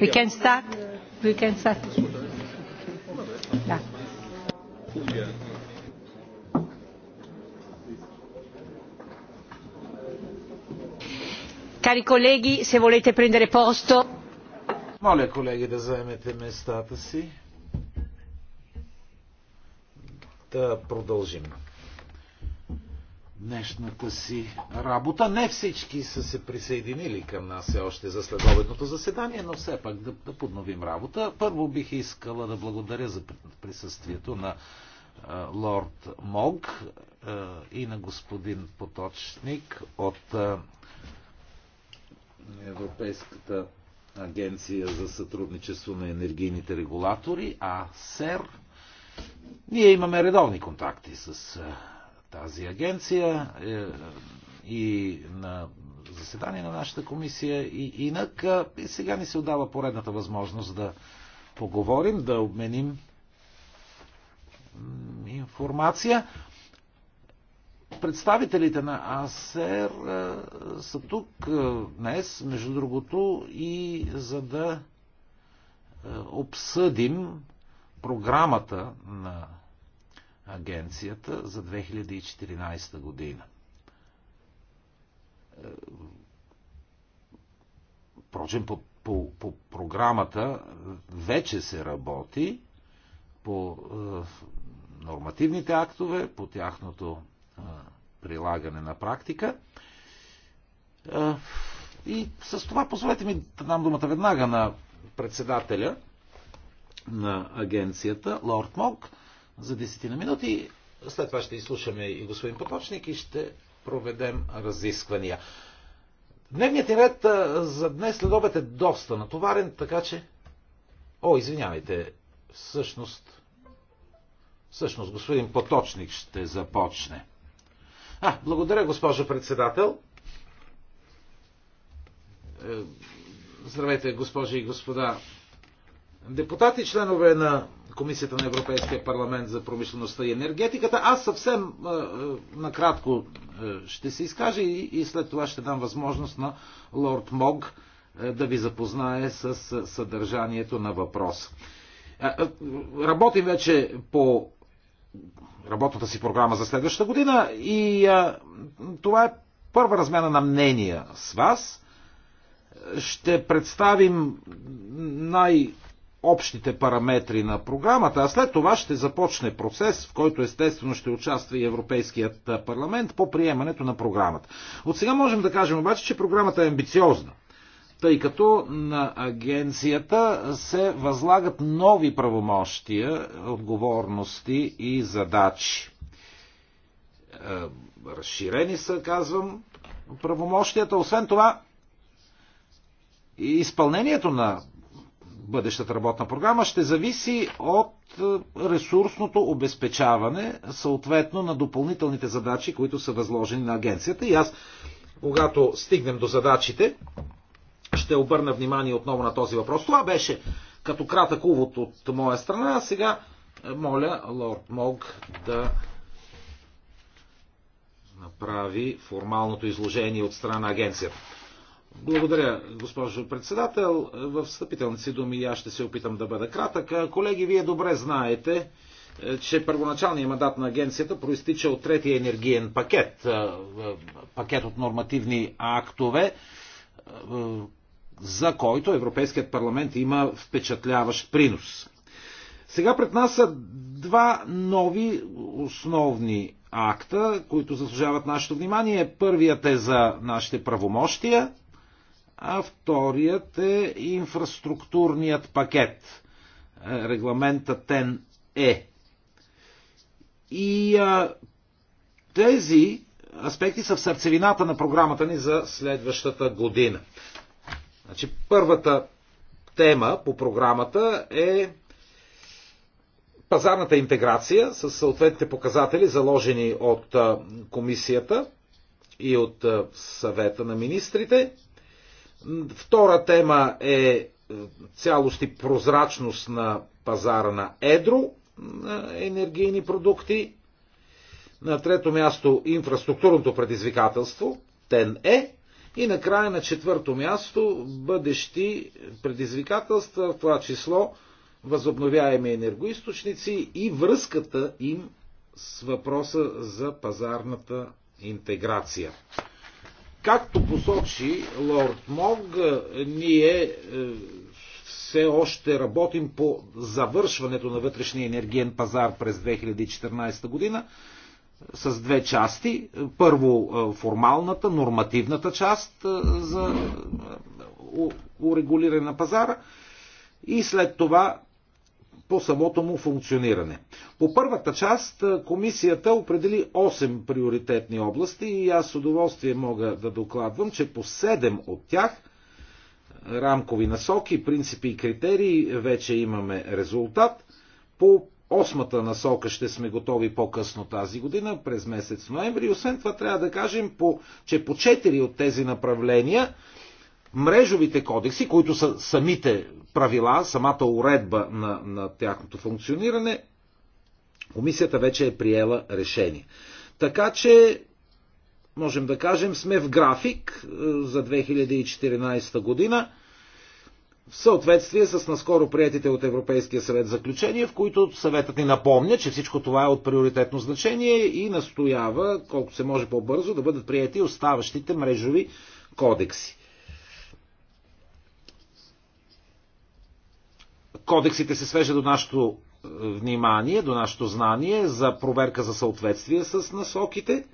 We can start. We can start. Cari colleghi, se volete prendere posto. Моля, колеги, да заемете местата си. Да продължим днешната си работа. Не всички са се присъединили към нас все още за следобедното заседание, но все пак да, да подновим работа. Първо бих искала да благодаря за присъствието на лорд Мог и на господин Поточник от Европейската агенция за сътрудничество на енергийните регулатори, а СЕР. Ние имаме редовни контакти с тази агенция е, и на заседание на нашата комисия и инак. И сега ни се отдава поредната възможност да поговорим, да обменим информация. Представителите на АСЕР са тук днес, между другото, и за да обсъдим програмата на агенцията за 2014 година. Впрочем, по, по, по програмата вече се работи по е, нормативните актове, по тяхното е, прилагане на практика. Е, и с това позволете ми да дам думата веднага на председателя на агенцията, Лорд Мок за десетина минути. След това ще изслушаме и господин Поточник и ще проведем разисквания. Дневният ред за днес след обед е доста натоварен, така че... О, извинявайте, всъщност... Всъщност, господин Поточник ще започне. А, благодаря, госпожо председател. Е, здравейте, госпожи и господа депутати, членове на Комисията на Европейския парламент за промишлеността и енергетиката. Аз съвсем е, е, накратко е, ще се изкажа и, и след това ще дам възможност на лорд Мог да ви запознае с съдържанието на въпрос. работим вече по работната си програма за следващата година и това е първа размяна на мнения с вас. Ще представим най- общите параметри на програмата, а след това ще започне процес, в който естествено ще участва и Европейският парламент по приемането на програмата. От сега можем да кажем обаче, че програмата е амбициозна, тъй като на агенцията се възлагат нови правомощия, отговорности и задачи. Е, разширени са, казвам, правомощията. Освен това, изпълнението на бъдещата работна програма ще зависи от е, ресурсното обезпечаване, съответно на допълнителните задачи, които са възложени на агенцията. И аз, когато стигнем до задачите, ще обърна внимание отново на този въпрос. Това беше като кратък увод от моя страна. А сега е, моля Лорд Мог да направи формалното изложение от страна на агенцията. Благодаря, госпожо председател. В встъпителните си думи аз ще се опитам да бъда кратък. Колеги, вие добре знаете, е, че първоначалният мандат на агенцията проистича от третия енергиен пакет, е, е, пакет от нормативни актове, за който Европейският парламент има впечатляващ принос. Сега пред нас са два нови основни акта, които заслужават нашето внимание. Първият е за нашите правомощия а вторият е инфраструктурният пакет, е, регламента ТЕН-Е. И а, тези аспекти са в сърцевината на програмата ни за следващата година. Значи, първата тема по програмата е пазарната интеграция с съответните показатели, заложени от комисията и от съвета на министрите. Втора тема е, е цялост и прозрачност на пазара на едро на енергийни продукти. На трето място инфраструктурното предизвикателство, ТЕН е. И накрая на четвърто място бъдещи предизвикателства, в това число възобновяеми енергоисточници и връзката им с въпроса за пазарната интеграция. Както посочи лорд Мог, ние е, все още работим по завършването на вътрешния енергиен пазар през 2014 година с две части. Първо е, формалната, нормативната част е, за урегулиране на пазара и след това по самото му функциониране. По първата част комисията определи 8 приоритетни области и аз с удоволствие мога да докладвам, че по 7 от тях рамкови насоки, принципи и критерии вече имаме резултат. По Осмата насока ще сме готови по-късно тази година, през месец ноември. Освен това трябва да кажем, по, че по четири от тези направления мрежовите кодекси, които са самите правила, самата уредба на, на тяхното функциониране, комисията вече е приела решение. Така че, можем да кажем, сме в график е, за 2014 година в съответствие с наскоро приятите от Европейския съвет заключения, в които съветът ни напомня, че всичко това е от приоритетно значение и настоява, колко се може по-бързо, да бъдат прияти оставащите мрежови кодекси. Кодексите се свежда до нашето е, внимание, до нашето знание за проверка за съответствие с насоките.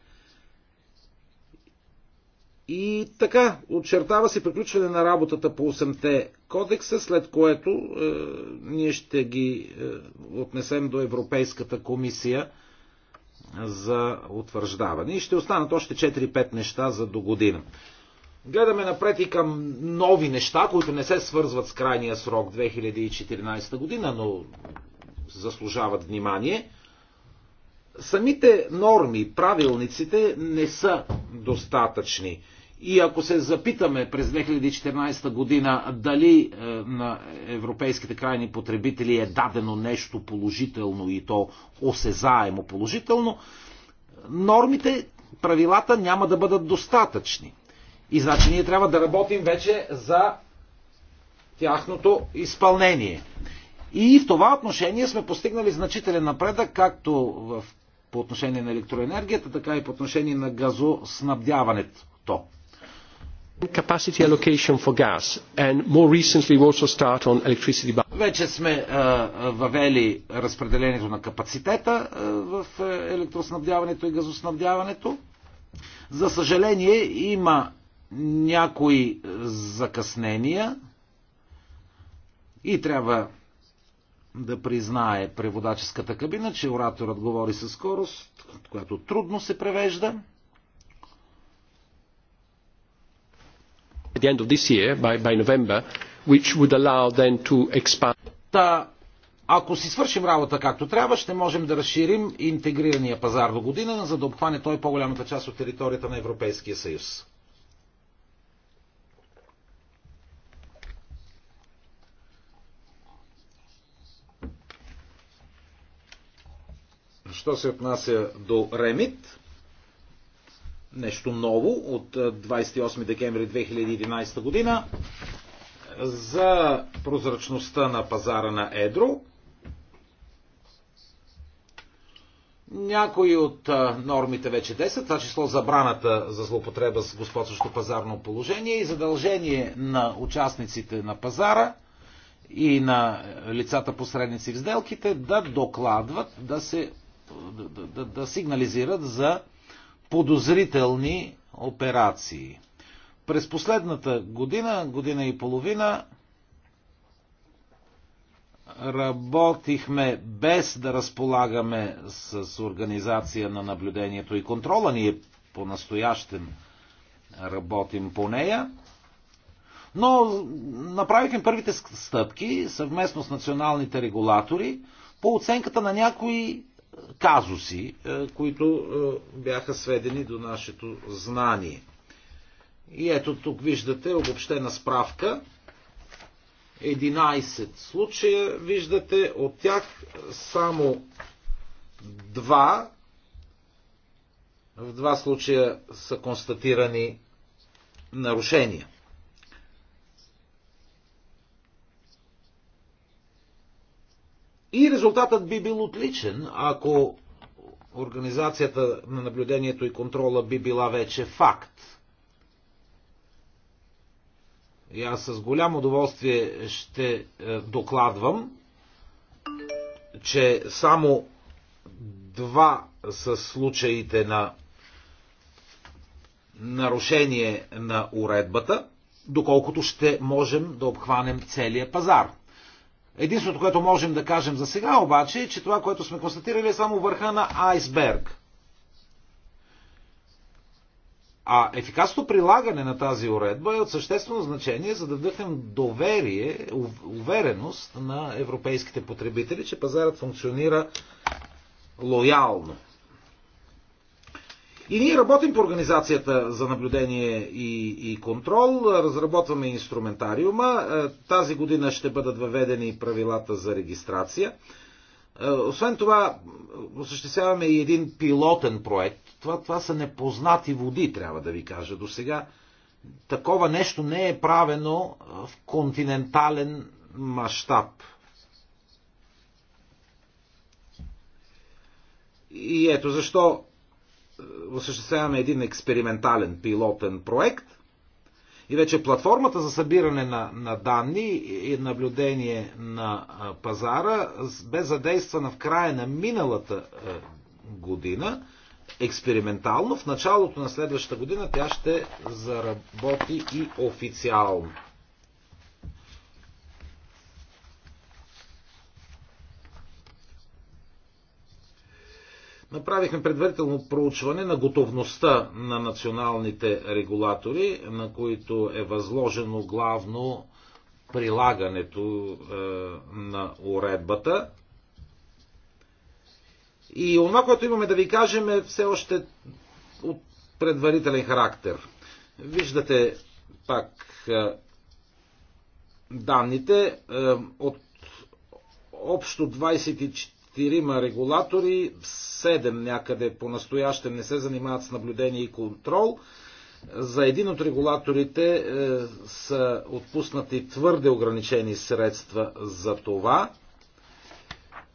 И така, очертава се приключване на работата по 8-те кодекса, след което е, ние ще ги е, отнесем до Европейската комисия за утвърждаване. И ще останат още 4-5 неща за до година. Гледаме напред и към нови неща, които не се свързват с крайния срок 2014 година, но заслужават внимание. Самите норми, правилниците не са достатъчни. И ако се запитаме през 2014 година дали е, на европейските крайни потребители е дадено нещо положително и то осезаемо положително, нормите, правилата няма да бъдат достатъчни. И значи ние трябва да работим вече за тяхното изпълнение. И в това отношение сме постигнали значителен напредък, както в, по отношение на електроенергията, така и по отношение на газоснабдяването. Capacity allocation for gas and more recently we also start on electricity. Вече сме а, въвели разпределението на капацитета а, в електроснабдяването и газоснабдяването. За съжаление има някои закъснения и трябва да признае преводаческата кабина, че ораторът говори със скорост, която трудно се превежда. At the end of this year, by, by November, which would allow then to expand. Та, ако си свършим работа както трябва, ще можем да разширим интегрирания пазар до година, за да обхване той по-голямата част от територията на Европейския съюз. Що се отнася до Ремит, нещо ново от 28 декември 2011 година за прозрачността на пазара на Едро. Някои от нормите вече 10, това число забраната за злоупотреба с господстващо пазарно положение и задължение на участниците на пазара и на лицата посредници в сделките да докладват, да се да, да, да сигнализират за подозрителни операции. През последната година, година и половина, работихме без да разполагаме с организация на наблюдението и контрола. Ние по настоящен работим по нея. Но направихме първите стъпки съвместно с националните регулатори по оценката на някои казуси, е, които е, бяха сведени до нашето знание. И ето тук виждате обобщена справка. 11 случая виждате, от тях само два в два случая са констатирани нарушения. И резултатът би бил отличен, ако организацията на наблюдението и контрола би била вече факт. И аз с голямо удоволствие ще е, докладвам, че само два са случаите на нарушение на уредбата, доколкото ще можем да обхванем целия пазар. Единственото, което можем да кажем за сега обаче е, че това, което сме констатирали е само върха на айсберг. А ефикасното прилагане на тази уредба е от съществено значение, за да вдъхнем доверие, увереност на европейските потребители, че пазарът функционира лоялно. И ние работим по Организацията за наблюдение и, и контрол, разработваме инструментариума. Е, тази година ще бъдат въведени правилата за регистрация. Е, освен това, осъществяваме и един пилотен проект. Това, това са непознати води, трябва да ви кажа. До сега такова нещо не е правено в континентален мащаб. И ето защо осъществяваме един експериментален пилотен проект и вече платформата за събиране на, на данни и наблюдение на пазара бе задействана в края на миналата година експериментално. В началото на следващата година тя ще заработи и официално. направихме предварително проучване на готовността на националните регулатори, на които е възложено главно прилагането е, на уредбата. И това, което имаме да ви кажем е все още от предварителен характер. Виждате пак е, данните е, от общо 24 четирима регулатори, седем някъде по настояще не се занимават с наблюдение и контрол. За един от регулаторите е, са отпуснати твърде ограничени средства за това.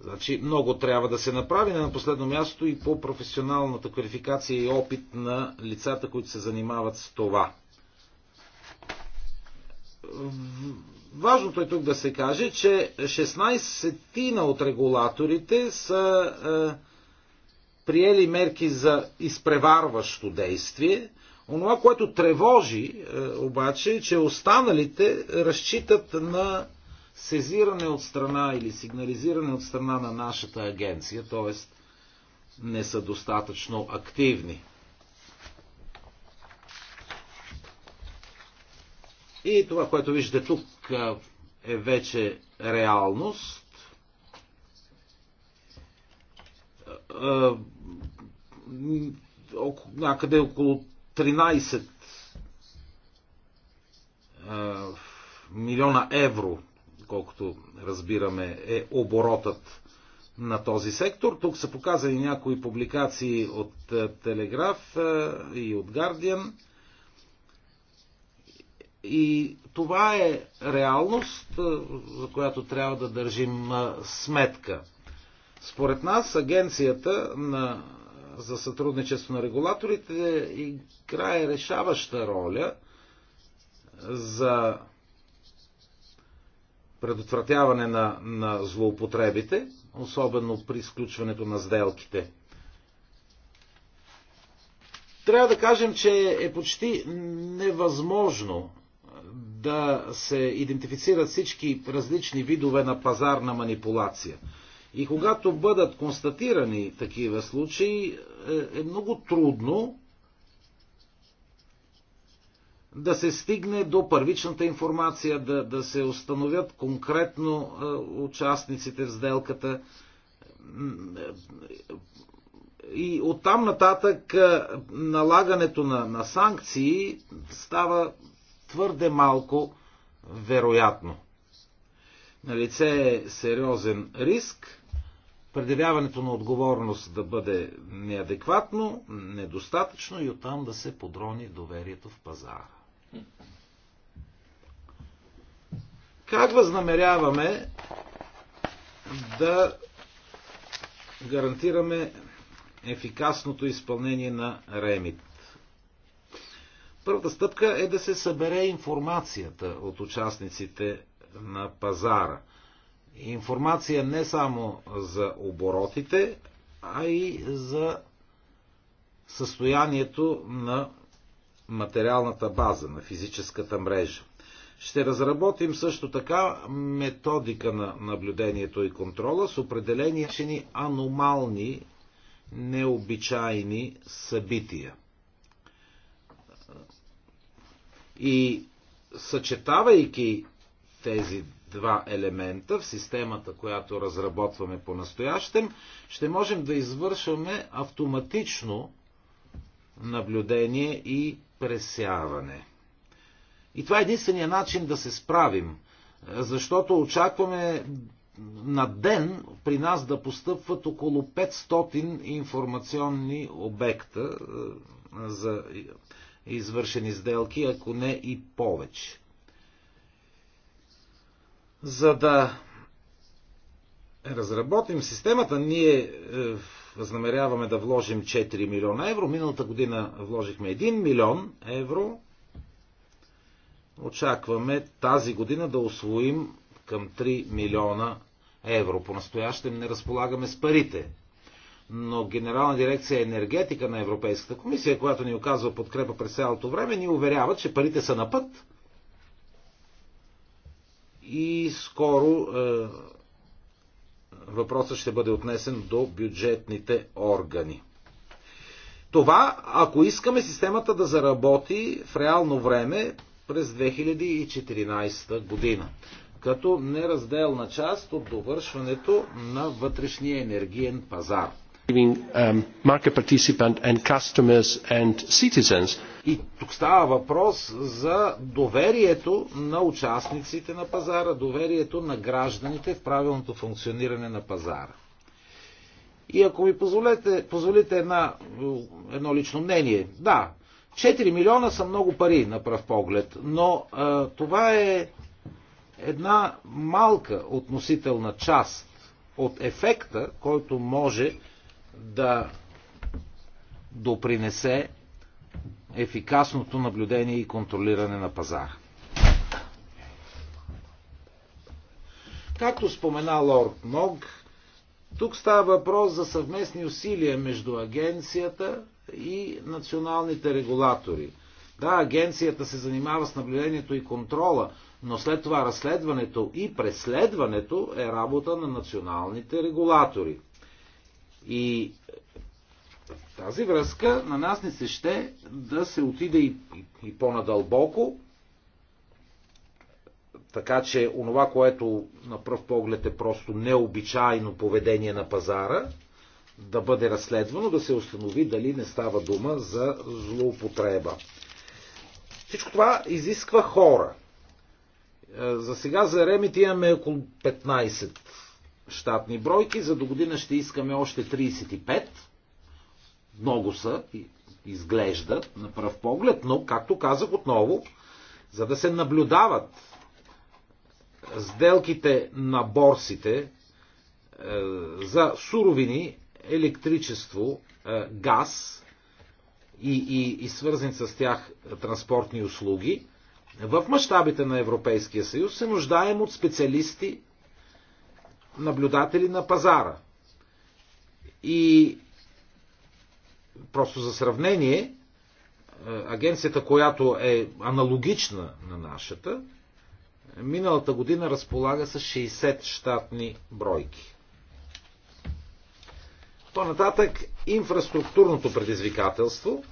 Значи много трябва да се направи. Не на последно място и по професионалната квалификация и опит на лицата, които се занимават с това Важното е тук да се каже, че 16-тина от регулаторите са е, приели мерки за изпреварващо действие. Онова, което тревожи е, обаче, е, че останалите разчитат на сезиране от страна или сигнализиране от страна на нашата агенция, т.е. не са достатъчно активни. И това, което виждате тук е вече реалност. Някъде около 13 милиона евро, колкото разбираме, е оборотът на този сектор. Тук са показани някои публикации от Телеграф и от Guardian и това е реалност, е, за която трябва да държим е, сметка. Според нас агенцията на, за сътрудничество на регулаторите играе решаваща роля за предотвратяване на, на злоупотребите, особено при изключването на сделките. Трябва да кажем, че е почти невъзможно да се идентифицират всички различни видове на пазарна манипулация. И когато бъдат констатирани такива случаи, е, е много трудно да се стигне до първичната информация, да, да се установят конкретно е, участниците в сделката. И оттам нататък е, налагането на, на санкции става твърде малко вероятно. Налице е сериозен риск предявяването на отговорност да бъде неадекватно, недостатъчно и оттам да се подрони доверието в пазара. Как възнамеряваме да гарантираме ефикасното изпълнение на ремит? Първата стъпка е да се събере информацията от участниците на пазара. Информация не само за оборотите, а и за състоянието на материалната база, на физическата мрежа. Ще разработим също така методика на наблюдението и контрола с определени аномални, необичайни събития. И съчетавайки тези два елемента в системата, която разработваме по-настоящем, ще можем да извършваме автоматично наблюдение и пресяване. И това е единствения начин да се справим, защото очакваме на ден при нас да постъпват около 500 информационни обекта е, за извършени сделки, ако не и повече. За да разработим системата, ние е, възнамеряваме да вложим 4 милиона евро. Миналата година вложихме 1 милион евро. Очакваме тази година да освоим към 3 милиона евро. По-настоящем не разполагаме с парите но Генерална дирекция енергетика на Европейската комисия, която ни оказва подкрепа през цялото време, ни уверява, че парите са на път и скоро е, въпросът ще бъде отнесен до бюджетните органи. Това, ако искаме системата да заработи в реално време през 2014 година, като неразделна част от довършването на вътрешния енергиен пазар giving um, market participant and customers and citizens. И тук става въпрос за доверието на участниците на пазара, доверието на гражданите в правилното функциониране на пазара. И ако ми позволите, позволите една, едно лично мнение, да, 4 милиона са много пари на пръв поглед, но а, това е една малка относителна част от ефекта, който може да допринесе ефикасното наблюдение и контролиране на пазара. Както спомена Лорд Ног, тук става въпрос за съвместни усилия между агенцията и националните регулатори. Да, агенцията се занимава с наблюдението и контрола, но след това разследването и преследването е работа на националните регулатори. И тази връзка на нас не се ще да се отиде и, и, и по-надълбоко, така че онова, което на пръв поглед е просто необичайно поведение на пазара, да бъде разследвано, да се установи дали не става дума за злоупотреба. Всичко това изисква хора. Е, за сега за Ремит имаме около 15 щатни бройки. За до година ще искаме още 35. Много са, изглежда на пръв поглед, но, както казах отново, за да се наблюдават сделките на борсите е, за суровини, електричество, е, газ и, и, и свързани с тях транспортни услуги, в мащабите на Европейския съюз се нуждаем от специалисти наблюдатели на пазара. И просто за сравнение, е, агенцията, която е аналогична на нашата, миналата година разполага с 60 щатни бройки. По-нататък инфраструктурното предизвикателство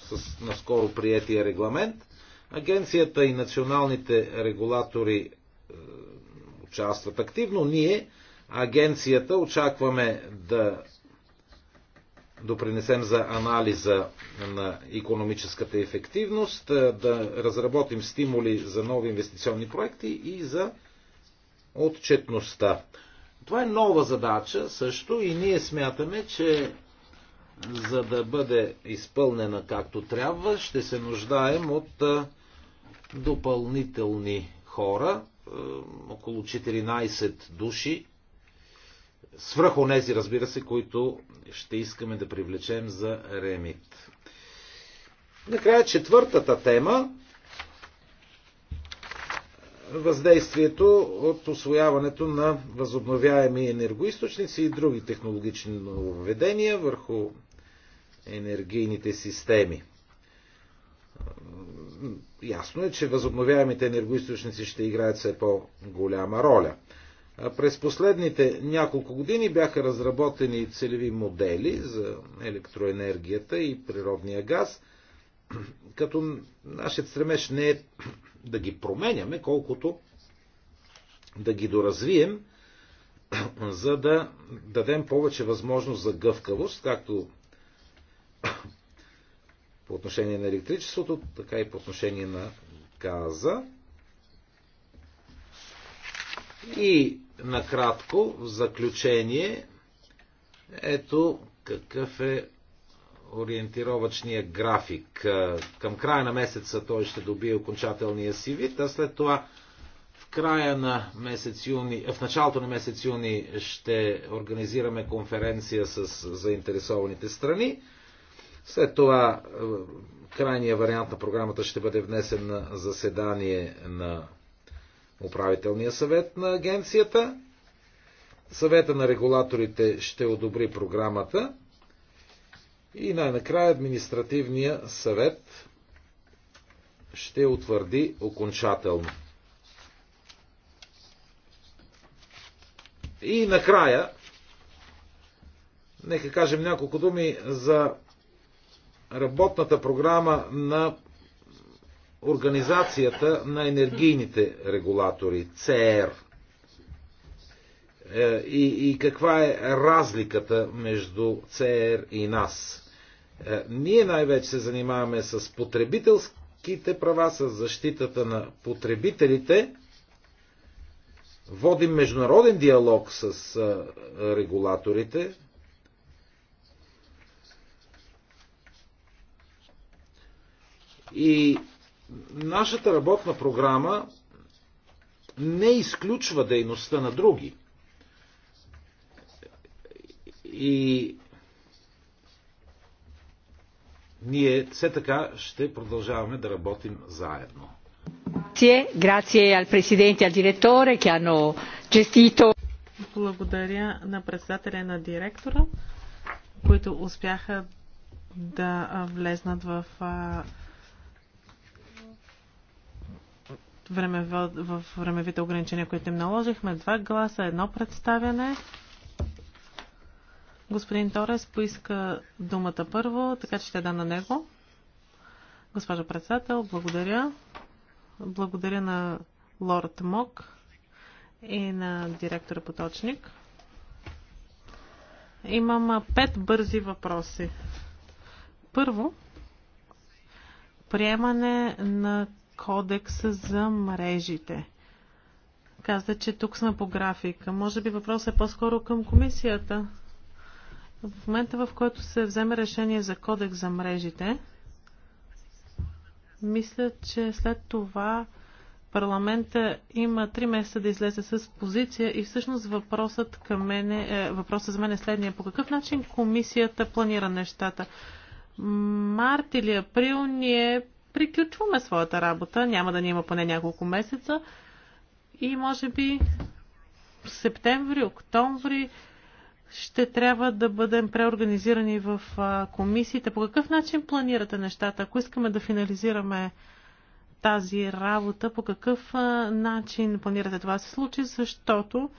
с наскоро приятия регламент. Агенцията и националните регулатори е, участват активно. Ние, агенцията, очакваме да допринесем за анализа на економическата ефективност, е, да разработим стимули за нови инвестиционни проекти и за отчетността. Това е нова задача също и ние смятаме, че за да бъде изпълнена както трябва, ще се нуждаем от е, допълнителни хора, около 14 души. Свръх онези, разбира се, които ще искаме да привлечем за ремит. Накрая четвъртата тема въздействието от освояването на възобновяеми енергоисточници и други технологични нововведения върху енергийните системи ясно е, че възобновяемите енергоисточници ще играят все по-голяма роля. През последните няколко години бяха разработени целеви модели за електроенергията и природния газ, като нашият стремеж не е да ги променяме, колкото да ги доразвием, за да дадем повече възможност за гъвкавост, както по отношение на електричеството, така и по отношение на газа. И накратко, в заключение, ето какъв е ориентировачния график. Към края на месеца той ще добие окончателния си вид, а след това в края на месец юни, в началото на месец юни ще организираме конференция с заинтересованите страни. След това е, крайният вариант на програмата ще бъде внесен на заседание на управителния съвет на агенцията. Съвета на регулаторите ще одобри програмата. И най-накрая административния съвет ще утвърди окончателно. И накрая, нека кажем няколко думи за работната програма на Организацията на енергийните регулатори, ЦР. Е, и, и каква е разликата между ЦР и нас? Е, ние най-вече се занимаваме с потребителските права, с защитата на потребителите. Водим международен диалог с е, регулаторите, И нашата работна програма не изключва дейността на други. И ние все така ще продължаваме да работим заедно. E Благодаря на председателя на директора, които успяха да влезнат в в времевите ограничения, които им наложихме. Два гласа, едно представяне. Господин Торес поиска думата първо, така че ще да на него. Госпожо председател, благодаря. Благодаря на лорд Мок и на директора Поточник. Имам пет бързи въпроси. Първо, приемане на кодекса за мрежите. Каза, че тук сме по графика. Може би въпросът е по-скоро към комисията. В момента, в който се вземе решение за кодекс за мрежите, мисля, че след това парламента има три месеца да излезе с позиция и всъщност въпросът, към мене, е, въпросът за мен е следния. По какъв начин комисията планира нещата? Март или април ние приключваме своята работа. Няма да ни има поне няколко месеца. И може би септември, октомври ще трябва да бъдем преорганизирани в комисиите. По какъв начин планирате нещата? Ако искаме да финализираме тази работа, по какъв начин планирате това се случи, защото,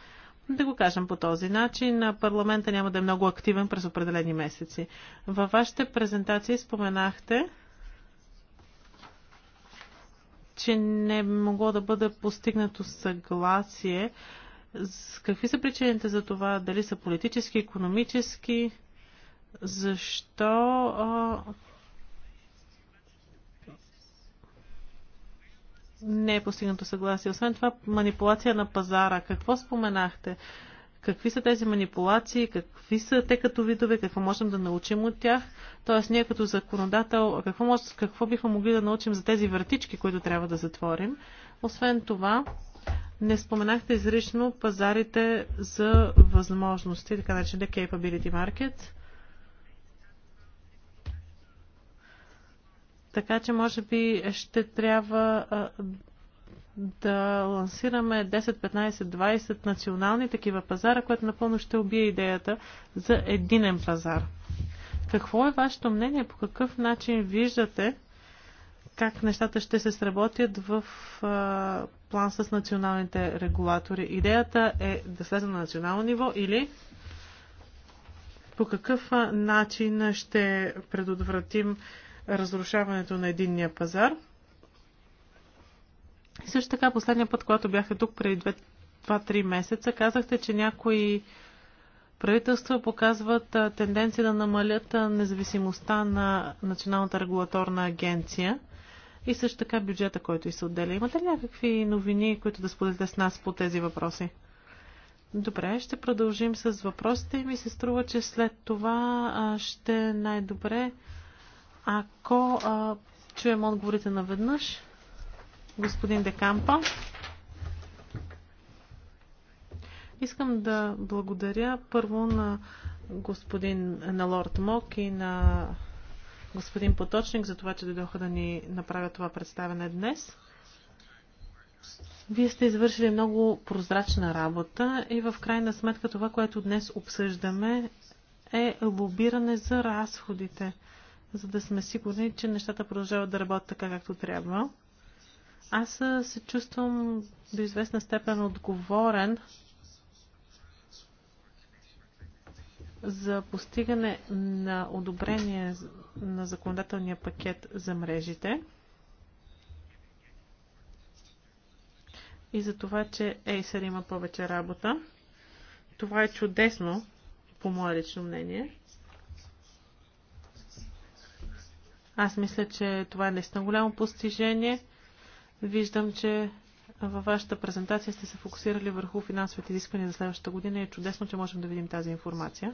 да го кажем по този начин, парламента няма да е много активен през определени месеци. Във вашите презентации споменахте, че не могло да бъде постигнато съгласие. Какви са причините за това? Дали са политически, економически? Защо не е постигнато съгласие? Освен това, манипулация на пазара. Какво споменахте? Какви са тези манипулации? Какви са те като видове? Какво можем да научим от тях? Тоест, ние като законодател, какво, може, какво бихме могли да научим за тези вратички, които трябва да затворим? Освен това, не споменахте изрично пазарите за възможности, така наречен да capability market. Така че може би ще трябва да лансираме 10, 15, 20 национални такива пазара, което напълно ще убие идеята за единен пазар. Какво е вашето мнение? По какъв начин виждате как нещата ще се сработят в а, план с националните регулатори? Идеята е да слезе на национално ниво или по какъв начин ще предотвратим разрушаването на единния пазар? И също така, последния път, когато бяхте тук преди 2-3 месеца, казахте, че някои Правителства показват тенденция да намалят независимостта на Националната регулаторна агенция и също така бюджета, който и се отделя. Имате ли някакви новини, които да споделите с нас по тези въпроси? Добре, ще продължим с въпросите и ми се струва, че след това ще е най-добре, ако а, чуем отговорите наведнъж. Господин Декампа. Искам да благодаря първо на господин на Лорд Мок и на господин Поточник за това, че дойдоха да ни направят това представяне днес. Вие сте извършили много прозрачна работа и в крайна сметка това, което днес обсъждаме е лобиране за разходите, за да сме сигурни, че нещата продължават да работят така, както трябва. Аз се чувствам до известна степен отговорен за постигане на одобрение на законодателния пакет за мрежите и за това, че Acer има повече работа. Това е чудесно, по мое лично мнение. Аз мисля, че това е наистина голямо постижение. Виждам, че във вашата презентация сте се фокусирали върху финансовите изисквания за следващата година и е чудесно, че можем да видим тази информация.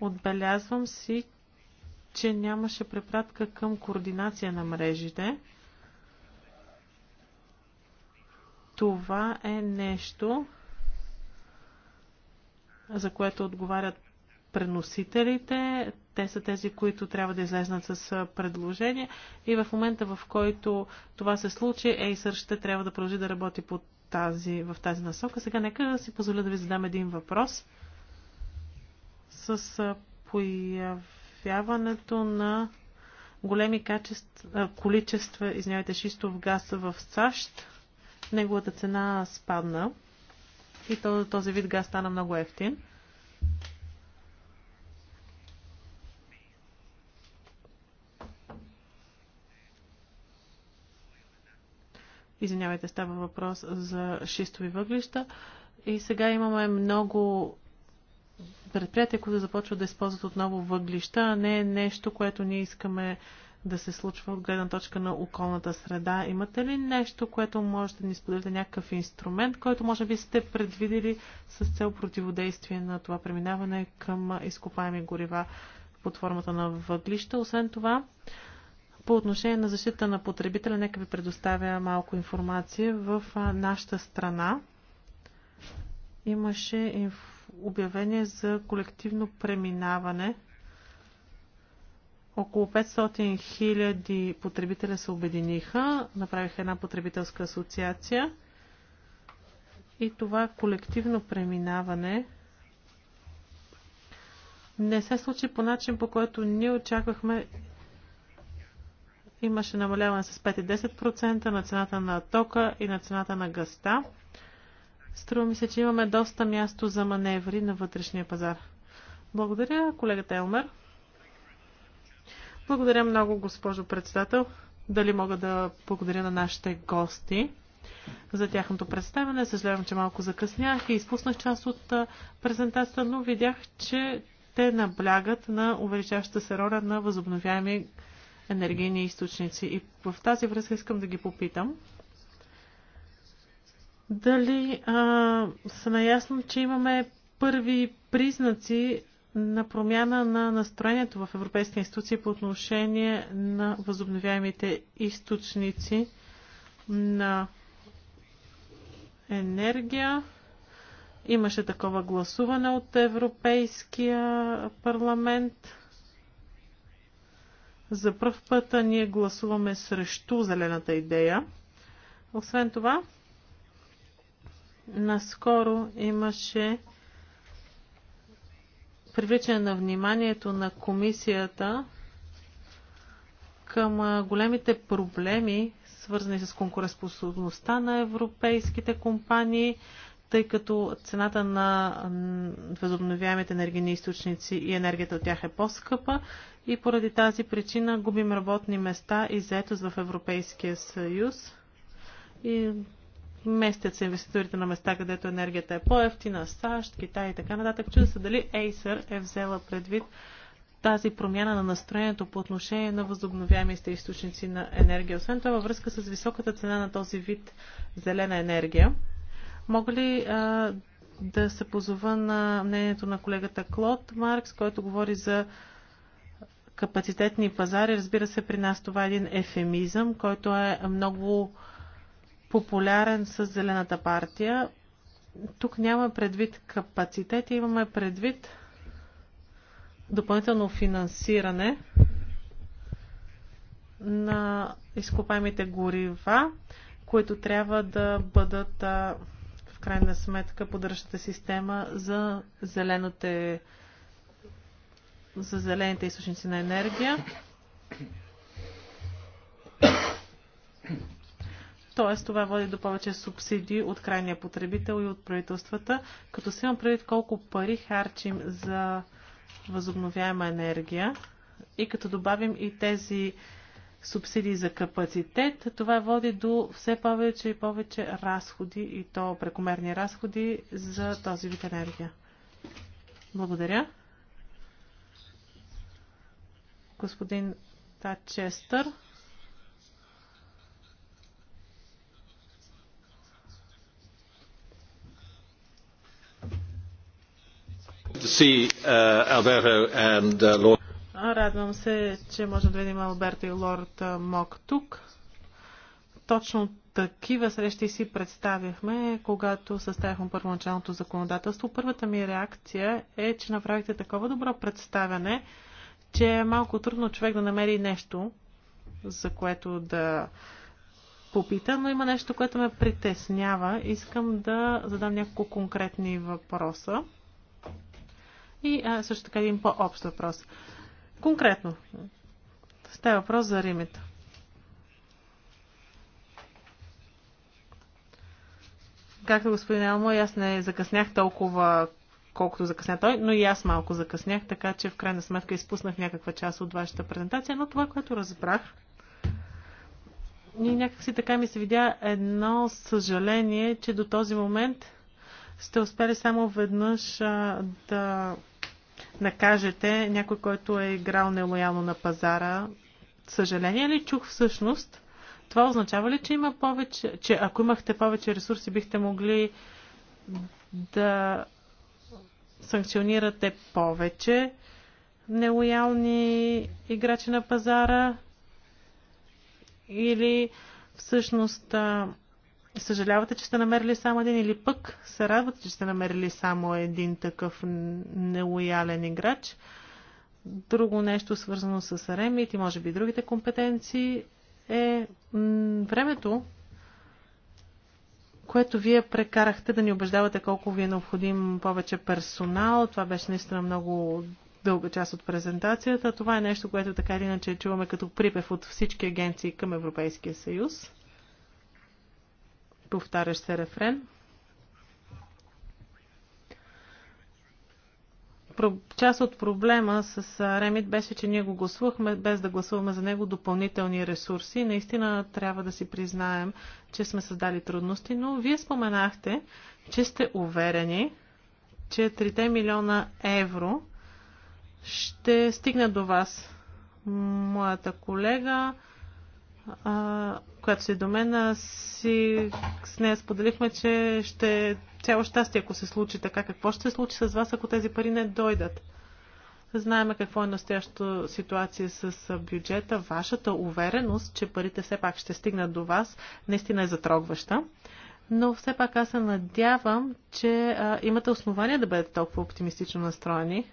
Отбелязвам си, че нямаше препратка към координация на мрежите. Това е нещо, за което отговарят преносителите. Те са тези, които трябва да излезнат с предложение. И в момента, в който това се случи, Acer ще трябва да продължи да работи по тази, в тази насока. Сега нека да си позволя да ви задам един въпрос. С появяването на големи качества, количества, извинявайте, шистов газ в САЩ, неговата цена спадна и този вид газ стана много ефтин. Извинявайте, става въпрос за шистови въглища. И сега имаме много предприятия, които започват да използват отново въглища, а не е нещо, което ние искаме да се случва от гледна точка на околната среда. Имате ли нещо, което може да ни споделите, някакъв инструмент, който може би сте предвидели с цел противодействие на това преминаване към изкопаеми горива под формата на въглища? Освен това, по отношение на защита на потребителя, нека ви предоставя малко информация. В нашата страна имаше обявление за колективно преминаване. Около 500 000 потребителя се обединиха, направиха една потребителска асоциация и това колективно преминаване не се случи по начин, по който ние очаквахме Имаше намаляване с 5 10% на цената на тока и на цената на гъста. Струва ми се, че имаме доста място за маневри на вътрешния пазар. Благодаря, колегата Елмер. Благодаря много, госпожо председател. Дали мога да благодаря на нашите гости за тяхното представяне. Съжалявам, че малко закъснях и изпуснах част от презентацията, но видях, че те наблягат на увеличаващата се роля на възобновяеми енергийни източници. И в тази връзка искам да ги попитам. Дали а, са наясно, че имаме първи признаци на промяна на настроението в европейските институции по отношение на възобновяемите източници на енергия. Имаше такова гласуване от Европейския парламент. За първ път ние гласуваме срещу зелената идея. Освен това, наскоро имаше привличане на вниманието на комисията към големите проблеми, свързани с конкурентоспособността на европейските компании, тъй като цената на възобновяемите енергийни източници и енергията от тях е по-скъпа и поради тази причина губим работни места и заетост в Европейския съюз и местят се инвеститорите на места, където енергията е по-ефтина, САЩ, Китай и така нататък. Чуда се дали Acer е взела предвид тази промяна на настроението по отношение на възобновяемите източници на енергия. Освен това, във връзка с високата цена на този вид зелена енергия, Мога ли а, да се позова на мнението на колегата Клод Маркс, който говори за капацитетни пазари. Разбира се, при нас това е един ефемизъм, който е много популярен с Зелената партия. Тук няма предвид капацитет, имаме предвид допълнително финансиране на изкопаемите горива, които трябва да бъдат крайна сметка поддържащата система за зелените за зелените източници на енергия. Тоест, това води до повече субсидии от крайния потребител и от правителствата, като си имам предвид колко пари харчим за възобновяема енергия и като добавим и тези субсидии за капацитет, това води до все повече и повече разходи и то прекомерни разходи за този вид енергия. Благодаря. Господин Тачестър. to see uh, Alberto and uh, Lord. Радвам се, че можем да видим Алберта и Лорд Мок тук. Точно такива срещи си представяхме, когато съставяхме първоначалното законодателство. Първата ми реакция е, че направихте такова добро представяне, че е малко трудно човек да намери нещо, за което да попита, но има нещо, което ме притеснява. Искам да задам няколко конкретни въпроса. И а, също така един по-общ въпрос. Конкретно. Става въпрос за римите. Както господин Елмо, аз не закъснях толкова колкото закъсня той, но и аз малко закъснях, така че в крайна сметка изпуснах някаква част от вашата презентация, но това, което разбрах, и някакси така ми се видя едно съжаление, че до този момент сте успели само веднъж а, да накажете някой, който е играл нелоялно на пазара. Съжаление ли чух всъщност? Това означава ли, че има повече, че ако имахте повече ресурси, бихте могли да санкционирате повече нелоялни играчи на пазара? Или всъщност съжалявате, че сте намерили само един или пък се радвате, че сте намерили само един такъв нелоялен играч. Друго нещо свързано с ремит и може би другите компетенции е времето, което вие прекарахте да ни убеждавате колко ви е необходим повече персонал. Това беше наистина много дълга част от презентацията. Това е нещо, което така или иначе чуваме като припев от всички агенции към Европейския съюз повтаряш се рефрен. Част от проблема с Ремит беше, че ние го гласувахме без да гласуваме за него допълнителни ресурси. Наистина трябва да си признаем, че сме създали трудности, но вие споменахте, че сте уверени, че 3 милиона евро ще стигнат до вас. Моята колега която си е до мен, си, с нея споделихме, че ще е цяло щастие, ако се случи така. Какво ще се случи с вас, ако тези пари не дойдат? Знаеме какво е настоящата ситуация с бюджета. Вашата увереност, че парите все пак ще стигнат до вас, наистина е затрогваща. Но все пак аз се надявам, че а, имате основания да бъдете толкова оптимистично настроени.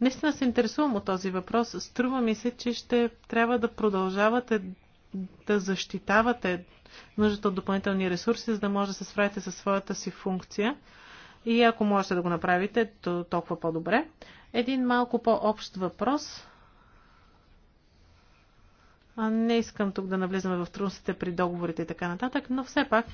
Наистина се интересувам от този въпрос. Струва ми се, че ще трябва да продължавате да защитавате нуждата от допълнителни ресурси, за да може да се справите със своята си функция. И ако можете да го направите, то толкова по-добре. Един малко по-общ въпрос. А не искам тук да навлизаме в трудностите при договорите и така нататък, но все пак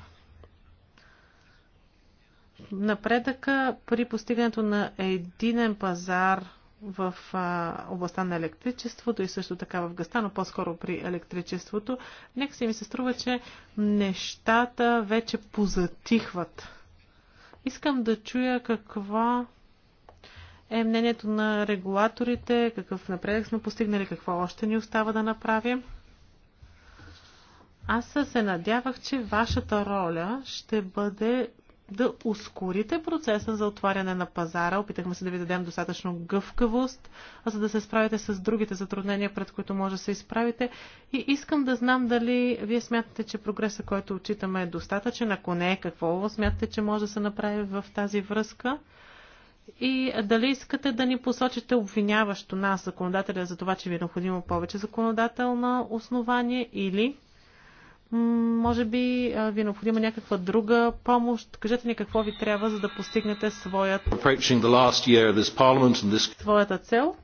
напредъка при постигането на единен пазар в а, областта на електричеството и също така в гъста, но по-скоро при електричеството. Нека си ми се струва, че нещата вече позатихват. Искам да чуя каква е мнението на регулаторите, какъв напредък сме постигнали, какво още ни остава да направим. Аз се надявах, че вашата роля ще бъде да ускорите процеса за отваряне на пазара. Опитахме се да ви дадем достатъчно гъвкавост, а за да се справите с другите затруднения, пред които може да се изправите. И искам да знам дали вие смятате, че прогреса, който отчитаме е достатъчен. Ако не е, какво смятате, че може да се направи в тази връзка? И дали искате да ни посочите обвиняващо нас, законодателя, за това, че ви е необходимо повече законодателно основание или може би ви е необходима някаква друга помощ. Кажете ни какво ви трябва, за да постигнете своята цел.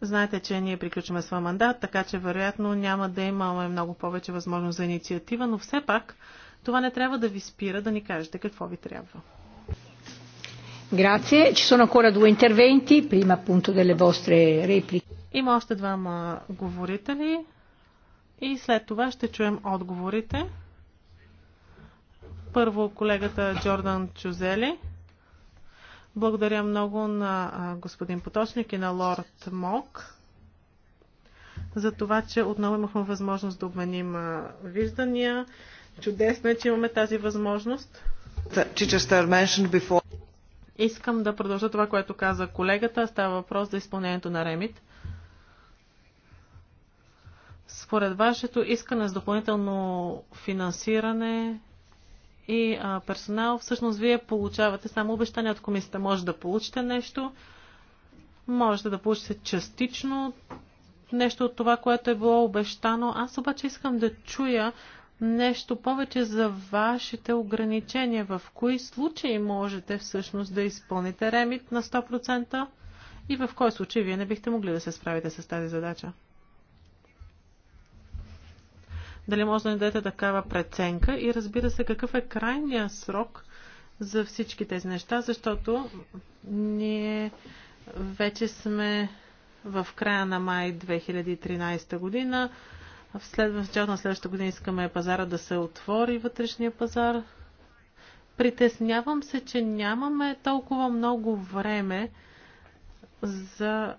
Знаете, че ние приключваме своя мандат, така че вероятно няма да имаме много повече възможност за инициатива, но все пак това не трябва да ви спира да ни кажете какво ви трябва. Grazie. Ci sono ancora due interventi, prima appunto delle vostre repliche. Има още двама говорители и след това ще чуем отговорите. Първо колегата Джордан Чузели. Благодаря много на господин Поточник и на лорд Мок за това, че отново имахме възможност да обменим виждания. Чудесно е, че имаме тази възможност. Chichester mentioned before. Искам да продължа това, което каза колегата. Става въпрос за изпълнението на ремит. Според вашето искане с допълнително финансиране и а, персонал, всъщност вие получавате само обещания от комисията. Може да получите нещо, можете да получите частично нещо от това, което е било обещано. Аз обаче искам да чуя нещо повече за вашите ограничения. В кои случаи можете всъщност да изпълните ремит на 100% и в кой случай вие не бихте могли да се справите с тази задача? Дали може да ни дадете такава преценка и разбира се какъв е крайният срок за всички тези неща, защото ние вече сме в края на май 2013 година. В, началото на следващата година искаме пазара да се отвори, вътрешния пазар. Притеснявам се, че нямаме толкова много време за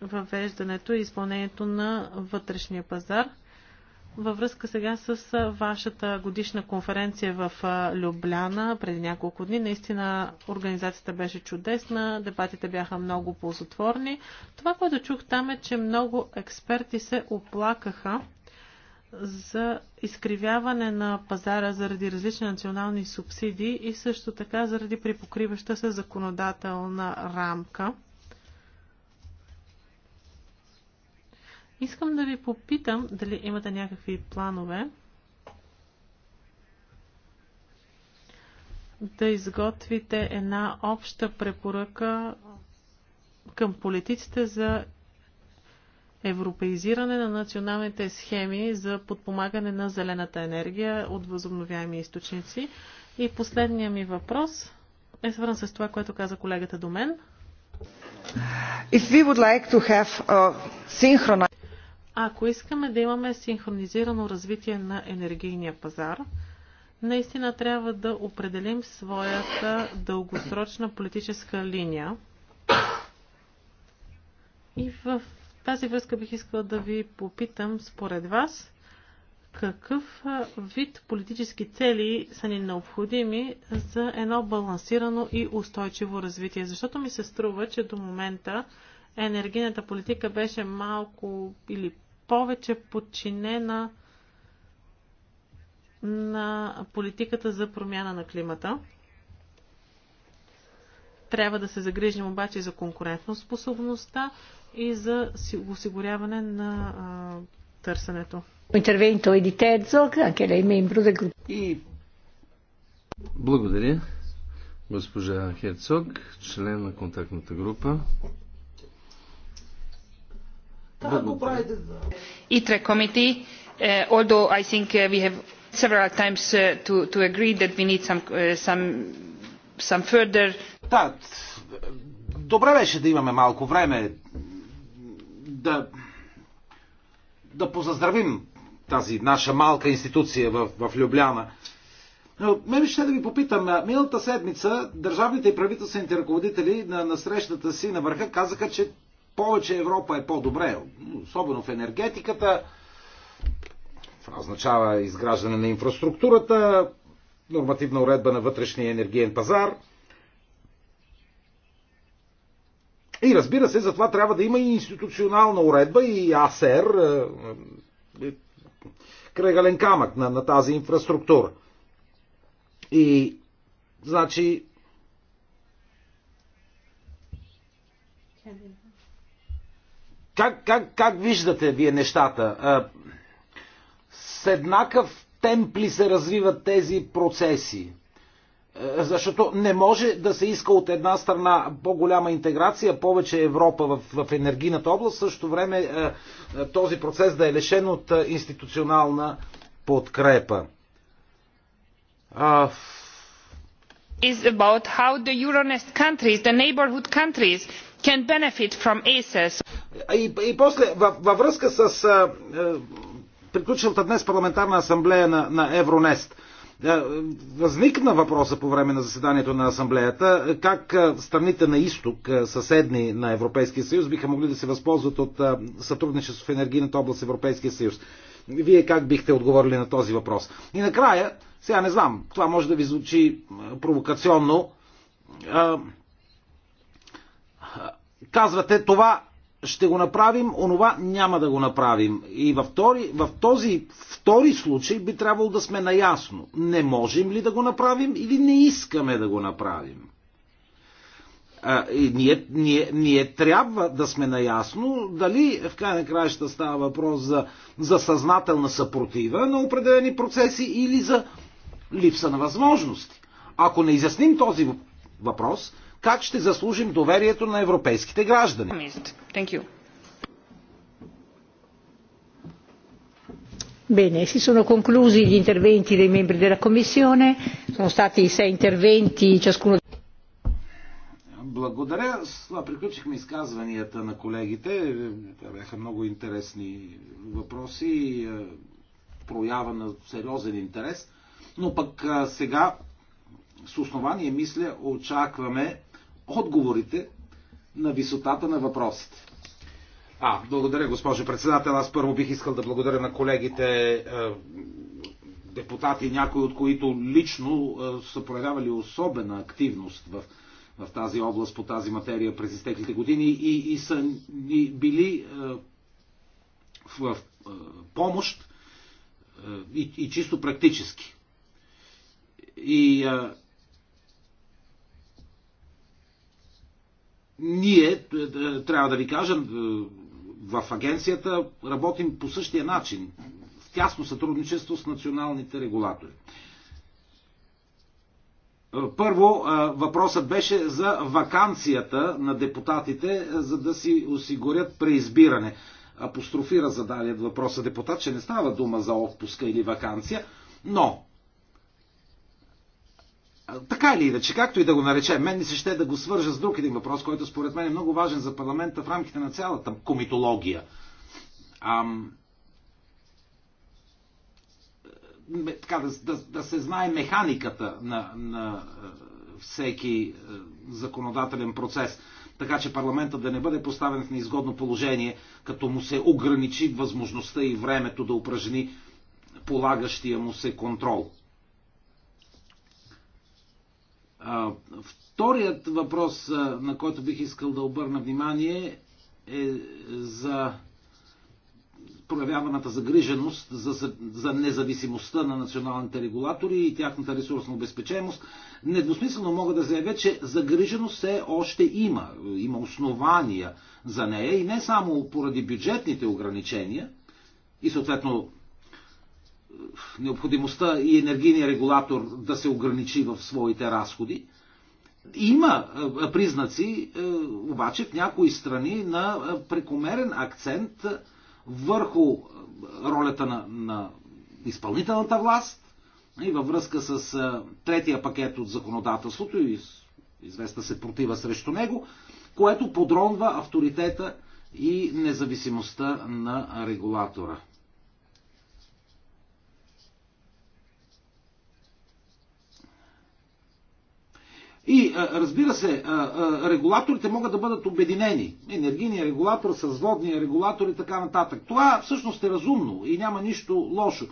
въвеждането и изпълнението на вътрешния пазар – във връзка сега с вашата годишна конференция в Любляна преди няколко дни. Наистина организацията беше чудесна, дебатите бяха много ползотворни. Това, което чух там е, че много експерти се оплакаха за изкривяване на пазара заради различни национални субсидии и също така заради припокриваща се законодателна рамка. Искам да ви попитам дали имате някакви планове да изготвите една обща препоръка към политиците за европеизиране на националните схеми за подпомагане на зелената енергия от възобновяеми източници. И последния ми въпрос е свързан с това, което каза колегата до мен. If we would like to have a synchronized ако искаме да имаме синхронизирано развитие на енергийния пазар, наистина трябва да определим своята дългосрочна политическа линия. И в тази връзка бих искала да ви попитам, според вас, какъв вид политически цели са ни необходими за едно балансирано и устойчиво развитие? Защото ми се струва, че до момента енергийната политика беше малко или повече подчинена на политиката за промяна на климата. Трябва да се загрижим обаче за конкурентоспособността и за осигуряване на а, търсенето. Интервенто е Дитезо, къде lei membro И благодаря госпожа Херцог, член на контактната група itre committee е, although i think е, we have several times е, to agree that we need some further да, добре беше да имаме малко време да, да позаздравим тази наша малка институция в, в Любляна. Но ме ще да ви попитам. Миналата седмица държавните и правителствените ръководители на, на срещата си на върха казаха, че повече Европа е по-добре, особено в енергетиката. Това означава изграждане на инфраструктурата, нормативна уредба на вътрешния енергиен пазар. И разбира се, затова трябва да има и институционална уредба и АСЕР, е, е, кръгален камък на, на тази инфраструктура. И, значи, Как, как, как виждате вие нещата? С еднакъв темп ли се развиват тези процеси? Защото не може да се иска от една страна по-голяма интеграция, повече Европа в, в енергийната област, също време този процес да е лишен от институционална подкрепа. А... Is about how the Euronest countries, the neighborhood countries, can benefit from ACES. И, и после, във, във връзка с а, приключилата днес парламентарна асамблея на, на Евронест, Възникна въпроса по време на заседанието на асамблеята как страните на изток, съседни на Европейския съюз, биха могли да се възползват от сътрудничество в енергийната област Европейския съюз. Вие как бихте отговорили на този въпрос? И накрая, сега не знам, това може да ви звучи провокационно, казвате това ще го направим, онова няма да го направим. И във, втори, в този втори случай би трябвало да сме наясно. Не можем ли да го направим или не искаме да го направим? А, и ние, ние, ние трябва да сме наясно дали в крайна краища става въпрос за, за съзнателна съпротива на определени процеси или за липса на възможности. Ако не изясним този въпрос, как ще заслужим доверието на европейските граждани. Bene, si sono conclusi gli interventi dei membri della Commissione, sono stati sei interventi ciascuno. Благодаря. С това приключихме изказванията на колегите. Това бяха много интересни въпроси и е, проява на сериозен интерес. Но пък е, сега с основание, мисля, очакваме отговорите на висотата на въпросите. А, благодаря, госпожо председател. Аз първо бих искал да благодаря на колегите е, депутати, някои от които лично е, са проявявали особена активност в, в тази област, по тази материя през изтеклите години и, и са ни били е, в, в е, помощ е, и, и чисто практически. И е, Ние, е, е, трябва да ви кажа, е, в агенцията работим по същия начин, в тясно сътрудничество с националните регулатори. Първо, въпросът беше за вакансията на депутатите, за да си осигурят преизбиране. Апострофира задалият въпроса депутат, че не става дума за отпуска или вакансия, но така или иначе, както и да го наречем, мен ми се ще да го свържа с друг един въпрос, който според мен е много важен за парламента в рамките на цялата комитология. Ам... Така, да, да, да се знае механиката на, на е, всеки е, законодателен процес, така че парламента да не бъде поставен в неизгодно положение, като му се ограничи възможността и времето да упражни полагащия му се контрол. Вторият въпрос, на който бих искал да обърна внимание, е за проявяваната загриженост за, за независимостта на националните регулатори и тяхната ресурсна обезпеченост. Недвусмислено мога да заявя, че загриженост все още има. Има основания за нея и не само поради бюджетните ограничения и съответно необходимостта и енергийния регулатор да се ограничи в своите разходи. Има е, признаци, е, обаче, в някои страни на е, прекомерен акцент върху ролята на, на изпълнителната власт и във връзка с третия пакет от законодателството и известна се протива срещу него, което подронва авторитета и независимостта на регулатора. И разбира се, регулаторите могат да бъдат обединени. Енергийния регулатор с водния регулатор и така нататък. Това всъщност е разумно и няма нищо лошо.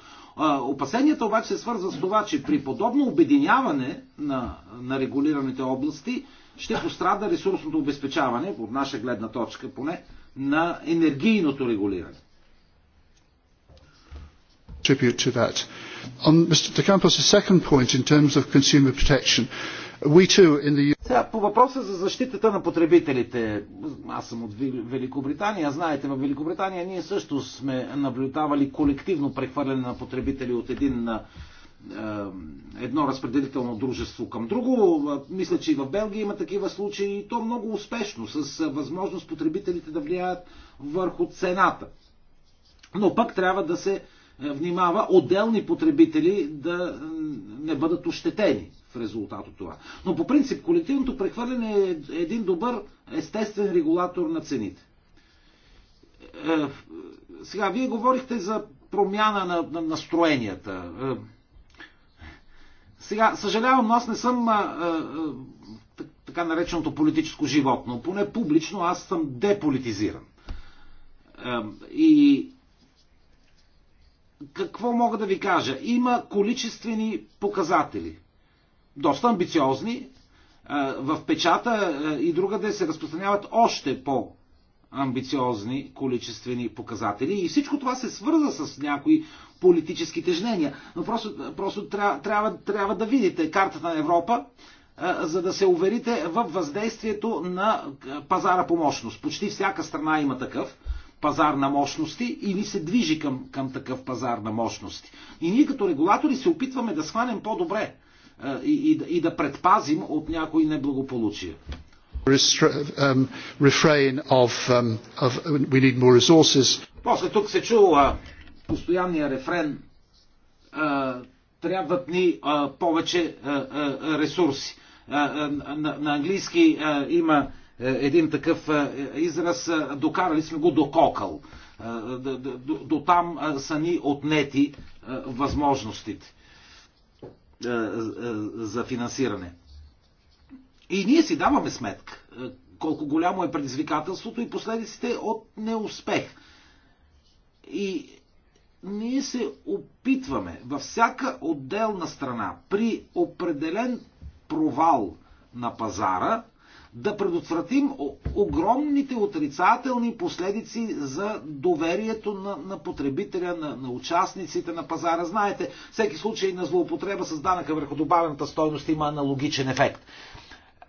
Опасенията обаче се свързва с това, че при подобно обединяване на, на регулираните области ще пострада ресурсното обезпечаване, от наша гледна точка поне, на енергийното регулиране. Tribute to that. On Mr. De Campos' second point in terms of consumer protection, сега, по въпроса за защитата на потребителите, аз съм от Великобритания, знаете, в Великобритания ние също сме наблюдавали колективно прехвърляне на потребители от един на е, едно разпределително дружество към друго. Мисля, че и в Белгия има такива случаи и то много успешно, с възможност потребителите да влияят върху цената. Но пък трябва да се внимава отделни потребители да не бъдат ощетени в резултат от това. Но по принцип колективното прехвърляне е един добър естествен регулатор на цените. Е, сега, вие говорихте за промяна на, на настроенията. Е, сега, съжалявам, но аз не съм е, а, а, така нареченото политическо животно. Поне публично аз съм деполитизиран. А, и какво мога да ви кажа? Има количествени показатели доста амбициозни. Е, в печата е, и другаде се разпространяват още по амбициозни количествени показатели. И всичко това се свърза с някои политически тежнения. Но просто, просто трябва, трябва, трябва да видите картата на Европа, е, за да се уверите в въздействието на пазара по мощност. Почти всяка страна има такъв пазар на мощности или се движи към, към такъв пазар на мощности. И ние като регулатори се опитваме да схванем по-добре и, и, да, и да предпазим от някои неблагополучия. Um, um, После тук се чува постоянния рефрен трябват ни повече ресурси. На английски има е, един такъв израз, докарали сме го до кокъл. До там са ни отнети възможностите. Е, е, за финансиране. И ние си даваме сметка е, колко голямо е предизвикателството и последиците от неуспех. И ние се опитваме във всяка отделна страна при определен провал на пазара да предотвратим огромните отрицателни последици за доверието на, на потребителя, на, на участниците на пазара. Знаете, всеки случай на злоупотреба с данъка върху добавената стойност има аналогичен ефект.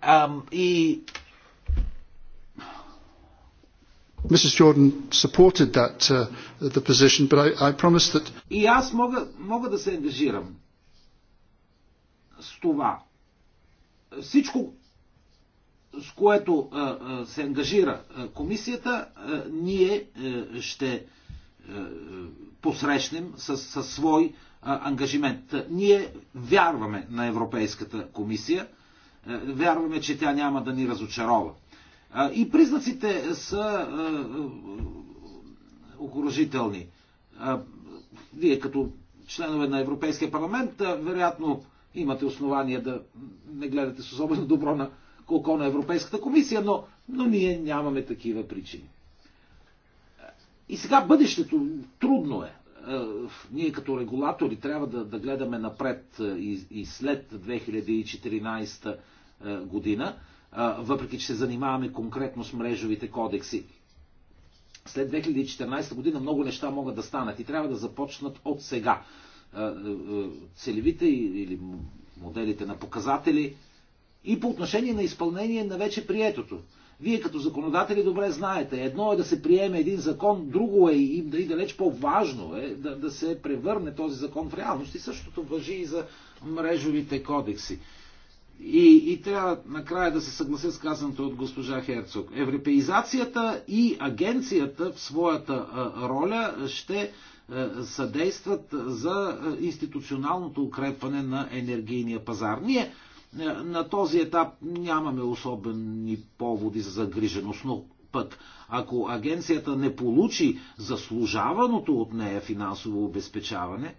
Ам, и Mrs. Jordan supported that, uh, the position, but I, I promised that... И аз мога, мога да се ангажирам с това. Всичко, с което се ангажира комисията, ние ще посрещнем със, със свой ангажимент. Ние вярваме на Европейската комисия, вярваме, че тя няма да ни разочарова. И признаците са окоръжителни. Вие като членове на Европейския парламент, вероятно имате основания да не гледате с особено добро на око на Европейската комисия, но, но ние нямаме такива причини. И сега бъдещето трудно е. е ние като регулатори трябва да, да гледаме напред е, и, и след 2014 е, година, въпреки че се занимаваме конкретно с мрежовите кодекси. След 2014 година много неща могат да станат и трябва да започнат от сега. Целевите или моделите на показатели и по отношение на изпълнение на вече приетото. Вие като законодатели добре знаете, едно е да се приеме един закон, друго е и, и далеч по-важно е да, да се превърне този закон в реалност. И същото въжи и за мрежовите кодекси. И, и трябва накрая да се съглася с казаното от госпожа Херцог. Европеизацията и агенцията в своята роля ще съдействат за институционалното укрепване на енергийния пазар. Ние е, на този етап нямаме особени поводи за загриженост, но пък ако агенцията не получи заслужаваното от нея финансово обезпечаване,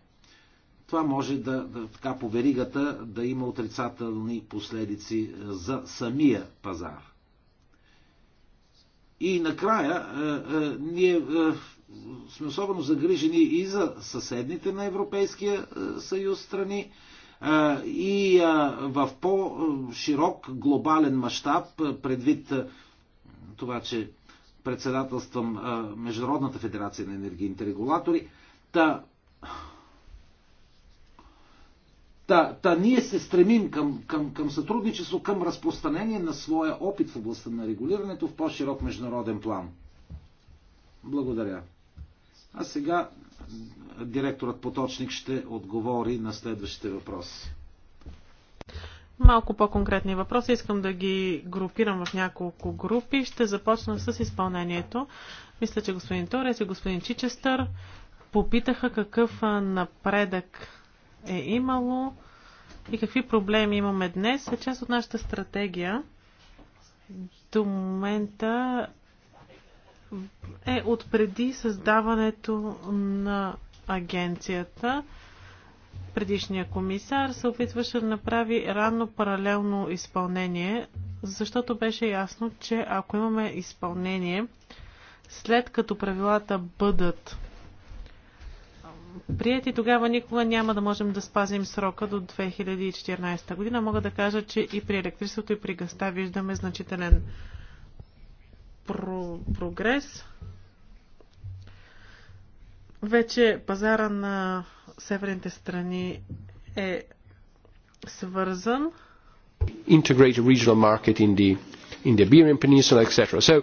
това може да, да така по веригата да има отрицателни последици е, за самия пазар. И накрая е, е, ние е, сме особено загрижени и за съседните на Европейския е, съюз страни, и в по-широк глобален мащаб, предвид това, че председателствам Международната федерация на енергийните регулатори. Та, та, та ние се стремим към, към, към сътрудничество, към разпространение на своя опит в областта на регулирането в по-широк международен план. Благодаря. А сега директорът Поточник ще отговори на следващите въпроси. Малко по-конкретни въпроси. Искам да ги групирам в няколко групи. Ще започна с изпълнението. Мисля, че господин Торес и господин Чичестър попитаха какъв напредък е имало и какви проблеми имаме днес. Е част от нашата стратегия до момента е от преди създаването на агенцията. Предишния комисар се опитваше да направи ранно паралелно изпълнение, защото беше ясно, че ако имаме изпълнение, след като правилата бъдат прияти, тогава никога няма да можем да спазим срока до 2014 година. Мога да кажа, че и при електричеството и при гъста виждаме значителен про- прогрес. Вече пазара на северните страни е свързан. regional market in the, in the Iberian Peninsula, etc. So...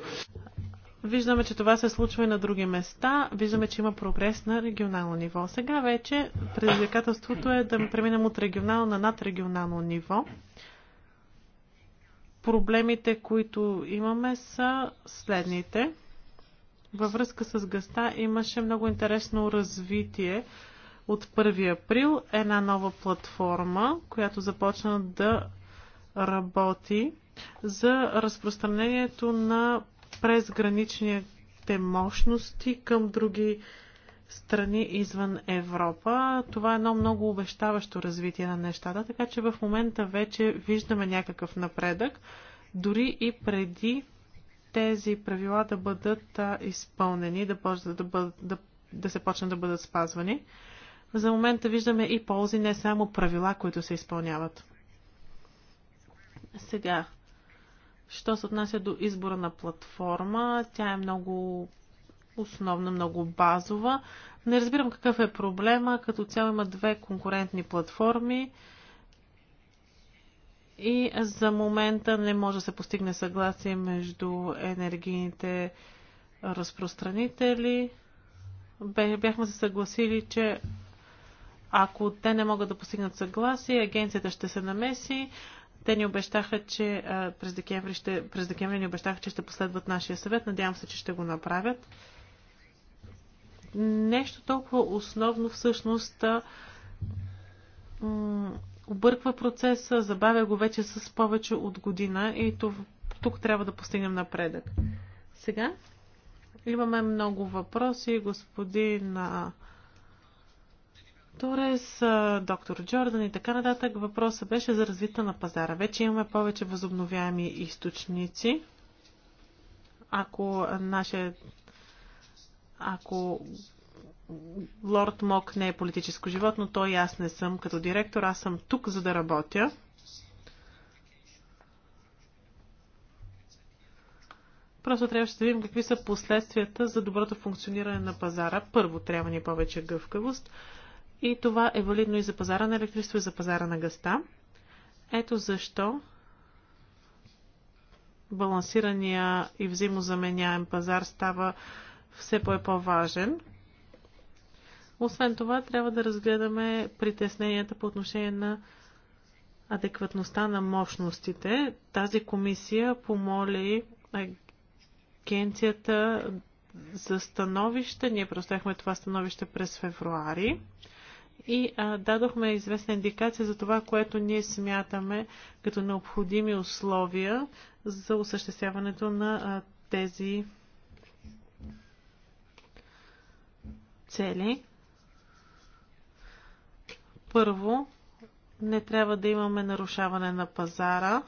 Виждаме, че това се случва и на други места. Виждаме, че има прогрес на регионално ниво. Сега вече предизвикателството е да преминем от регионално на надрегионално ниво. Проблемите, които имаме са следните. Във връзка с гъста имаше много интересно развитие от 1 април. Една нова платформа, която започна да работи за разпространението на презграничните мощности към други страни извън Европа. Това е едно много обещаващо развитие на нещата, така че в момента вече виждаме някакъв напредък, дори и преди тези правила да бъдат а, изпълнени, да, да, бъдат, да, да се почнат да бъдат спазвани. За момента виждаме и ползи, не само правила, които се изпълняват. Сега, що се отнася до избора на платформа, тя е много основна, много базова. Не разбирам какъв е проблема. Като цяло има две конкурентни платформи и за момента не може да се постигне съгласие между енергийните разпространители. Бяхме се съгласили, че ако те не могат да постигнат съгласие, агенцията ще се намеси. Те ни обещаха, че през декември, ще, през декември ни обещаха, че ще последват нашия съвет. Надявам се, че ще го направят нещо толкова основно всъщност обърква процеса, забавя го вече с повече от година и тук трябва да постигнем напредък. Сега имаме много въпроси. Господин Торес, доктор Джордан и така нататък. Въпросът беше за развита на пазара. Вече имаме повече възобновяеми източници. Ако нашия. Ако Лорд Мок не е политическо животно, той и аз не съм като директор, аз съм тук за да работя. Просто трябваше да видим какви са последствията за доброто функциониране на пазара. Първо, трябва ни повече гъвкавост. И това е валидно и за пазара на електричество, и за пазара на гъста. Ето защо балансирания и взаимозаменяем пазар става все по-е по-важен. Освен това, трябва да разгледаме притесненията по отношение на адекватността на мощностите. Тази комисия помоли агенцията за становище. Ние проставихме това становище през февруари и а, дадохме известна индикация за това, което ние смятаме като необходими условия за осъществяването на а, тези цели. Първо, не трябва да имаме нарушаване на пазара.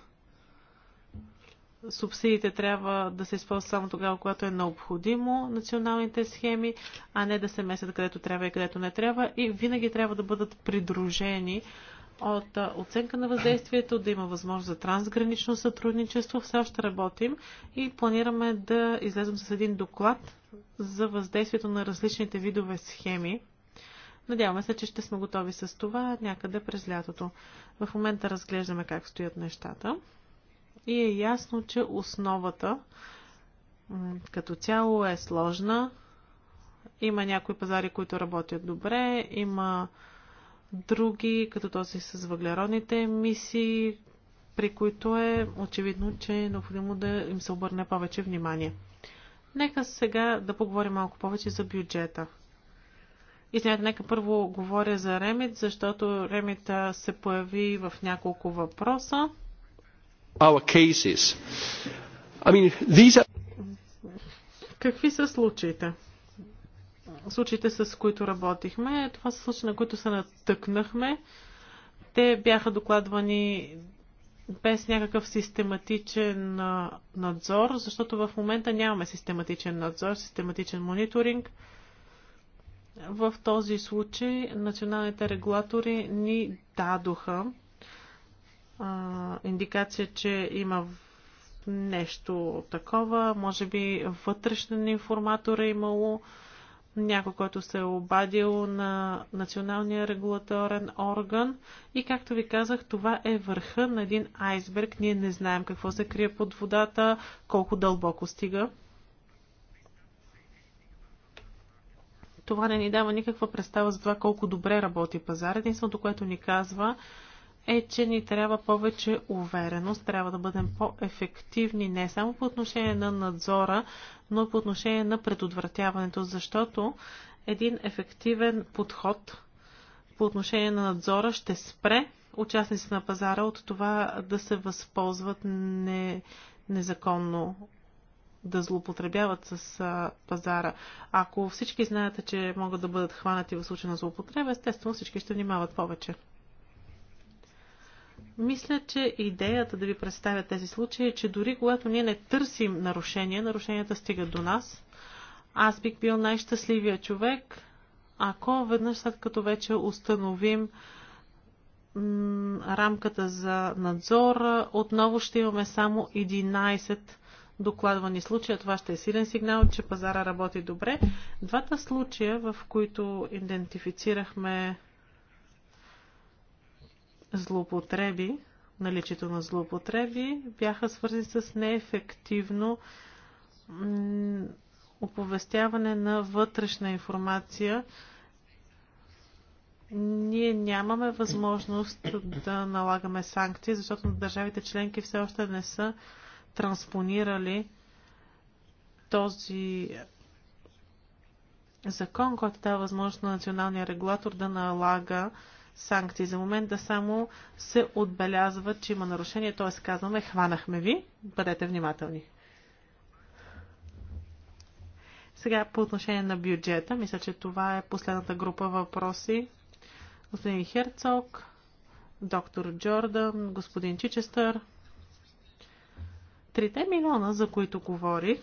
Субсидиите трябва да се използват само тогава, когато е необходимо националните схеми, а не да се месят където трябва и където не трябва. И винаги трябва да бъдат придружени от оценка на въздействието, да има възможност за трансгранично сътрудничество. Все още работим и планираме да излезем с един доклад за въздействието на различните видове схеми. Надяваме се, че ще сме готови с това някъде през лятото. В момента разглеждаме как стоят нещата. И е ясно, че основата като цяло е сложна. Има някои пазари, които работят добре, има други, като този с въглеродните емисии, при които е очевидно, че е необходимо да им се обърне повече внимание. Нека сега да поговорим малко повече за бюджета. Извинете, нека първо говоря за Ремит, защото Ремит се появи в няколко въпроса. Our cases. I mean, these are... Какви са случаите? случаите, с които работихме. Това са случаи, на които се натъкнахме. Те бяха докладвани без някакъв систематичен надзор, защото в момента нямаме систематичен надзор, систематичен мониторинг. В този случай националните регулатори ни дадоха а, индикация, че има нещо такова. Може би вътрешен информатор е имало. А, някой, който се е обадил на националния регулаторен орган. И както ви казах, това е върха на един айсберг. Ние не знаем какво се крие под водата, колко дълбоко стига. Това не ни дава никаква представа за това колко добре работи пазар. Единственото, което ни казва е, че ни трябва повече увереност, трябва да бъдем по-ефективни не само по отношение на надзора, но и по отношение на предотвратяването, защото един ефективен подход по отношение на надзора ще спре участниците на пазара от това да се възползват не, незаконно да злоупотребяват с а, пазара. Ако всички знаете, че могат да бъдат хванати в случай на злоупотреба, естествено всички ще внимават повече. Мисля, че идеята да ви представя тези случаи е, че дори когато ние не търсим нарушения, нарушенията стигат до нас. Аз бих бил най-щастливия човек, ако веднъж след като вече установим рамката за надзор, отново ще имаме само 11 докладвани случая. Това ще е силен сигнал, че пазара работи добре. Двата случая, в които идентифицирахме злоупотреби, наличието на злоупотреби, бяха свързани с неефективно оповестяване на вътрешна информация. Ние нямаме възможност да налагаме санкции, защото държавите членки все още не са транспонирали този закон, който дава възможност на националния регулатор да налага санкции. За момента само се отбелязва, че има нарушение, т.е. казваме хванахме ви, бъдете внимателни. Сега по отношение на бюджета, мисля, че това е последната група въпроси. Господин Херцог, доктор Джордан, господин Чичестър. Трите милиона, за които говорих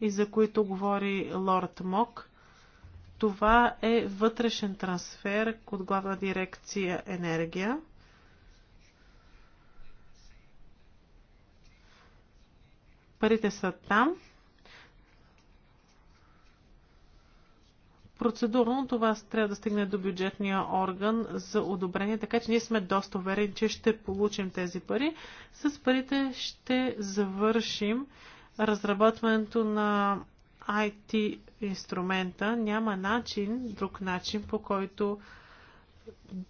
и за които говори лорд Мок, това е вътрешен трансфер от главна дирекция енергия. Парите са там. Процедурно това трябва да стигне до бюджетния орган за одобрение, така че ние сме доста уверени, че ще получим тези пари. С парите ще завършим разработването на IT инструмента няма начин, друг начин, по който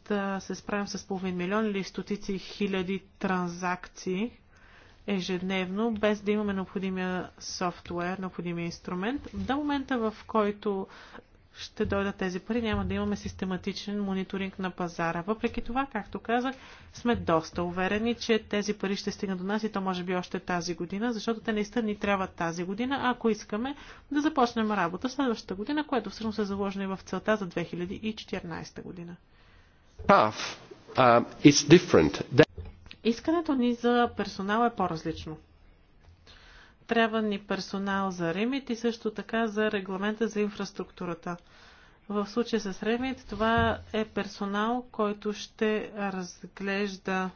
да се справим с половин милион или стотици хиляди транзакции ежедневно, без да имаме необходимия софтуер, необходимия инструмент. До момента, в който ще дойдат тези пари, няма да имаме систематичен мониторинг на пазара. Въпреки това, както казах, сме доста уверени, че тези пари ще стигнат до нас и то може би още тази година, защото те наистина ни трябва тази година, ако искаме да започнем работа следващата година, което всъщност е заложено и в целта за 2014 година. Uh, Искането ни за персонал е по-различно. Трябва ни персонал за ремит и също така за регламента за инфраструктурата. В случая с Ремит това е персонал, който ще разглежда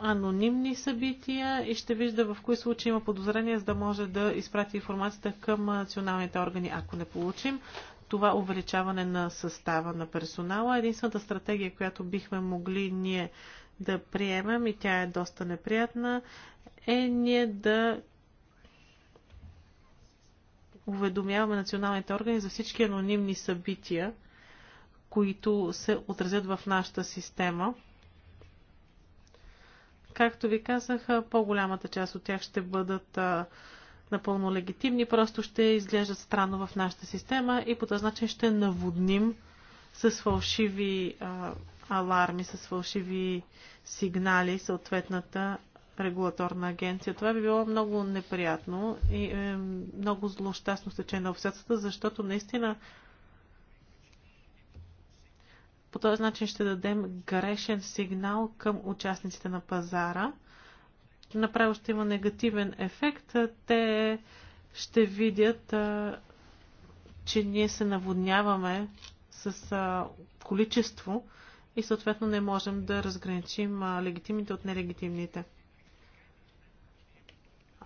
анонимни събития и ще вижда в кои случаи има подозрение, за да може да изпрати информацията към националните органи. Ако не получим това увеличаване на състава на персонала, единствената стратегия, която бихме могли ние да приемем, и тя е доста неприятна, е ние да уведомяваме националните органи за всички анонимни събития, които се отразят в нашата система. Както ви казах, по-голямата част от тях ще бъдат а, напълно легитимни, просто ще изглеждат странно в нашата система и по този начин ще наводним с фалшиви а, аларми с фалшиви сигнали съответната регулаторна агенция. Това би било много неприятно и е, много злощастно стечение на обстоятелствата, защото наистина по този начин ще дадем грешен сигнал към участниците на пазара. Направо ще има негативен ефект. Те ще видят, е, че ние се наводняваме с е, количество и съответно не можем да разграничим легитимните от нелегитимните.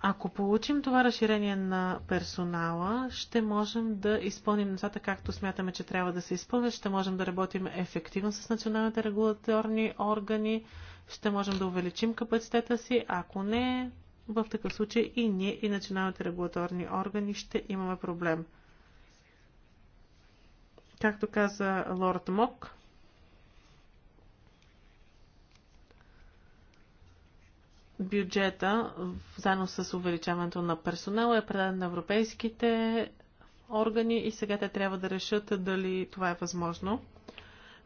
Ако получим това разширение на персонала, ще можем да изпълним нещата както смятаме, че трябва да се изпълнят, ще можем да работим ефективно с националните регулаторни органи, ще можем да увеличим капацитета си, ако не, в такъв случай и ние, и националните регулаторни органи ще имаме проблем. Както каза лорд Мок, бюджета, заедно с увеличаването на персонала, е предаден на европейските органи и сега те трябва да решат дали това е възможно.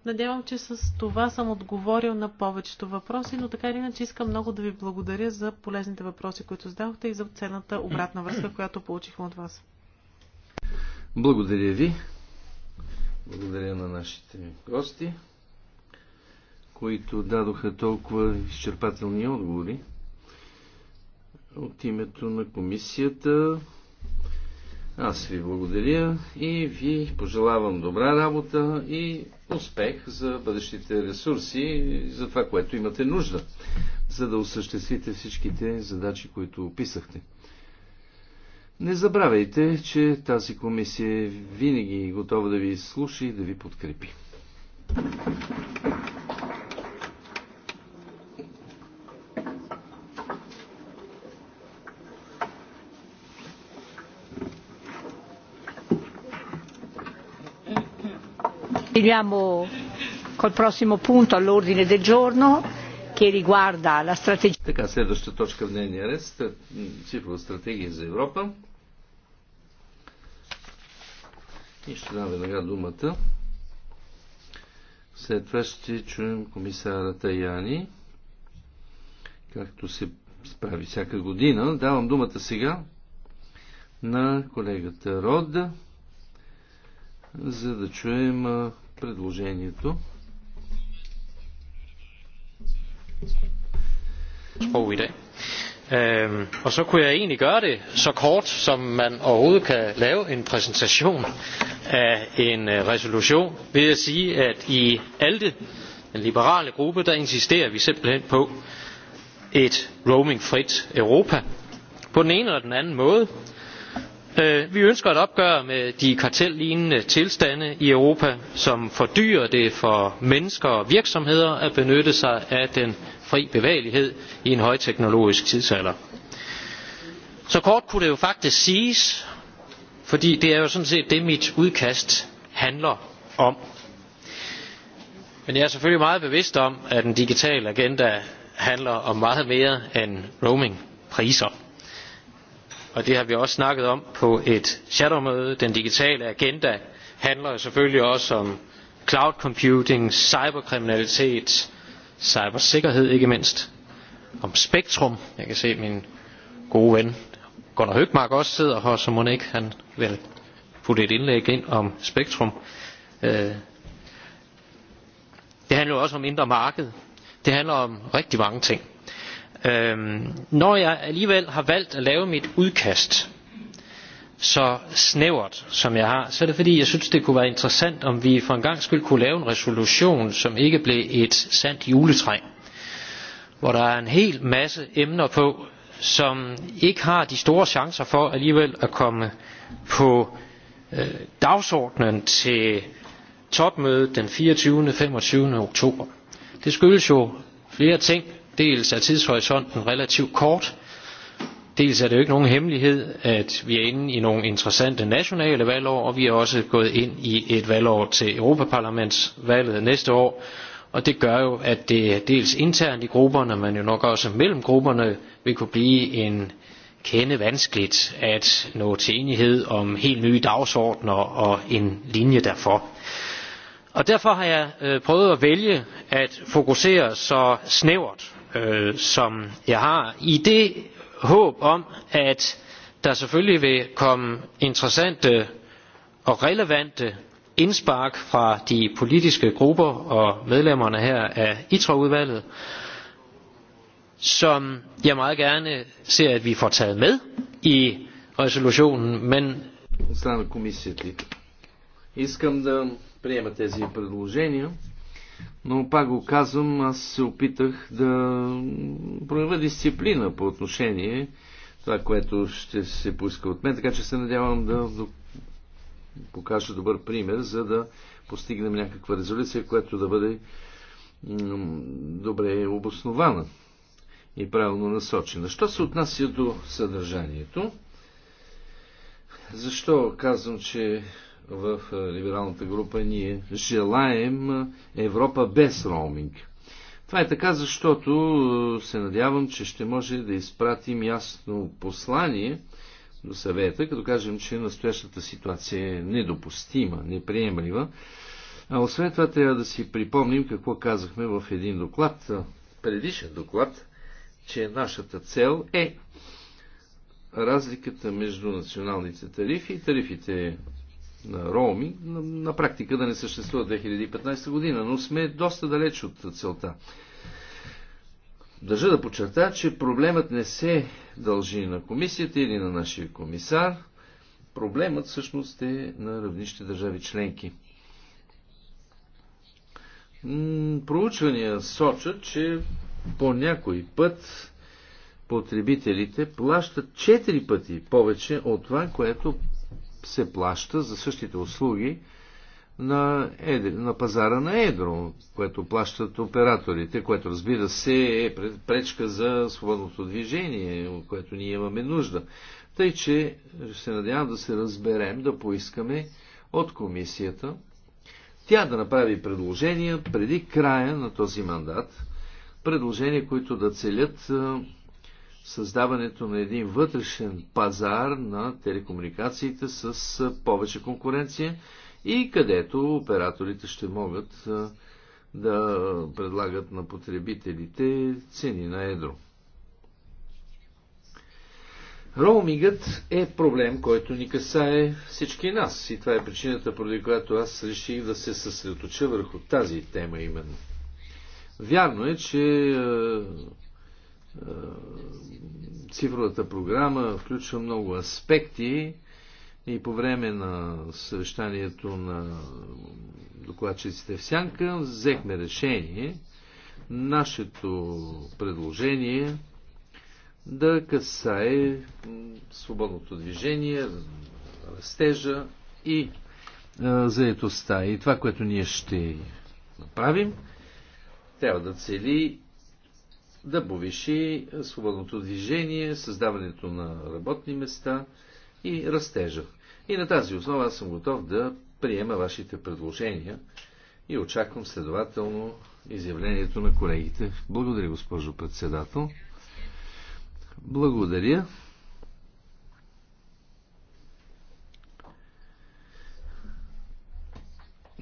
Надявам, че с това съм отговорил на повечето въпроси, но така или иначе искам много да ви благодаря за полезните въпроси, които задавахте и за ценната обратна връзка, която получихме от вас. Благодаря ви. Благодаря на нашите гости, които дадоха толкова изчерпателни отговори от името на комисията. Аз ви благодаря и ви пожелавам добра работа и успех за бъдещите ресурси и за това, което имате нужда, за да осъществите всичките задачи, които описахте. Не забравяйте, че тази комисия винаги е готова да ви слуша и да ви подкрепи. Continuiamo col prossimo punto all'ordine del giorno che riguarda la strategia. Така, следващата точка в дневния ред цифрова стратегия за Европа. И ще дам веднага думата. След това ще чуем комисара Таяни, както се справи всяка година. Давам думата сега на колегата Род, за да чуем предложението. sprog i dag. Øhm, og så kunne jeg egentlig gøre det så kort, som man overhovedet kan lave en præsentation af en resolution ved at sige, at i ALDE, den liberale gruppe, der insisterer vi simpelthen på et roamingfrit Europa. På den ene eller den anden måde vi ønsker et opgør med de kartellignende tilstande i europa som fordyrer det for mennesker og virksomheder at benytte sig af den fri bevægelighed i en højteknologisk tidsalder så kort kunne det jo faktisk siges fordi det er jo sådan set det mit udkast handler om men jeg er selvfølgelig meget bevidst om at en digital agenda handler om meget mere end roamingpriser og det har vi også snakket om på et shadowmøde. Den digitale agenda handler selvfølgelig også om cloud computing, cyberkriminalitet, cybersikkerhed ikke mindst, om spektrum. Jeg kan se min gode ven Gunnar Høgmark også sidder her, så må ikke han vil putte et indlæg ind om spektrum. Det handler også om indre marked. Det handler om rigtig mange ting når jeg alligevel har valgt at lave mit udkast så snævert som jeg har, så er det fordi, jeg synes, det kunne være interessant, om vi for en gang skyld kunne lave en resolution, som ikke blev et sandt juletræ, hvor der er en hel masse emner på, som ikke har de store chancer for alligevel at komme på øh, dagsordenen til topmødet den 24. og 25. oktober. Det skyldes jo flere ting, Dels er tidshorisonten relativt kort, dels er det jo ikke nogen hemmelighed, at vi er inde i nogle interessante nationale valgår, og vi er også gået ind i et valgår til Europaparlamentsvalget næste år, og det gør jo, at det dels internt i grupperne, men jo nok også mellem grupperne, vil kunne blive en kende vanskeligt at nå til enighed om helt nye dagsordner og en linje derfor. Og derfor har jeg prøvet at vælge at fokusere så snævert som jeg har i det håb om at der selvfølgelig vil komme interessante og relevante indspark fra de politiske grupper og medlemmerne her af ITRA-udvalget, som jeg meget gerne ser, at vi får taget med i resolutionen, men... Искам да приема тези предложения. Но пак го казвам, аз се опитах да проявя дисциплина по отношение това, което ще се поиска от мен, така че се надявам да, покажа добър пример, за да постигнем някаква резолюция, която да бъде добре обоснована и правилно насочена. Що се отнася до съдържанието? Защо казвам, че в е, либералната група ние желаем е, Европа без роуминг. Това е така, защото е, се надявам, че ще може да изпратим ясно послание до съвета, като кажем, че настоящата ситуация е недопустима, неприемлива. А освен това трябва да си припомним какво казахме в един доклад, предишен доклад, че нашата цел е разликата между националните тарифи и тарифите на роуминг, на, на практика да не съществува 2015 година, но сме доста далеч от целта. Държа да подчертая, че проблемът не се дължи на комисията или на нашия комисар. Проблемът всъщност е на равнище държави членки. Проучвания сочат, че по някой път потребителите плащат 4 пъти повече от това, което се плаща за същите услуги на, едри, на пазара на едро, което плащат операторите, което разбира се е пречка за свободното движение, от което ние имаме нужда. Тъй, че се надявам да се разберем, да поискаме от комисията тя да направи предложения преди края на този мандат, предложения, които да целят създаването на един вътрешен пазар на телекомуникациите с повече конкуренция и където операторите ще могат да предлагат на потребителите цени на едро. Роумингът е проблем, който ни касае всички нас и това е причината, поради която аз реших да се съсредоточа върху тази тема именно. Вярно е, че е, цифровата програма включва много аспекти и по време на съвещанието на докладчиците в Сянка взехме решение нашето предложение да касае свободното движение, растежа и е, заетостта. И това, което ние ще направим, трябва да цели да повиши свободното движение, създаването на работни места и растежа. И на тази основа аз съм готов да приема вашите предложения и очаквам следователно изявлението на колегите. Благодаря, госпожо председател. Благодаря.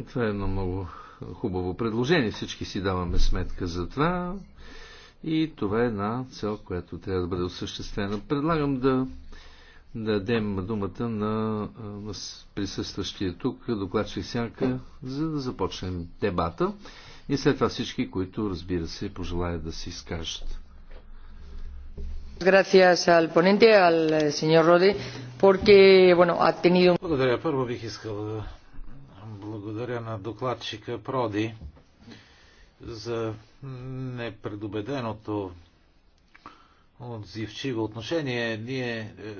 Това е едно много хубаво предложение. Всички си даваме сметка за това. И това е една цел, която трябва да бъде осъществена. Предлагам да дадем думата на присъстващия тук докладчик Сянка, за да започнем дебата и след това всички, които, разбира се, пожелаят да се изкажат. Eh, благодаря. Първо бих искал да благодаря на докладчика Проди за непредобеденото отзивчиво отношение. Ние е,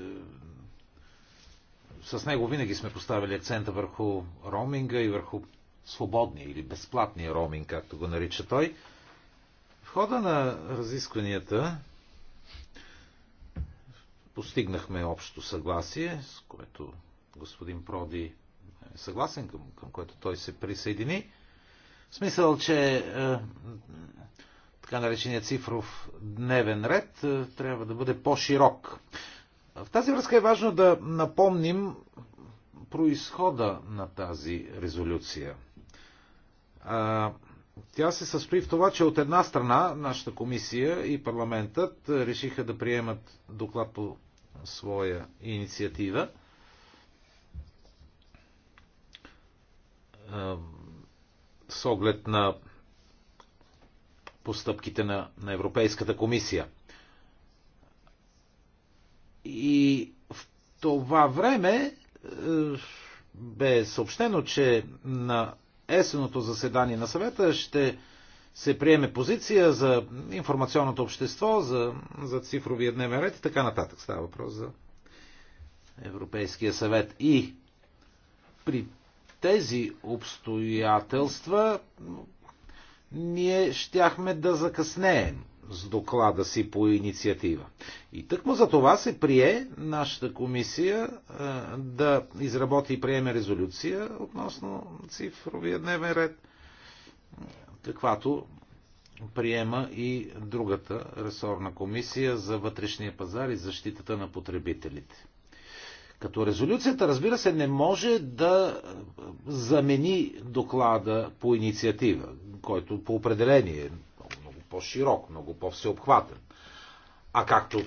с него винаги сме поставили акцента върху роуминга и върху свободния или безплатния роуминг, както го нарича той. В хода на разискванията постигнахме общо съгласие, с което господин Проди е съгласен, към, към което той се присъедини. В смисъл, че е, така наречения цифров дневен ред е, трябва да бъде по-широк. В тази връзка е важно да напомним происхода на тази резолюция. Тя се състои в това, че от една страна нашата комисия и парламентът решиха да приемат доклад по своя инициатива с оглед на постъпките на, на Европейската комисия. И в това време е, бе съобщено, че на есеното заседание на съвета ще се приеме позиция за информационното общество, за, за цифровия дневен ред и така нататък. Става въпрос за Европейския съвет. И при тези обстоятелства ние щяхме да закъснеем с доклада си по инициатива. И тъкмо за това се прие нашата комисия е, да изработи и приеме резолюция относно цифровия дневен ред, каквато приема и другата ресорна комисия за вътрешния пазар и защитата на потребителите. Като резолюцията, разбира се, не може да е, замени доклада по инициатива, който по определение е много по-широк, много по-всеобхватен. А както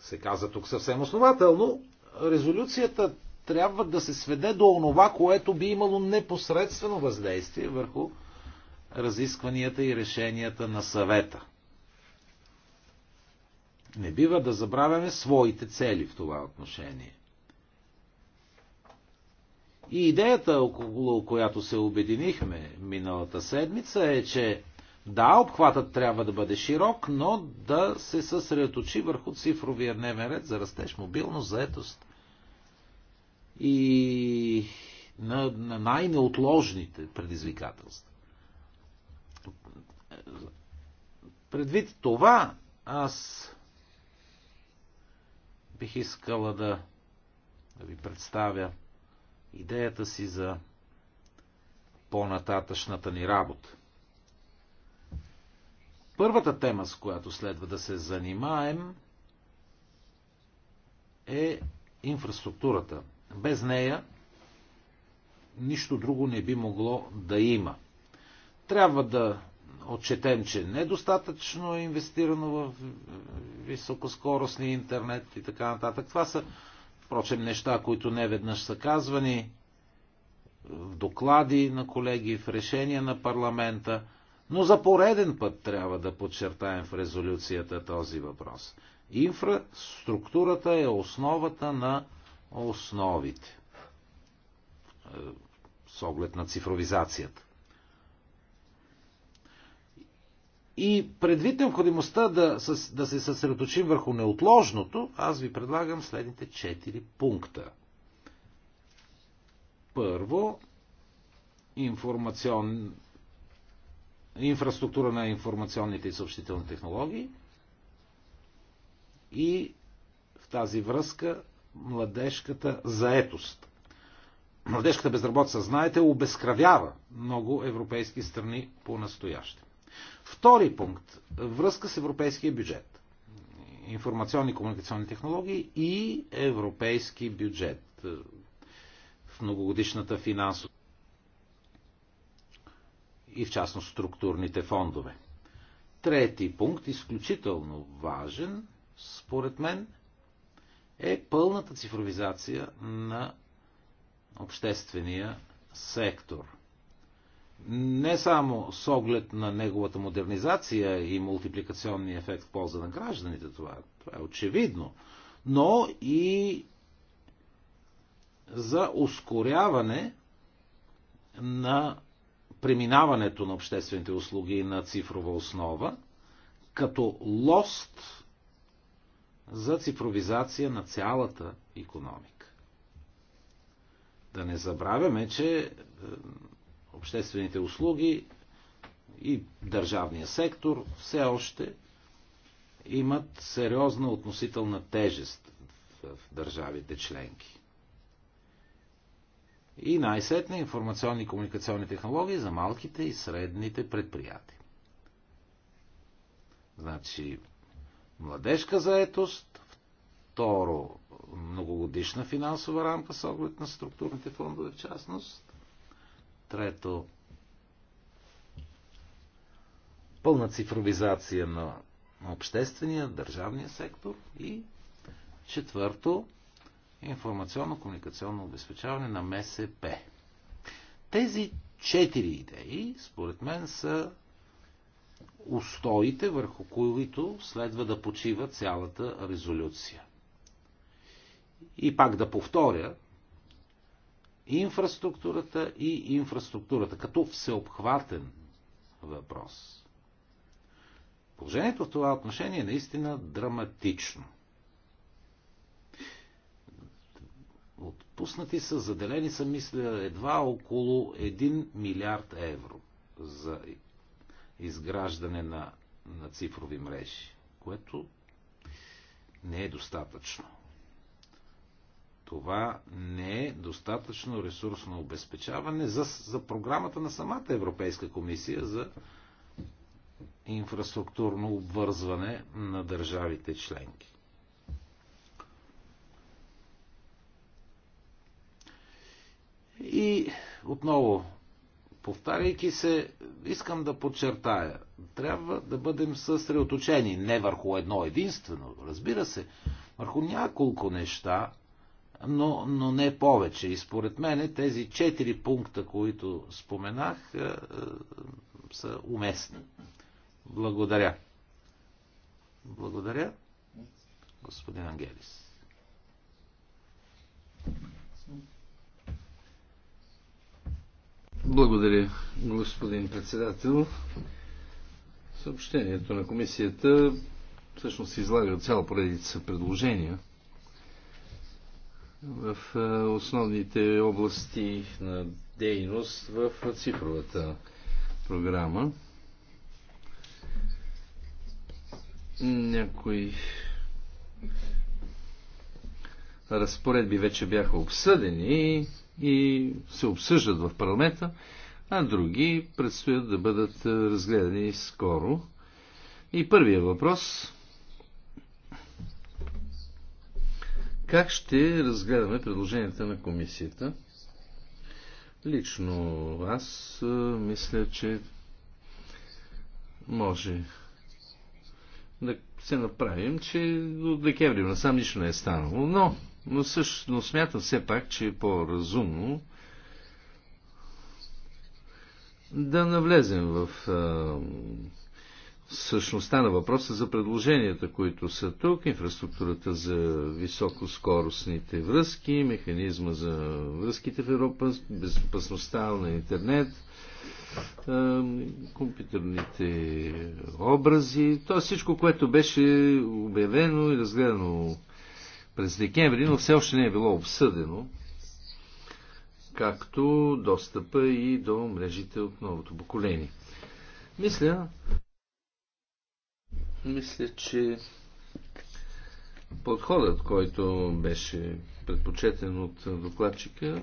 се каза тук съвсем основателно, резолюцията трябва да се сведе до онова, което би имало непосредствено въздействие върху разискванията и решенията на съвета. Не бива да забравяме своите цели в това отношение. И идеята, около която се обединихме миналата седмица е, че да, обхватът трябва да бъде широк, но да се съсредоточи върху цифровия дневен ред за растеж, мобилност, заетост и на, на най-неотложните предизвикателства. Предвид това, аз бих искала да, да ви представя идеята си за по-нататъчната ни работа. Първата тема, с която следва да се занимаем, е инфраструктурата. Без нея нищо друго не би могло да има. Трябва да отчетем, че е недостатъчно е инвестирано в високоскоростния интернет и така нататък. Това са Впрочем, неща, които не веднъж са казвани в доклади на колеги, в решения на парламента, но за пореден път трябва да подчертаем в резолюцията този въпрос. Инфраструктурата е основата на основите е, с оглед на цифровизацията. И предвид необходимостта да, да се съсредоточим върху неотложното, аз ви предлагам следните 4 пункта. Първо, информацион... инфраструктура на информационните и съобщителни технологии и в тази връзка младежката заетост. Младежката безработица, знаете, обезкравява много европейски страни по-настояще. Втори пункт. Връзка с европейския бюджет. Информационни и комуникационни технологии и европейски бюджет в многогодишната финансова и в частност структурните фондове. Трети пункт, изключително важен, според мен, е пълната цифровизация на обществения сектор – не само с оглед на неговата модернизация и мултипликационния ефект в полза на гражданите, това, това е очевидно, но и за ускоряване на преминаването на обществените услуги на цифрова основа като лост за цифровизация на цялата економика. Да не забравяме, че обществените услуги и държавния сектор все още имат сериозна относителна тежест в държавите членки. И най-сетне информационни и комуникационни технологии за малките и средните предприятия. Значи, младежка заетост, второ, многогодишна финансова рамка с оглед на структурните фондове в частност, Трето, пълна цифровизация на обществения, държавния сектор и четвърто, информационно-комуникационно обезпечаване на МСП. Тези четири идеи, според мен, са устоите, върху които следва да почива цялата резолюция. И пак да повторя, инфраструктурата и инфраструктурата, като всеобхватен въпрос. Положението в това отношение е наистина драматично. Отпуснати са, заделени са, мисля, едва около 1 милиард евро за изграждане на, на цифрови мрежи, което не е достатъчно това не е достатъчно ресурсно обезпечаване за, за програмата на самата Европейска комисия за инфраструктурно обвързване на държавите членки. И отново, повтаряйки се, искам да подчертая, трябва да бъдем съсредоточени не върху едно единствено, разбира се, върху няколко неща, но, но не повече. И според мен тези четири пункта, които споменах, е, е, са уместни. Благодаря. Благодаря, господин Ангелис. Благодаря, господин председател. Съобщението на комисията всъщност излага цяла поредица предложения в основните области на дейност в цифровата програма. Някои разпоредби вече бяха обсъдени и се обсъждат в парламента, а други предстоят да бъдат разгледани скоро. И първия въпрос Как ще разгледаме предложенията на комисията? Лично аз мисля, че може да се направим, че до декември насам нищо не е станало. Но, но, също, но смятам все пак, че е по-разумно да навлезем в а, същността на въпроса за предложенията, които са тук, инфраструктурата за високоскоростните връзки, механизма за връзките в Европа, безопасността на интернет, компютърните образи, т.е. всичко, което беше обявено и разгледано през декември, но все още не е било обсъдено, както достъпа и до мрежите от новото поколение. Мисля, мисля, че подходът, който беше предпочетен от докладчика,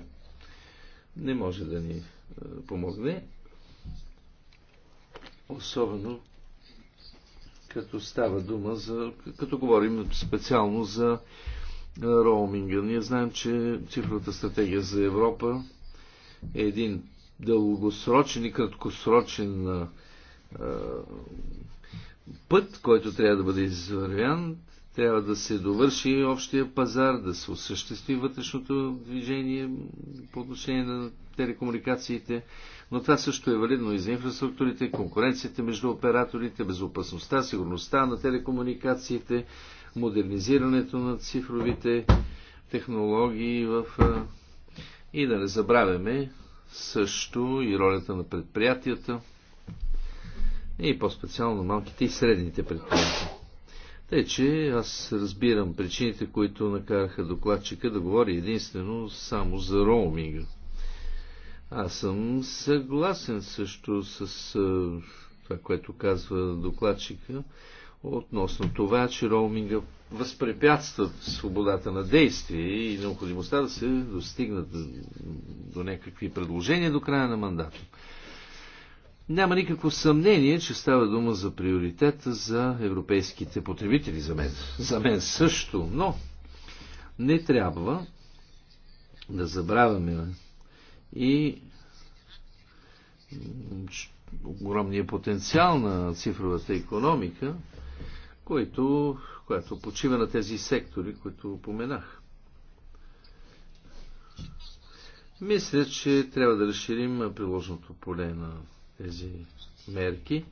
не може да ни помогне. Особено като става дума за... като говорим специално за роуминга. Ние знаем, че цифровата стратегия за Европа е един дългосрочен и краткосрочен път, който трябва да бъде извървян, трябва да се довърши общия пазар, да се осъществи вътрешното движение по отношение на телекомуникациите, но това също е валидно и за инфраструктурите, конкуренцията между операторите, безопасността, сигурността на телекомуникациите, модернизирането на цифровите технологии в... и да не забравяме също и ролята на предприятията – и по-специално малките и средните предприятия. Тъй, че аз разбирам причините, които накараха докладчика да говори единствено само за роуминга. Аз съм съгласен също с това, което казва докладчика относно това, че роуминга възпрепятства свободата на действие и необходимостта да се достигнат до някакви предложения до края на мандата. Няма никакво съмнение, че става дума за приоритета за европейските потребители, за мен, за мен също, но не трябва да забравяме и огромния потенциал на цифровата економика, който, която почива на тези сектори, които упоменах. Мисля, че трябва да разширим приложното поле на тези мерки.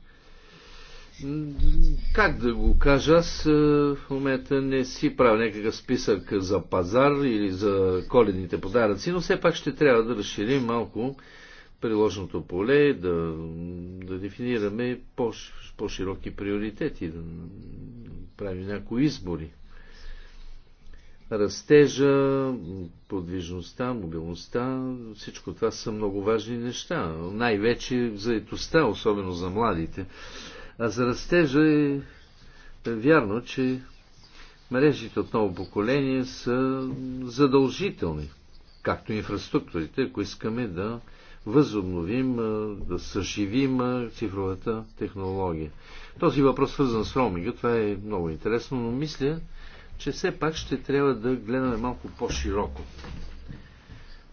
Как да го кажа, аз е, в момента не си правя някакъв списък за пазар или за коледните подаръци, но все пак ще трябва да разширим малко приложното поле, да, да дефинираме по-широки приоритети, да правим някои избори растежа, подвижността, мобилността, всичко това са много важни неща. Най-вече етостта, особено за младите. А за растежа е, е вярно, че мрежите от ново поколение са задължителни, както инфраструктурите, ако искаме да възобновим, да съживим цифровата технология. Този въпрос, свързан с роуминга, това е много интересно, но мисля, че все пак ще трябва да гледаме малко по-широко.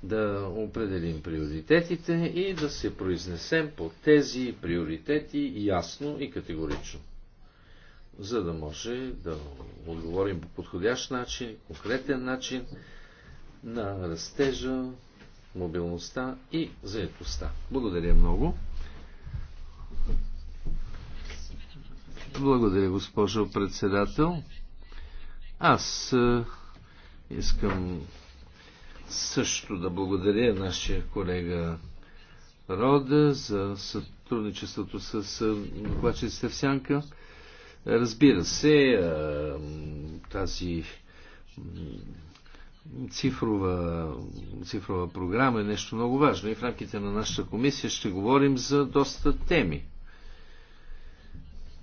Да определим приоритетите и да се произнесем по тези приоритети ясно и категорично. За да може да отговорим по подходящ начин, конкретен начин на растежа, мобилността и заедостта. Благодаря много. Благодаря, госпожо председател. Аз искам също да благодаря нашия колега Рода за сътрудничеството с докладчиците в Сянка. Разбира се, тази цифрова, цифрова програма е нещо много важно и в рамките на нашата комисия ще говорим за доста теми.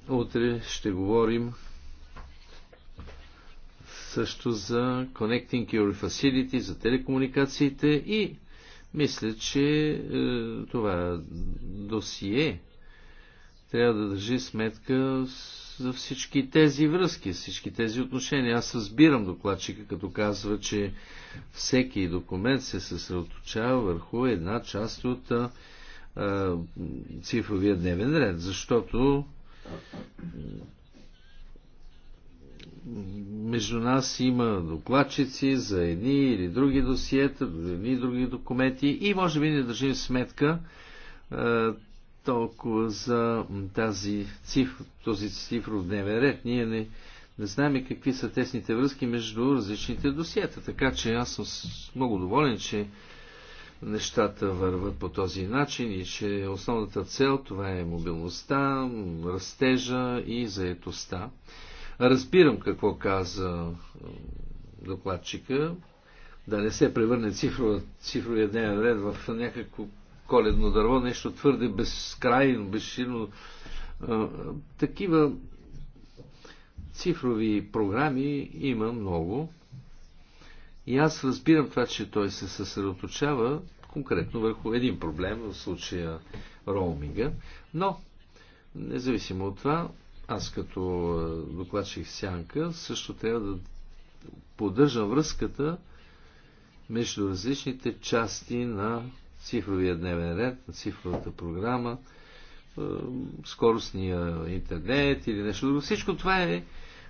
Утре ще говорим също за Connecting Your Facility, за телекомуникациите и мисля, че е, това досие трябва да държи сметка за всички тези връзки, всички тези отношения. Аз разбирам докладчика, като казва, че всеки документ се съсредоточава върху една част от а, е, е, цифровия дневен ред, защото между нас има докладчици за едни или други досиета, за едни и други документи и може би не държим сметка толкова за тази цифр, този цифров дневен ред. Ние не, не знаем какви са тесните връзки между различните досиета. Така че аз съм много доволен, че нещата върват по този начин и че основната цел това е мобилността, растежа и заетостта. Разбирам какво каза докладчика, да не се превърне цифровия цифровия дневен ред в някакво коледно дърво, нещо твърде безкрайно, безширно. Такива цифрови програми има много. И аз разбирам това, че той се съсредоточава конкретно върху един проблем, в случая роуминга, но независимо от това, аз като докладчих сянка също трябва да поддържам връзката между различните части на цифровия дневен ред, на цифровата програма, скоростния интернет или нещо друго. Всичко това е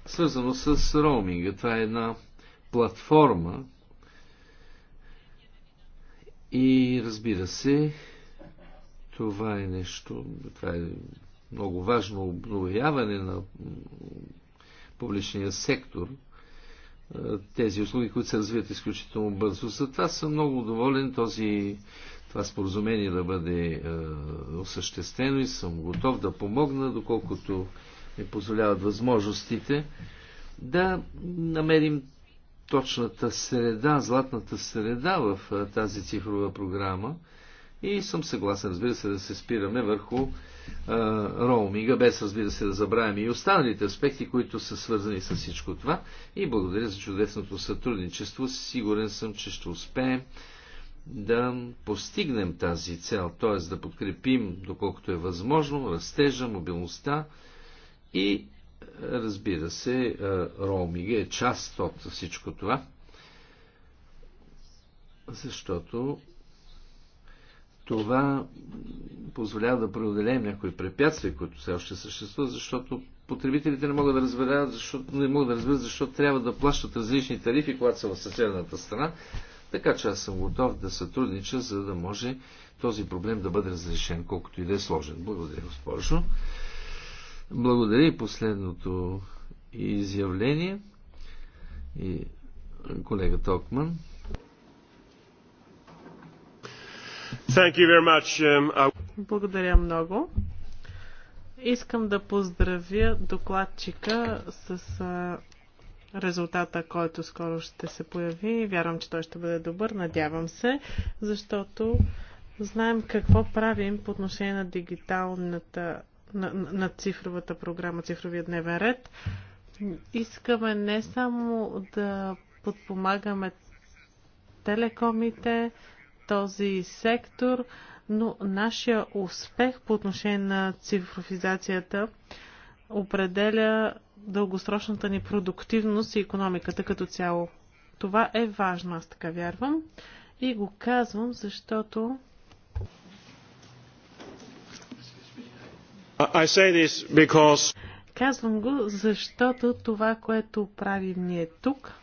свързано с роуминга. Това е една платформа и разбира се, това е нещо, това е много важно обновяване на публичния сектор, е, тези услуги, които се развият изключително бързо. Затова съм много доволен този, това споразумение да бъде е, осъществено и съм готов да помогна, доколкото ми позволяват възможностите, да намерим точната среда, златната среда в е, тази цифрова програма и съм съгласен, разбира се, да се спираме върху роуминга, без разбира се да забравяме и останалите аспекти, които са свързани с всичко това. И благодаря за чудесното сътрудничество. Сигурен съм, че ще успеем да постигнем тази цел, т.е. да подкрепим, доколкото е възможно, растежа, мобилността и разбира се, роуминга е част от всичко това, защото това позволява да преодолеем някои препятствия, които все още съществуват, защото потребителите не могат да разберат, защото, не могат да разберат защо трябва да плащат различни тарифи, когато са в съседната страна. Така че аз съм готов да сътруднича, за да може този проблем да бъде разрешен, колкото и да е сложен. Благодаря, госпожо. Благодаря и последното изявление. И колега Токман. Um, Благодаря много. Искам да поздравя докладчика с резултата, който скоро ще се появи. Вярвам, че той ще бъде добър, надявам се, защото знаем какво правим по отношение на дигиталната, на, на цифровата програма, цифровия дневен ред. Искаме не само да подпомагаме телекомите, този сектор, но нашия успех по отношение на цифровизацията определя дългосрочната ни продуктивност и економиката като цяло. Това е важно, аз така вярвам. И го казвам, защото. I say this because... Казвам го, защото това, което правим ние тук,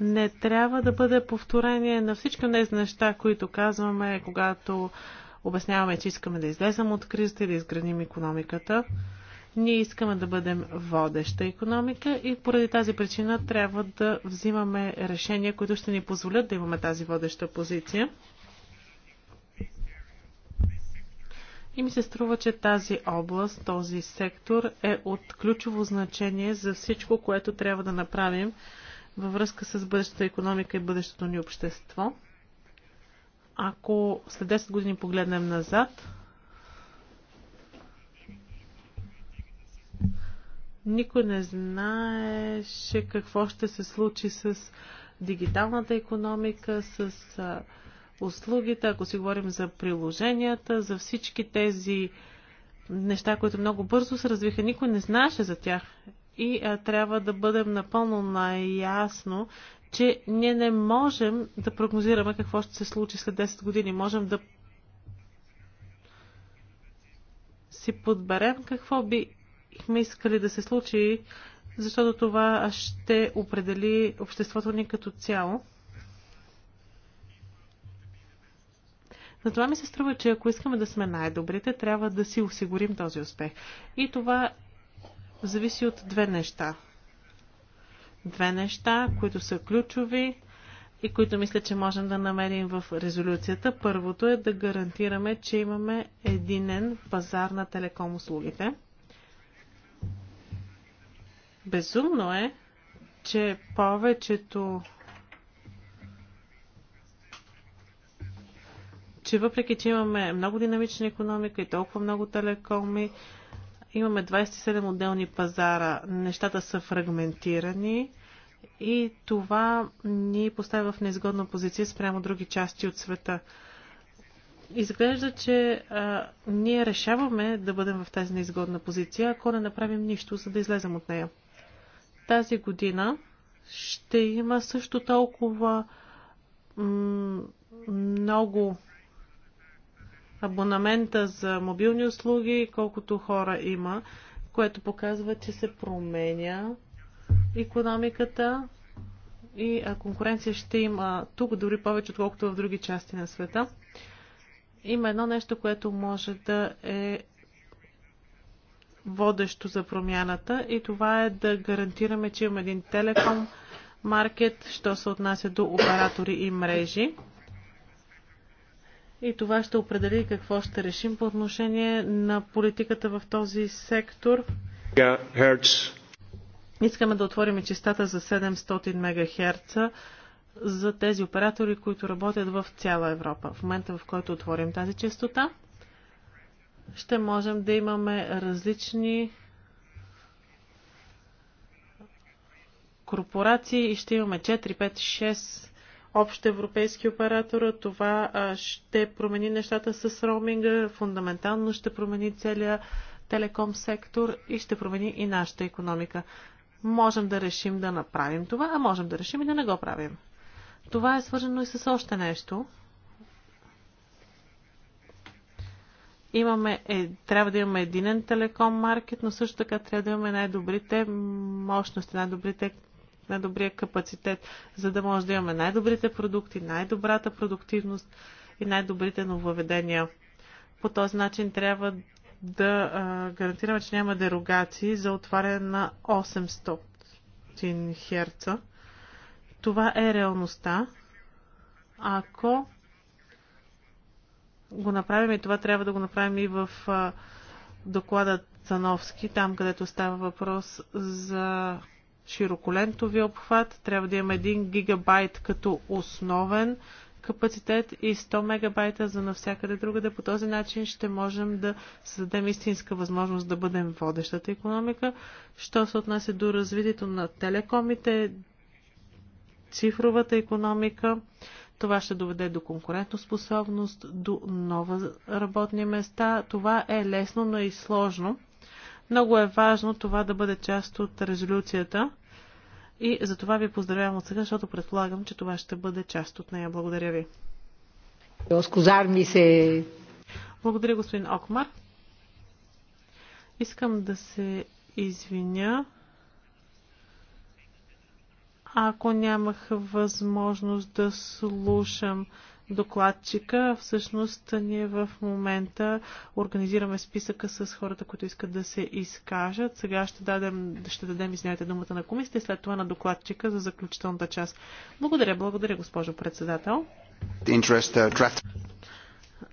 не трябва да бъде повторение на всички тези неща, които казваме, когато обясняваме, че искаме да излезем от кризата и да изградим економиката. Ние искаме да бъдем водеща економика и поради тази причина трябва да взимаме решения, които ще ни позволят да имаме тази водеща позиция. И ми се струва, че тази област, този сектор е от ключово значение за всичко, което трябва да направим във връзка с бъдещата економика и бъдещето ни общество. Ако след 10 години погледнем назад, никой не знаеше какво ще се случи с дигиталната економика, с услугите, ако си говорим за приложенията, за всички тези неща, които много бързо се развиха. Никой не знаеше за тях и а, трябва да бъдем напълно наясно, че ние не можем да прогнозираме какво ще се случи след 10 години. Можем да си подберем какво бихме искали да се случи, защото това ще определи обществото ни като цяло. Затова ми се струва, че ако искаме да сме най-добрите, трябва да си осигурим този успех. И това зависи от две неща. Две неща, които са ключови и които мисля, че можем да намерим в резолюцията. Първото е да гарантираме, че имаме единен пазар на телеком услугите. Безумно е, че повечето че въпреки, че имаме много динамична економика и толкова много телекоми, Имаме 27 отделни пазара, нещата са фрагментирани и това ни поставя в неизгодна позиция спрямо други части от света. Изглежда, че а, ние решаваме да бъдем в тази неизгодна позиция, ако не направим нищо, за да излезем от нея. Тази година ще има също толкова много абонамента за мобилни услуги, колкото хора има, което показва, че се променя економиката и конкуренция ще има тук дори повече, отколкото в други части на света. Има едно нещо, което може да е водещо за промяната и това е да гарантираме, че има един телеком маркет, що се отнася до оператори и мрежи и това ще определи какво ще решим по отношение на политиката в този сектор. Искаме да отворим чистата за 700 МГц за тези оператори, които работят в цяла Европа. В момента, в който отворим тази частота, ще можем да имаме различни корпорации и ще имаме 4, 5, 6 общ европейски оператор, Това ще промени нещата с роуминга, фундаментално ще промени целия телеком сектор и ще промени и нашата економика. Можем да решим да направим това, а можем да решим и да не го правим. Това е свързано и с още нещо. Имаме, е, трябва да имаме единен телеком маркет, но също така трябва да имаме най-добрите мощности, най-добрите най добрия капацитет, за да може да имаме най-добрите продукти, най-добрата продуктивност и най-добрите нововведения. По този начин трябва да а, гарантираме, че няма дерогации за отваряне на 800 херца. Това е реалността. Ако го направим и това трябва да го направим и в а, доклада Цановски, там където става въпрос за широколентови обхват, трябва да имаме 1 гигабайт като основен капацитет и 100 мегабайта за навсякъде другаде. По този начин ще можем да създадем истинска възможност да бъдем водещата економика. Що се отнася до развитието на телекомите, цифровата економика, това ще доведе до конкурентоспособност, до нова работни места. Това е лесно, но и сложно. Много е важно това да бъде част от резолюцията и за това ви поздравявам от сега, защото предполагам, че това ще бъде част от нея. Благодаря ви. се. Благодаря, господин Окмар. Искам да се извиня, ако нямах възможност да слушам докладчика. Всъщност ние в момента организираме списъка с хората, които искат да се изкажат. Сега ще дадем, ще дадем извинявайте, думата на комисията и след това на докладчика за заключителната част. Благодаря, благодаря, госпожо председател. Uh,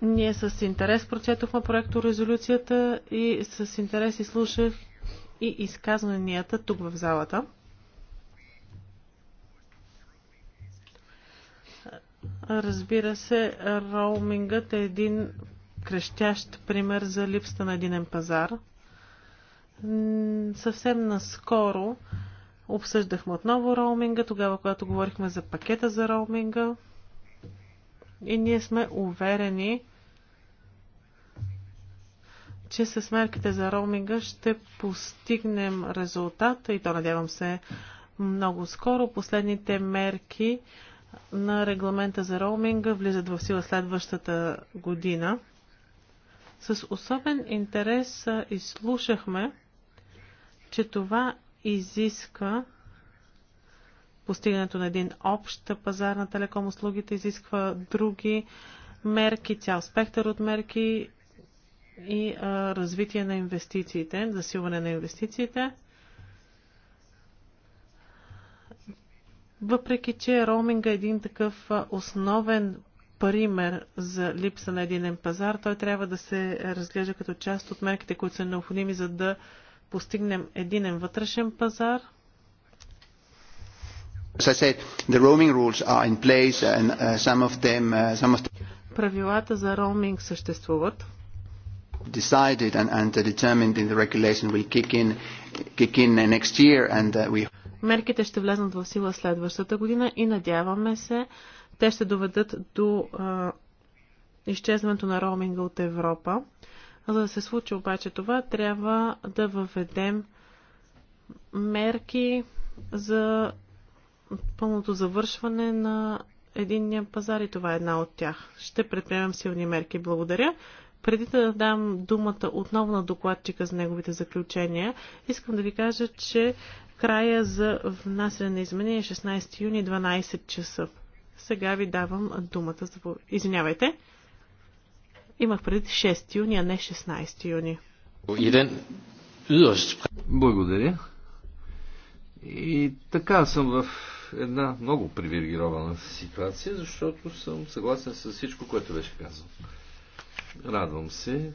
ние с интерес прочетохме проекто резолюцията и с интерес изслушах и изказванията тук в залата. Разбира се, роумингът е един крещящ пример за липста на единен пазар. Съвсем наскоро обсъждахме отново роуминга, тогава когато говорихме за пакета за роуминга. И ние сме уверени, че с мерките за роуминга ще постигнем резултата и то надявам се много скоро. Последните мерки на регламента за роуминга влизат в сила следващата година. С особен интерес изслушахме, че това изисква постигането на един общ пазар на телеком услугите, изисква други мерки, цял спектър от мерки и а, развитие на инвестициите, засилване на инвестициите. Въпреки, че роуминга е един такъв основен пример за липса на единен пазар, той трябва да се разглежда като част от мерките, които са необходими, за да постигнем единен вътрешен пазар. Uh, uh, Правилата за роуминг съществуват. Decided and, and determined in the regulation will kick in, kick in next year and uh, we Мерките ще влезнат в сила следващата година и надяваме се, те ще доведат до а, изчезването на роуминга от Европа. За да се случи обаче това, трябва да въведем мерки за пълното завършване на единния пазар и това е една от тях. Ще предприемем силни мерки. Благодаря. Преди да дам думата отново на докладчика за неговите заключения, искам да ви кажа, че Края за внасяне на изменение 16 юни 12 часа. Сега ви давам думата за... Извинявайте. Имах преди 6 юни, а не 16 юни. Благодаря. И така съм в една много привилегирована ситуация, защото съм съгласен с всичко, което беше казано. Радвам се,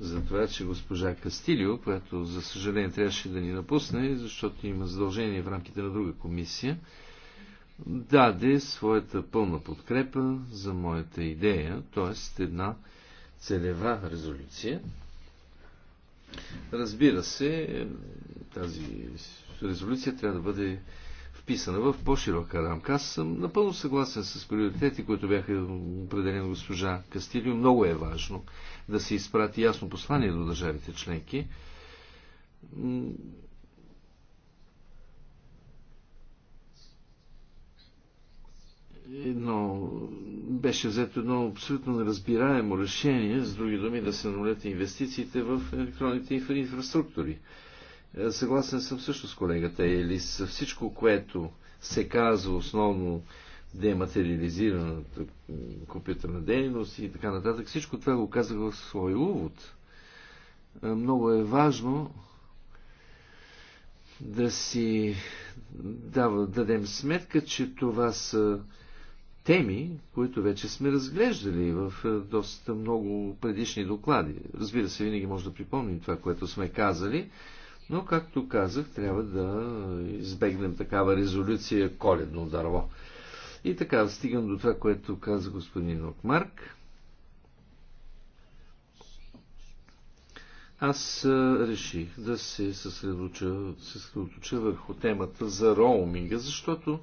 за това, че госпожа Кастилио, която за съжаление трябваше да ни напусне, защото има задължение в рамките на друга комисия, даде своята пълна подкрепа за моята идея, т.е. една целева резолюция. Разбира се, тази резолюция трябва да бъде вписана в по-широка рамка. Аз съм напълно съгласен с приоритети, които бяха определени госпожа Кастилио. Много е важно да се изпрати ясно послание до държавите членки. едно, беше взето едно абсолютно неразбираемо решение, с други думи, да се намалят инвестициите в електронните инфраструктури. Инфра Съгласен съм също с колегата Елис. Всичко, което се казва основно дематериализираната компютърна дейност и така нататък, всичко това го казах в своя увод. Много е важно да си дава, дадем сметка, че това са теми, които вече сме разглеждали в доста много предишни доклади. Разбира се, винаги може да припомним това, което сме казали, но, както казах, трябва да избегнем такава резолюция коледно дърво. И така, стигам до това, което каза господин Окмарк. Аз реших да се съсредоточа, съсредоточа върху темата за роуминга, защото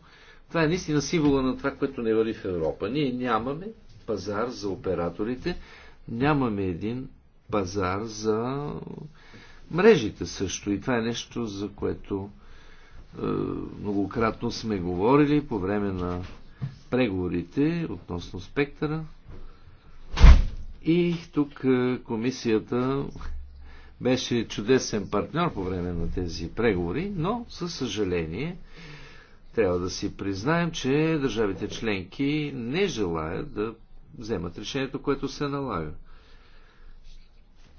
това е наистина символа на това, което не вали в Европа. Ние нямаме пазар за операторите, нямаме един пазар за мрежите също. И това е нещо, за което е, многократно сме говорили по време на преговорите относно спектъра. И тук е, комисията беше чудесен партньор по време на тези преговори, но със съжаление трябва да си признаем, че държавите членки не желаят да вземат решението, което се налага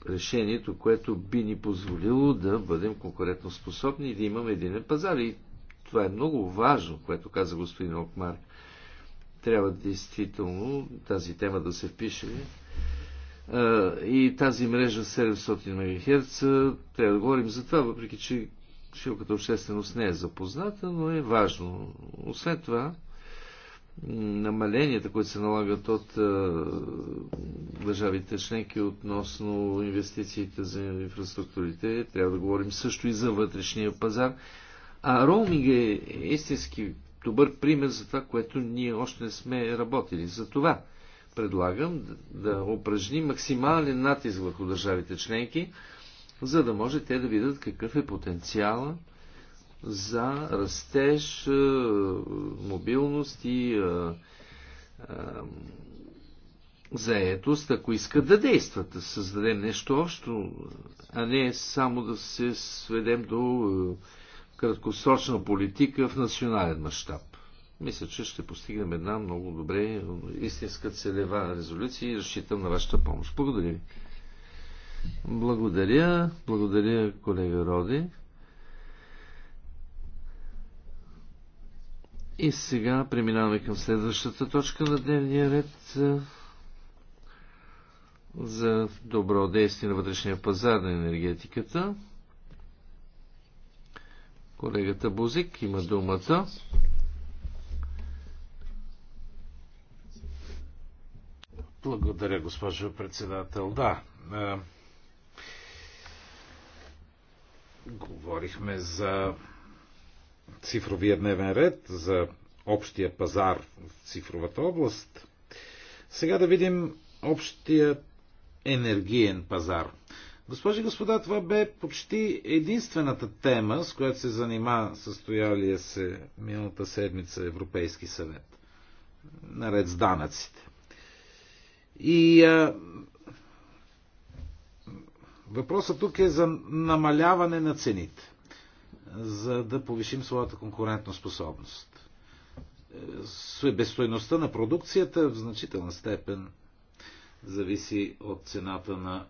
решението, което би ни позволило да бъдем конкурентно способни и да имаме един пазар. И това е много важно, което каза господин Окмар. Трябва действително тази тема да се впише. И тази мрежа 700 МГц, трябва да говорим за това, въпреки че широката общественост не е запозната, но е важно. Освен това, намаленията, които се налагат от държавите членки относно инвестициите за инфраструктурите. Трябва да говорим също и за вътрешния пазар. А роуминг е истински добър пример за това, което ние още не сме работили. За това предлагам да упражним максимален натиск върху държавите членки, за да може те да видят какъв е потенциала за растеж, е, мобилност и е, е, заетост, ако искат да действат, да създадем нещо общо, а не само да се сведем до е, краткосрочна политика в национален мащаб. Мисля, че ще постигнем една много добре истинска целева резолюция и разчитам на вашата помощ. Благодаря ви. Благодаря. Благодаря, колега Роди. И сега преминаваме към следващата точка на дневния ред за добро действие на вътрешния пазар на енергетиката. Колегата Бузик има думата. Благодаря, госпожо председател. Да. Е, говорихме за цифровия дневен ред, за общия пазар в цифровата област. Сега да видим общият енергиен пазар. Госпожи и господа, това бе почти единствената тема, с която се занима състоялия се миналата седмица Европейски съвет, наред с данъците. И а, въпросът тук е за намаляване на цените, за да повишим своята конкурентна способност. Е, Себестойността на продукцията в значителна степен зависи от цената на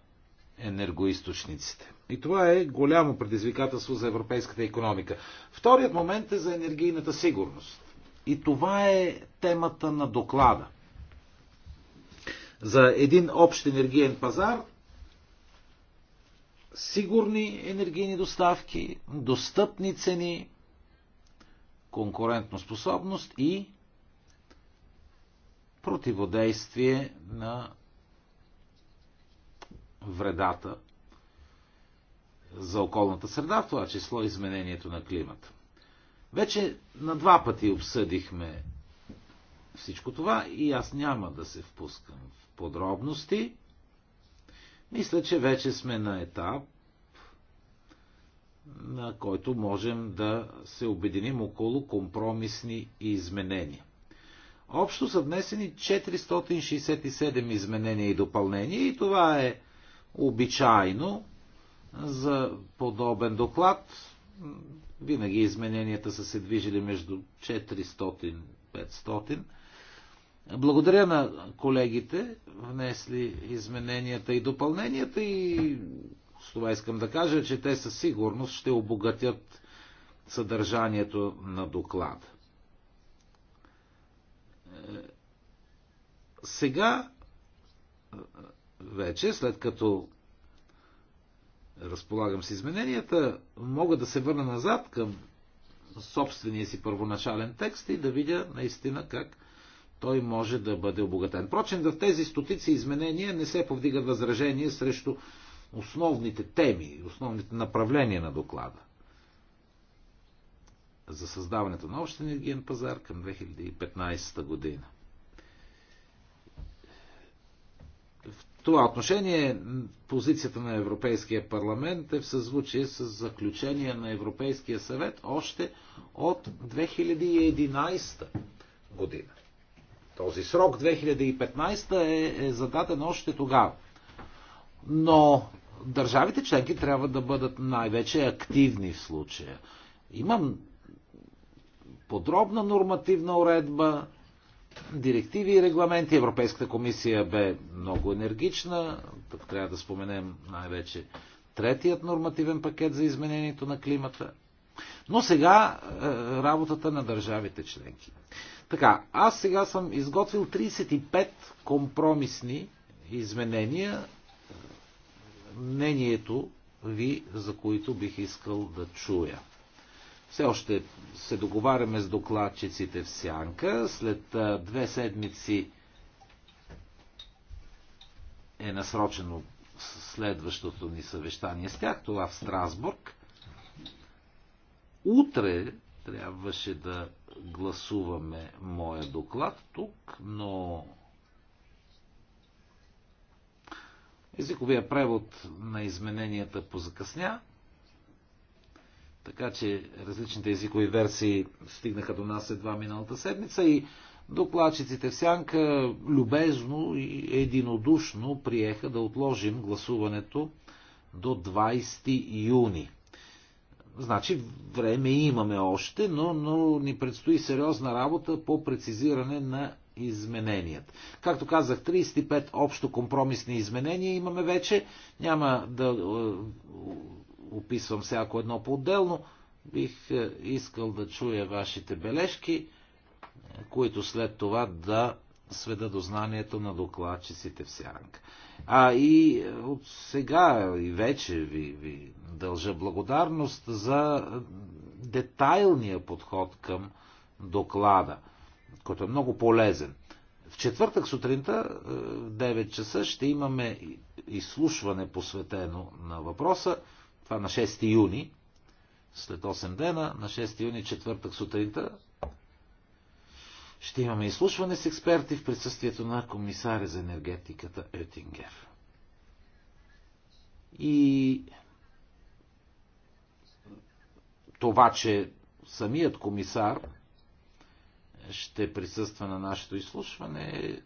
енергоисточниците. И това е голямо предизвикателство за европейската економика. Вторият момент е за енергийната сигурност. И това е темата на доклада. За един общ енергиен пазар сигурни енергийни доставки, достъпни цени, способност и противодействие на вредата за околната среда, в това число изменението на климата. Вече на два пъти обсъдихме всичко това и аз няма да се впускам в подробности. Мисля, че вече сме на етап, на който можем да се обединим около компромисни изменения. Общо са внесени 467 изменения и допълнения и това е обичайно за подобен доклад. Винаги измененията са се движили между 400 и 500. Благодаря на колегите, внесли измененията и допълненията и с това искам да кажа, че те със сигурност ще обогатят съдържанието на доклада. Сега вече, след като разполагам с измененията, мога да се върна назад към собствения си първоначален текст и да видя наистина как той може да бъде обогатен. Впрочем, в тези стотици изменения не се повдигат възражения срещу основните теми, основните направления на доклада за създаването на общ енергиен пазар към 2015 година. това отношение позицията на Европейския парламент е в съзвучие с заключение на Европейския съвет още от 2011 година. Този срок 2015 е, е зададен още тогава. Но държавите членки трябва да бъдат най-вече активни в случая. Имам подробна нормативна уредба, директиви и регламенти. Европейската комисия бе много енергична. Тук трябва да споменем най-вече третият нормативен пакет за изменението на климата. Но сега е, работата на държавите членки. Така, аз сега съм изготвил 35 компромисни изменения, е, мнението ви, за които бих искал да чуя. Все още се договаряме с докладчиците в Сянка. След две седмици е насрочено следващото ни съвещание с тях, това в Страсбург. Утре трябваше да гласуваме моя доклад тук, но езиковия превод на измененията позакъсня. Така че различните езикови версии стигнаха до нас едва миналата седмица и докладчиците в сянка любезно и единодушно приеха да отложим гласуването до 20 юни. Значи време имаме още, но, но ни предстои сериозна работа по прецизиране на измененият. Както казах, 35 общо компромисни изменения имаме вече. Няма да е, описвам всяко едно по-отделно, бих е, искал да чуя вашите бележки, е, които след това да сведа до знанието на докладчиците в Сянка. А и е, от сега и вече ви, ви дължа благодарност за детайлния подход към доклада, който е много полезен. В четвъртък сутринта в 9 часа ще имаме изслушване посветено на въпроса. Това на 6 юни, след 8 дена, на 6 юни, четвъртък сутринта, ще имаме изслушване с експерти в присъствието на комисаря за енергетиката Етингер. И това, че самият комисар ще присъства на нашето изслушване е, е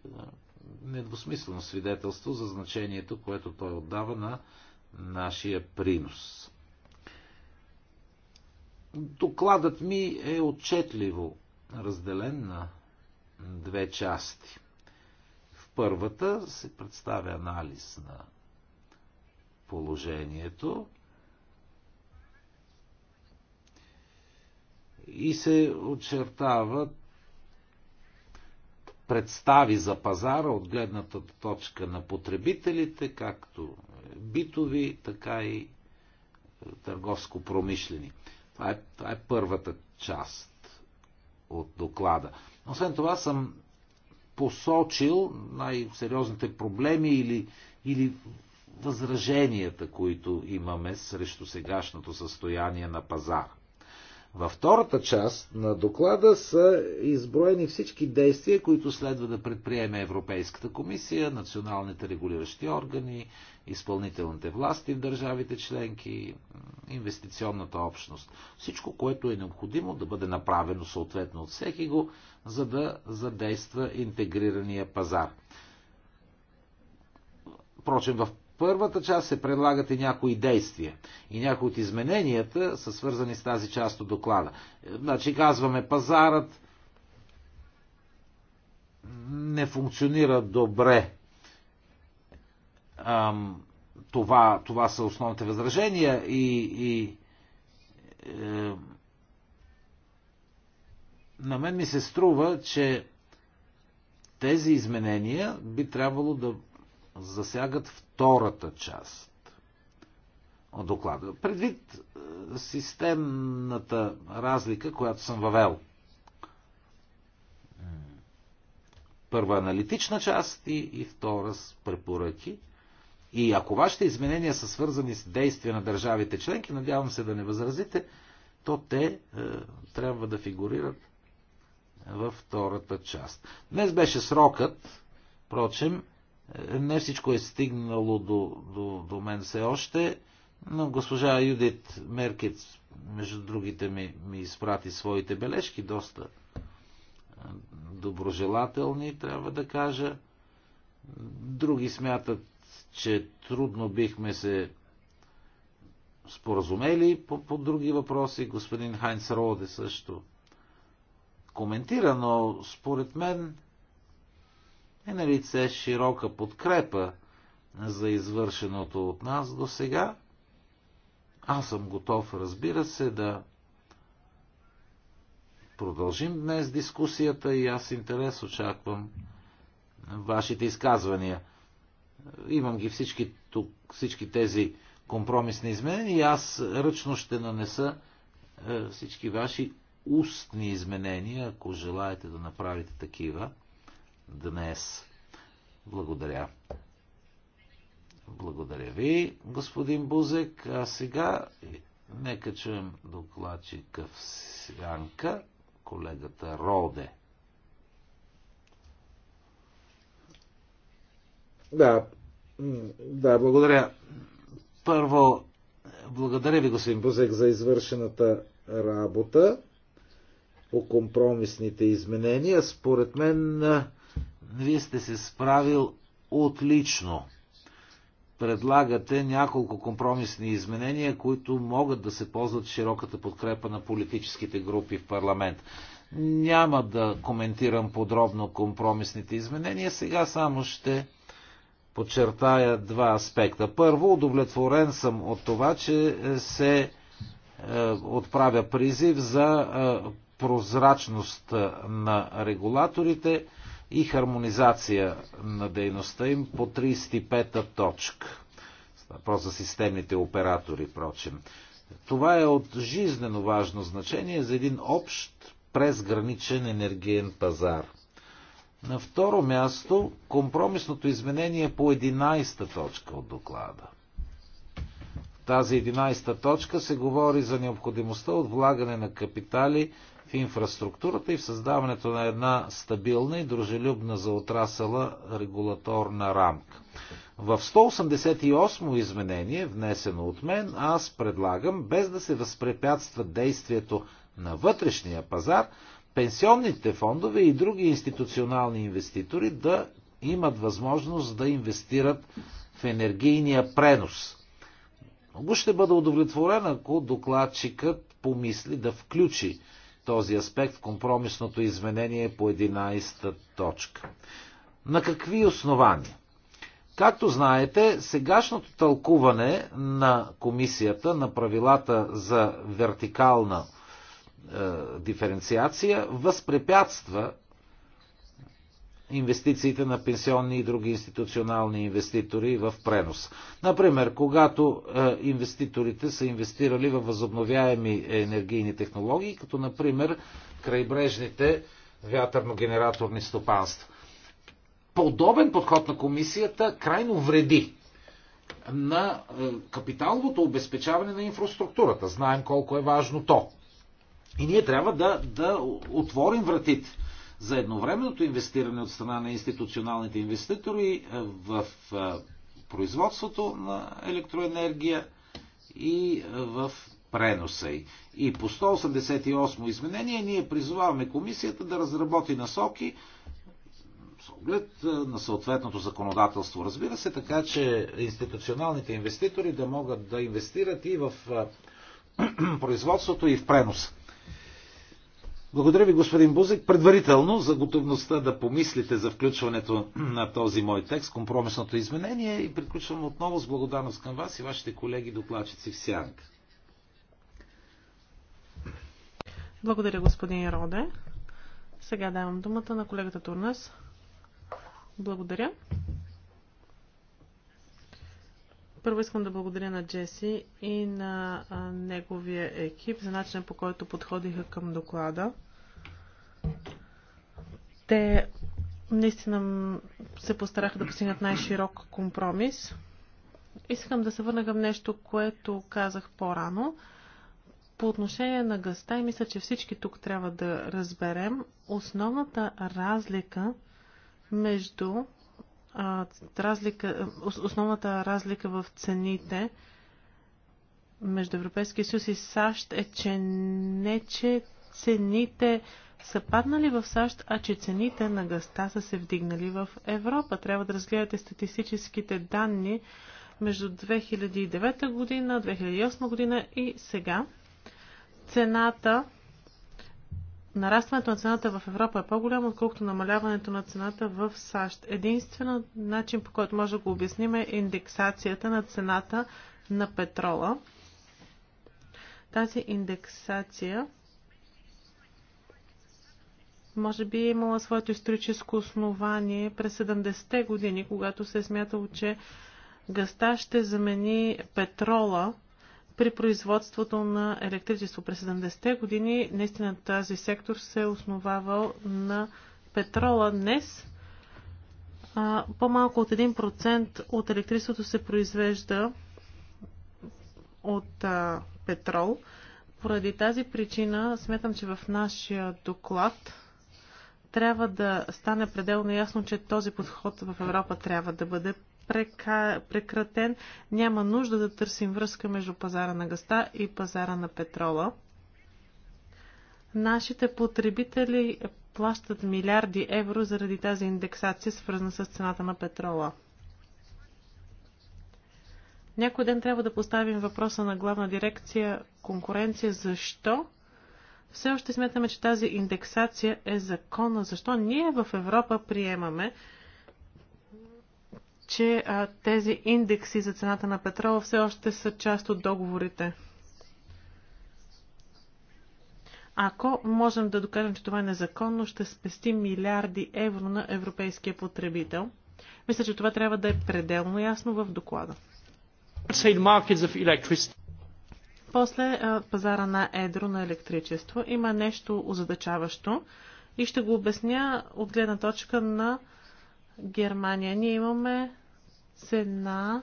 недвусмислено свидетелство за значението, което той отдава на нашия принос. Докладът ми е отчетливо разделен на две части. В първата се представя анализ на положението и се очертават представи за пазара от гледната точка на потребителите, както битови, така и е, търговско-промишлени. Това е, това е първата част от доклада. Освен това съм посочил най-сериозните проблеми или, или възраженията, които имаме срещу сегашното състояние на пазара. Във втората част на доклада са изброени всички действия, които следва да предприеме Европейската комисия, националните регулиращи органи, изпълнителните власти в държавите членки, инвестиционната общност. Всичко, което е необходимо да бъде направено съответно от всеки го, за да задейства интегрирания пазар. Впрочем, в първата част се предлагат и някои действия. И някои от измененията са свързани с тази част от доклада. Значи казваме, пазарът не функционира добре. Ам, това, това са основните възражения и, и е, на мен ми се струва, че тези изменения би трябвало да засягат в втората част от доклада. Предвид е, системната разлика, която съм въвел. Първа аналитична част и, и втора с препоръки. И ако вашите изменения са свързани с действия на държавите членки, надявам се да не възразите, то те е, трябва да фигурират във втората част. Днес беше срокът, впрочем, не всичко е стигнало до, до, до мен все още, но госпожа Юдит Меркец, между другите, ми, ми изпрати своите бележки, доста доброжелателни, трябва да кажа. Други смятат, че трудно бихме се споразумели по, по други въпроси. Господин Хайнц Роде също коментира, но според мен е на лице широка подкрепа за извършеното от нас до сега. Аз съм готов, разбира се, да продължим днес дискусията и аз интерес очаквам вашите изказвания. Имам ги всички тук, всички тези компромисни изменения и аз ръчно ще нанеса е, всички ваши устни изменения, ако желаете да направите такива днес. Благодаря. Благодаря ви, господин Бузек. А сега нека чуем докладчика в сянка, колегата Роде. Да, да, благодаря. Първо, благодаря ви, господин Бузек, за извършената работа по компромисните изменения. Според мен вие сте се справил отлично. Предлагате няколко компромисни изменения, които могат да се ползват широката подкрепа на политическите групи в парламент. Няма да коментирам подробно компромисните изменения, сега само ще подчертая два аспекта. Първо, удовлетворен съм от това, че се е, отправя призив за е, прозрачност на регулаторите и хармонизация на дейността им по 35-та точка. Въпрос за системните оператори, прочим. Това е от жизнено важно значение за един общ презграничен енергиен пазар. На второ място компромисното изменение по 11-та точка от доклада. В тази 11-та точка се говори за необходимостта от влагане на капитали – в инфраструктурата и в създаването на една стабилна и дружелюбна за отрасъла регулаторна рамка. В 188 изменение, внесено от мен, аз предлагам, без да се възпрепятства действието на вътрешния пазар, пенсионните фондове и други институционални инвеститори да имат възможност да инвестират в енергийния пренос. Много ще бъда удовлетворен, ако докладчикът помисли да включи този аспект в компромисното изменение по 11-та точка. На какви основания? Както знаете, сегашното тълкуване на комисията на правилата за вертикална е, диференциация възпрепятства инвестициите на пенсионни и други институционални инвеститори в пренос. Например, когато е, инвеститорите са инвестирали в възобновяеми енергийни технологии, като например крайбрежните вятърно-генераторни стопанства. Подобен подход на комисията крайно вреди на е, капиталовото обезпечаване на инфраструктурата. Знаем колко е важно то. И ние трябва да, да отворим вратите за едновременното инвестиране от страна на институционалните инвеститори е, в е, производството на електроенергия и е, в преноса й. И по 188 изменение ние призоваваме комисията да разработи насоки с оглед на съответното законодателство, разбира се, така че институционалните инвеститори да могат да инвестират и в производството и в преноса. Благодаря ви, господин Бузик, предварително за готовността да помислите за включването на този мой текст, компромисното изменение и приключвам отново с благодарност към вас и вашите колеги докладчици в Сянка. Благодаря, господин Роде. Сега давам думата на колегата Турнес. Благодаря. Първо искам да благодаря на Джеси и на неговия екип за начина по който подходиха към доклада. Те наистина се постараха да постигнат най-широк компромис. Искам да се върна към нещо, което казах по-рано. По отношение на гъста, и мисля, че всички тук трябва да разберем, основната разлика между а, разлика, основната разлика в цените между Европейския съюз и САЩ е, че не, че цените са паднали в САЩ, а че цените на гъста са се вдигнали в Европа. Трябва да разгледате статистическите данни между 2009 година, 2008 година и сега. Цената нарастването на цената в Европа е по-голямо, отколкото намаляването на цената в САЩ. Единствено начин, по който може да го обясним е индексацията на цената на петрола. Тази индексация може би е имала своето историческо основание през 70-те години, когато се е смятало, че гъста ще замени петрола при производството на електричество. През 70-те години наистина тази сектор се е основавал на петрола. Днес по-малко от 1% от електричеството се произвежда от а, петрол. Поради тази причина смятам, че в нашия доклад трябва да стане пределно ясно, че този подход в Европа трябва да бъде прека... прекратен. Няма нужда да търсим връзка между пазара на гъста и пазара на петрола. Нашите потребители плащат милиарди евро заради тази индексация, свързана с цената на петрола. Някой ден трябва да поставим въпроса на главна дирекция конкуренция. Защо? Все още смятаме, че тази индексация е закона. Защо ние в Европа приемаме, че а, тези индекси за цената на петрола все още са част от договорите. Ако можем да докажем, че това е незаконно, ще спести милиарди евро на европейския потребител. Мисля, че това трябва да е пределно ясно в доклада. После пазара на едро на електричество има нещо озадачаващо и ще го обясня от гледна точка на Германия. Ние имаме цена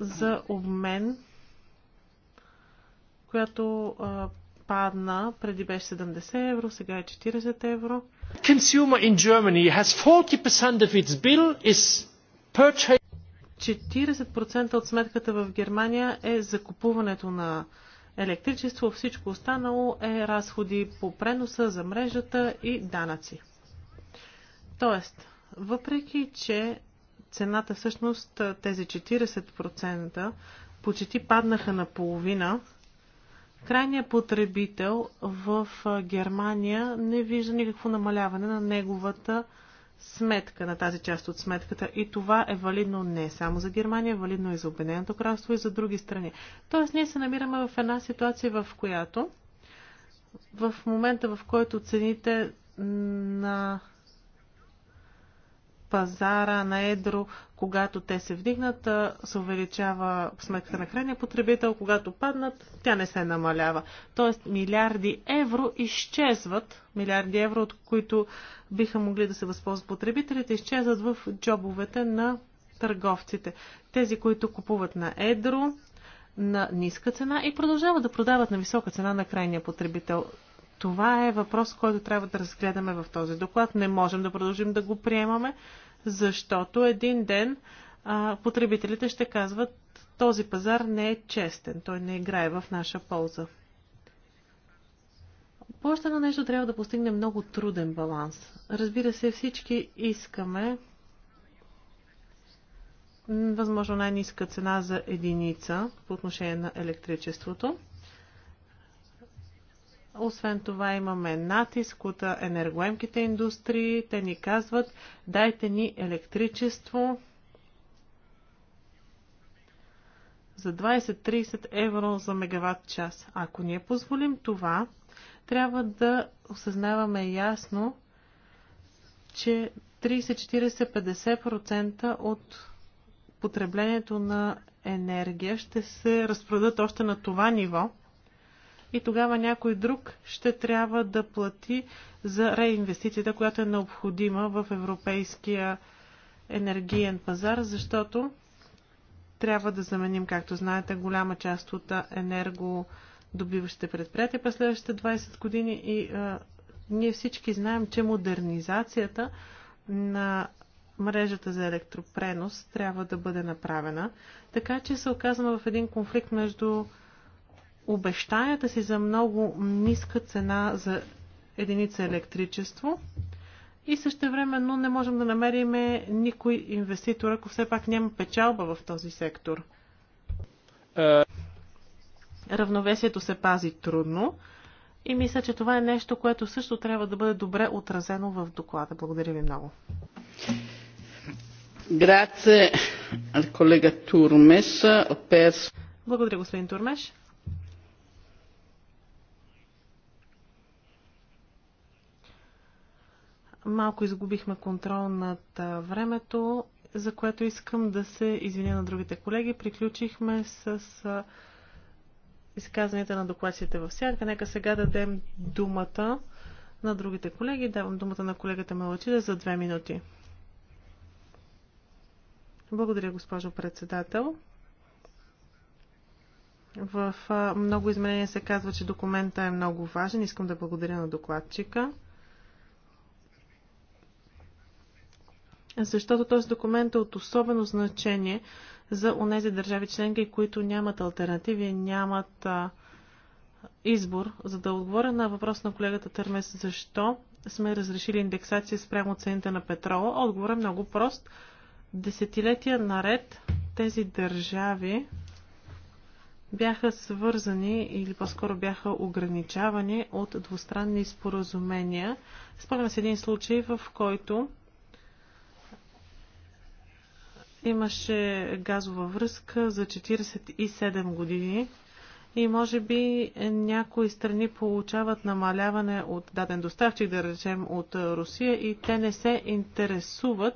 за обмен, която а, падна, преди беше 70 евро, сега е 40 евро. Consumer in Germany has 40% of its bill is purchase. 40% от сметката в Германия е закупуването на електричество, всичко останало е разходи по преноса за мрежата и данъци. Тоест, въпреки, че цената всъщност тези 40% почти паднаха на половина. Крайният потребител в Германия не вижда никакво намаляване на неговата сметка, на тази част от сметката. И това е валидно не само за Германия, валидно и за Обединеното кралство и за други страни. Тоест ние се намираме в една ситуация, в която в момента, в който цените на пазара на едро, когато те се вдигнат, се увеличава сметка на крайния потребител, когато паднат, тя не се намалява. Тоест милиарди евро изчезват, милиарди евро, от които биха могли да се възползват потребителите, изчезват в джобовете на търговците. Тези, които купуват на едро, на ниска цена и продължават да продават на висока цена на крайния потребител. Това е въпрос, който трябва да разгледаме в този доклад. Не можем да продължим да го приемаме, защото един ден а, потребителите ще казват, този пазар не е честен, той не играе в наша полза. По още нещо трябва да постигне много труден баланс. Разбира се, всички искаме възможно най-ниска цена за единица по отношение на електричеството. Освен това имаме натиск от енергоемките индустрии. Те ни казват, дайте ни електричество за 20-30 евро за мегаватт час. Ако ние позволим това, трябва да осъзнаваме ясно, че 30-40-50% от потреблението на енергия ще се разпродадат още на това ниво и тогава някой друг ще трябва да плати за реинвестицията, която е необходима в европейския енергиен пазар, защото трябва да заменим, както знаете, голяма част от енергодобиващите предприятия през следващите 20 години и а, ние всички знаем, че модернизацията на мрежата за електропренос трябва да бъде направена. Така че се оказваме в един конфликт между обещанията си за много ниска цена за единица електричество и също но не можем да намерим никой инвеститор, ако все пак няма печалба в този сектор. Е. Равновесието се пази трудно и мисля, че това е нещо, което също трябва да бъде добре отразено в доклада. Благодаря ви много. Благодаря, господин Турмеш. Малко изгубихме контрол над времето, за което искам да се извиня на другите колеги. Приключихме с изказаните на докладците в сянка. Нека сега дадем думата на другите колеги. Давам думата на колегата Малачида за две минути. Благодаря, госпожо председател. В много изменения се казва, че документа е много важен. Искам да благодаря на докладчика. защото този документ е от особено значение за онези държави членки, които нямат альтернативи, нямат а, избор. За да отговоря на въпрос на колегата Търмес, защо сме разрешили индексация спрямо цените на петрола, отговорът е много прост. Десетилетия наред тези държави бяха свързани или по-скоро бяха ограничавани от двустранни споразумения. Спомням се един случай, в който имаше газова връзка за 47 години и може би някои страни получават намаляване от даден доставчик, да речем от Русия, и те не се интересуват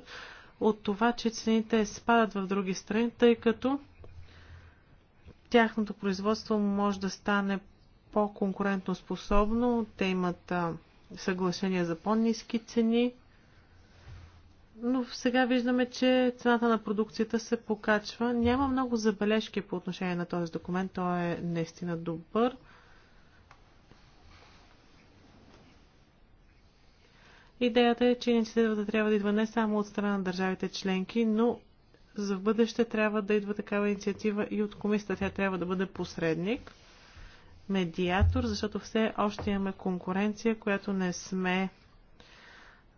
от това, че цените спадат в други страни, тъй като тяхното производство може да стане по-конкурентно способно. Те имат съглашения за по-низки цени но сега виждаме, че цената на продукцията се покачва. Няма много забележки по отношение на този документ. Той е наистина добър. Идеята е, че инициативата трябва да идва не само от страна на държавите членки, но за в бъдеще трябва да идва такава инициатива и от комисията. Тя трябва да бъде посредник, медиатор, защото все още имаме конкуренция, която не сме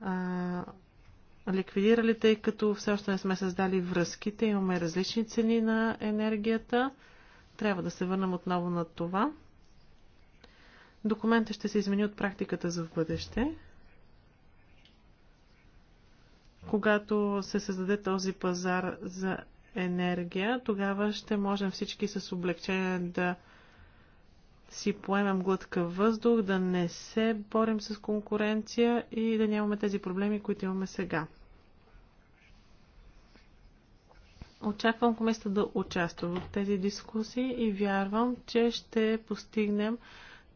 а, ликвидирали, тъй като все още не сме създали връзките. Имаме различни цени на енергията. Трябва да се върнем отново на това. Документът ще се измени от практиката за в бъдеще. Когато се създаде този пазар за енергия, тогава ще можем всички с облегчение да си поемем глътка въздух, да не се борим с конкуренция и да нямаме тези проблеми, които имаме сега. Очаквам комисията да участва в тези дискусии и вярвам, че ще постигнем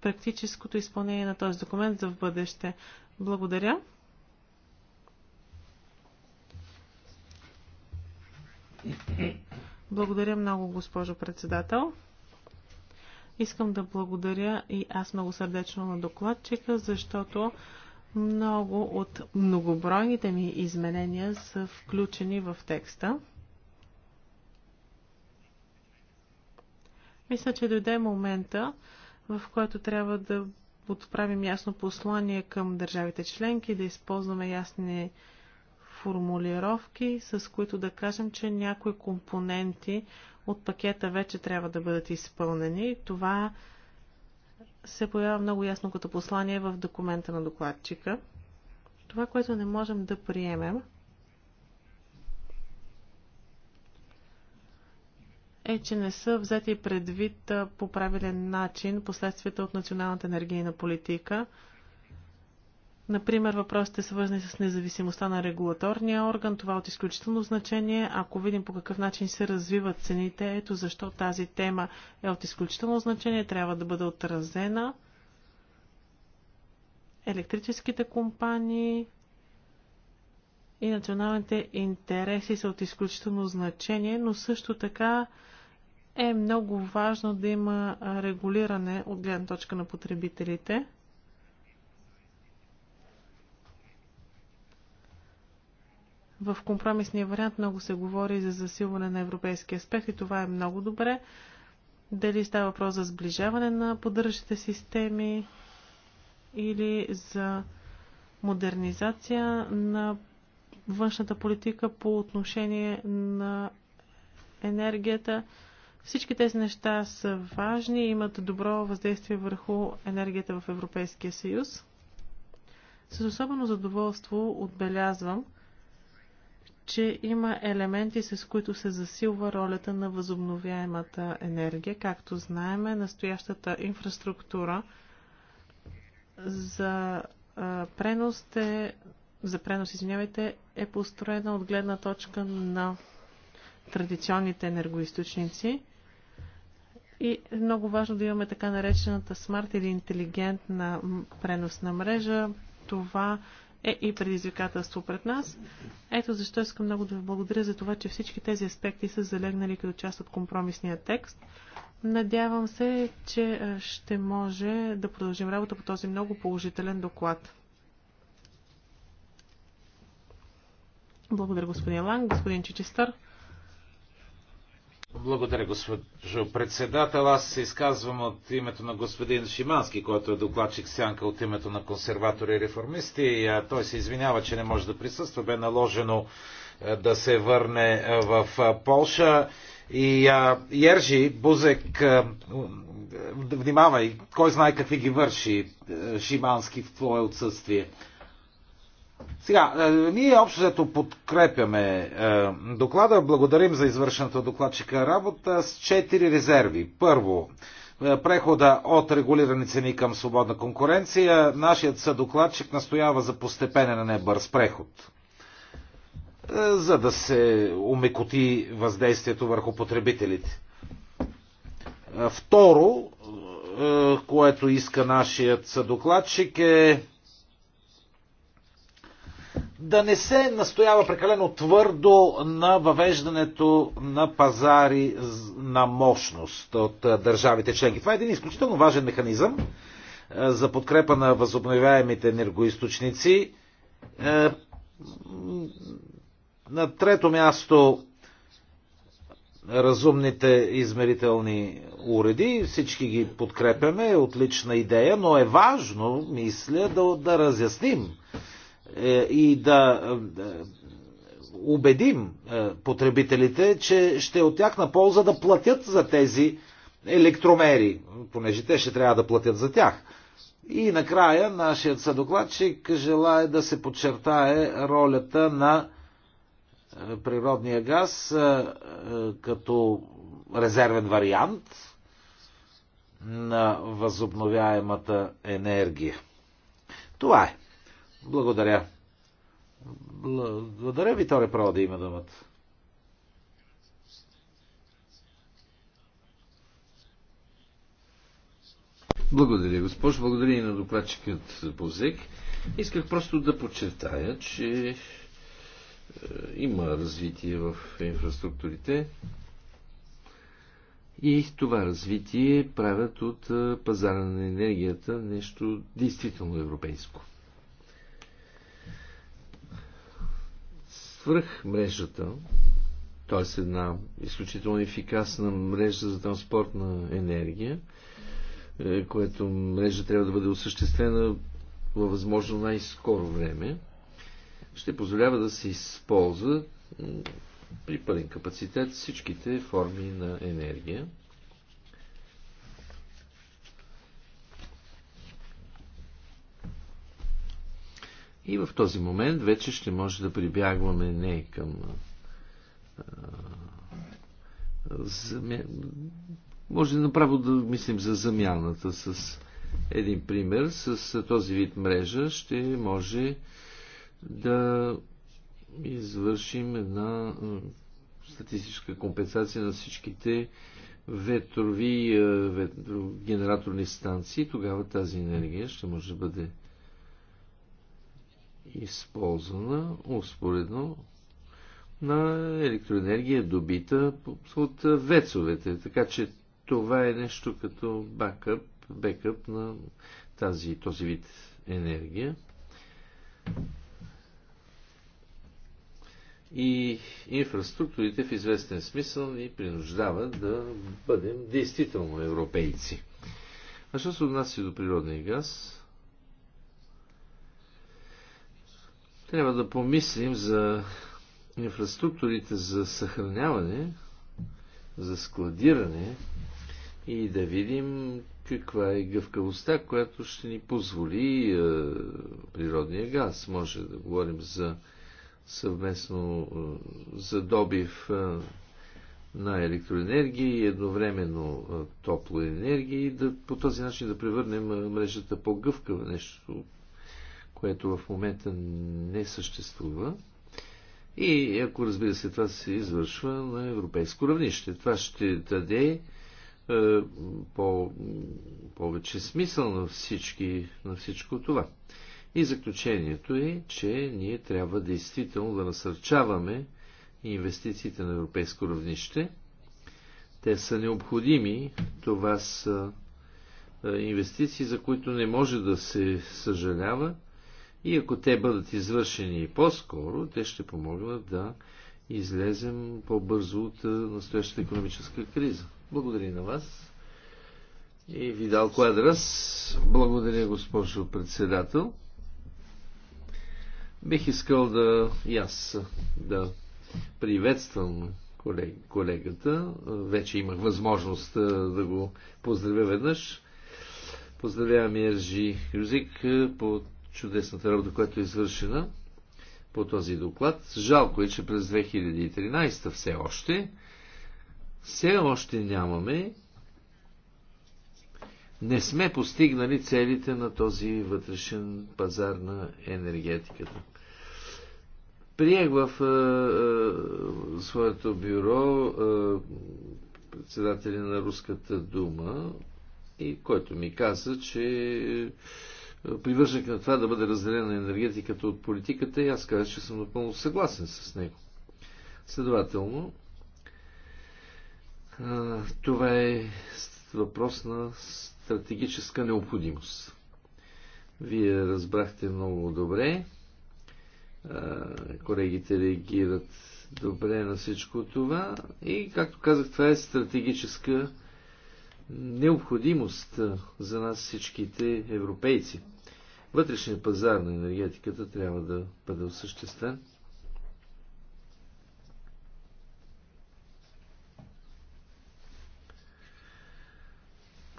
практическото изпълнение на този документ за в бъдеще. Благодаря. Благодаря много, госпожо председател. Искам да благодаря и аз много сърдечно на докладчика, защото много от многобройните ми изменения са включени в текста. Мисля, че дойде момента, в който трябва да отправим ясно послание към държавите членки, да използваме ясни формулировки, с които да кажем, че някои компоненти от пакета вече трябва да бъдат изпълнени. Това се появява много ясно като послание в документа на докладчика. Това, което не можем да приемем, е, че не са взети предвид по правилен начин последствията от националната енергийна политика. Например, въпросите свързани с независимостта на регулаторния орган, това е от изключително значение. Ако видим по какъв начин се развиват цените, ето защо тази тема е от изключително значение, трябва да бъде отразена. Електрическите компании и националните интереси са от изключително значение, но също така е много важно да има регулиране от гледна точка на потребителите. В компромисния вариант много се говори за засилване на европейския аспект и това е много добре. Дали става въпрос за сближаване на поддържащите системи или за модернизация на външната политика по отношение на енергията. Всички тези неща са важни и имат добро въздействие върху енергията в Европейския съюз. С особено задоволство отбелязвам, че има елементи, с които се засилва ролята на възобновяемата енергия. Както знаеме, настоящата инфраструктура за пренос е, за пренос, извинявайте, е построена от гледна точка на традиционните енергоисточници. И е много важно да имаме така наречената смарт или интелигентна преносна мрежа. Това е и предизвикателство пред нас. Ето защо искам много да ви благодаря за това, че всички тези аспекти са залегнали като част от компромисния текст. Надявам се, че е, ще може да продължим работа по този много положителен доклад. Благодаря, господин Ланг, господин Чичестър. Благодаря, госпожо председател. Аз се изказвам от името на господин Шимански, който е докладчик сянка от името на консерватори и реформисти. Той се извинява, че не може да присъства. Бе наложено да се върне в Полша. И Ержи Бузек, внимавай, кой знае какви ги върши Шимански в твое отсъствие. Сега, е, ние общо взето подкрепяме е, доклада. Благодарим за извършената докладчика работа с четири резерви. Първо, е, прехода от регулирани цени към свободна конкуренция. Нашият съдокладчик настоява за постепенен, на не бърз преход за да се умекоти въздействието върху потребителите. Второ, което иска нашият съдокладчик е да не се настоява прекалено твърдо на въвеждането на пазари на мощност от държавите членки. Това е един изключително важен механизъм за подкрепа на възобновяемите енергоисточници. Е, на трето място разумните измерителни уреди. Всички ги подкрепяме, отлична идея, но е важно, мисля, да, да разясним е, и да е, убедим е, потребителите, че ще е от тях на полза да платят за тези електромери, понеже те ще трябва да платят за тях. И накрая нашият съдокладчик желая да се подчертае ролята на природния газ като резервен вариант на възобновяемата енергия. Това е. Благодаря. Благодаря, ви право да има думата. Благодаря, госпожо. Благодаря и на докладчикът Бозек. Исках просто да подчертая, че е, има развитие в инфраструктурите и това развитие правят от е, пазара на енергията нещо действително европейско. свръх мрежата, т.е. една изключително ефикасна мрежа за транспортна енергия, е, което мрежа трябва да бъде осъществена във възможно най-скоро време, ще позволява да се използва при пълен капацитет всичките форми на енергия. И в този момент вече ще може да прибягваме не към Замя... Може направо да мислим за замяната с един пример. С този вид мрежа ще може да извършим една статистическа компенсация на всичките ветрови, ветрогенераторни генераторни станции. Тогава тази енергия ще може да бъде използвана успоредно на електроенергия, добита от вецовете. Така че това е нещо като бакъп, бекъп на тази, този вид енергия. И инфраструктурите в известен смисъл ни принуждават да бъдем действително европейци. А що се отнася до природния газ, Трябва да помислим за инфраструктурите за съхраняване, за складиране и да видим каква е гъвкавостта, която ще ни позволи е, природния газ. Може да говорим за съвместно е, за добив е, на електроенергия и едновременно е, топлоенергия и да, по този начин да превърнем е, мрежата по-гъвкава, нещо което в момента не съществува. И ако разбира се това се извършва на европейско равнище, това ще даде е, по, повече смисъл на, всички, на всичко това. И заключението е, че ние трябва действително да насърчаваме инвестициите на европейско равнище. Те са необходими, това са е, инвестиции, за които не може да се съжалява и ако те бъдат извършени по-скоро, те ще помогнат да излезем по-бързо от е, настоящата економическа криза. Благодаря на вас. И Видал Куадрас, Благодаря, госпожо председател. Бих искал да и аз да приветствам колег, колегата. Вече имах възможност е, да го поздравя веднъж. Поздравявам Ержи Юзик е, по чудесната работа, която е извършена по този доклад. Жалко е, че през 2013 все още все още нямаме не сме постигнали целите на този вътрешен пазар на енергетиката. Приех в е, е, своето бюро е, председателя на Руската дума, и който ми каза, че привържен на това да бъде разделена енергетиката от политиката и аз казах, че съм напълно съгласен с него. Следователно, това е въпрос на стратегическа необходимост. Вие разбрахте много добре. Колегите реагират добре на всичко това. И, както казах, това е стратегическа необходимост за нас всичките европейци. Вътрешният пазар на енергетиката трябва да бъде осъществен.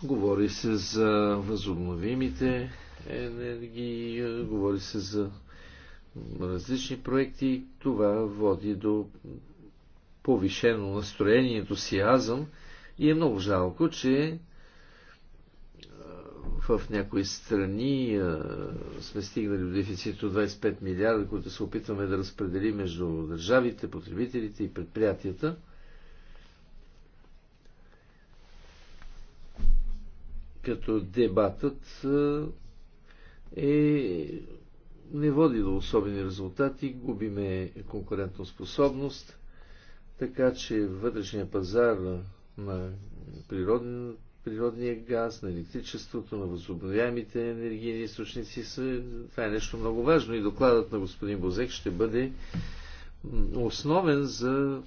Говори се за възобновимите енергии, говори се за различни проекти. Това води до повишено настроение, ентусиазъм и е много жалко, че в някои страни сме стигнали до дефицит от 25 милиарда, които се опитваме да разпределим между държавите, потребителите и предприятията. Като дебатът е, не води до особени резултати, губиме конкурентоспособност, така че вътрешния пазар на природните природния газ, на електричеството, на възобновяемите енергийни източници. Са... Това е нещо много важно и докладът на господин Бозек ще бъде основен за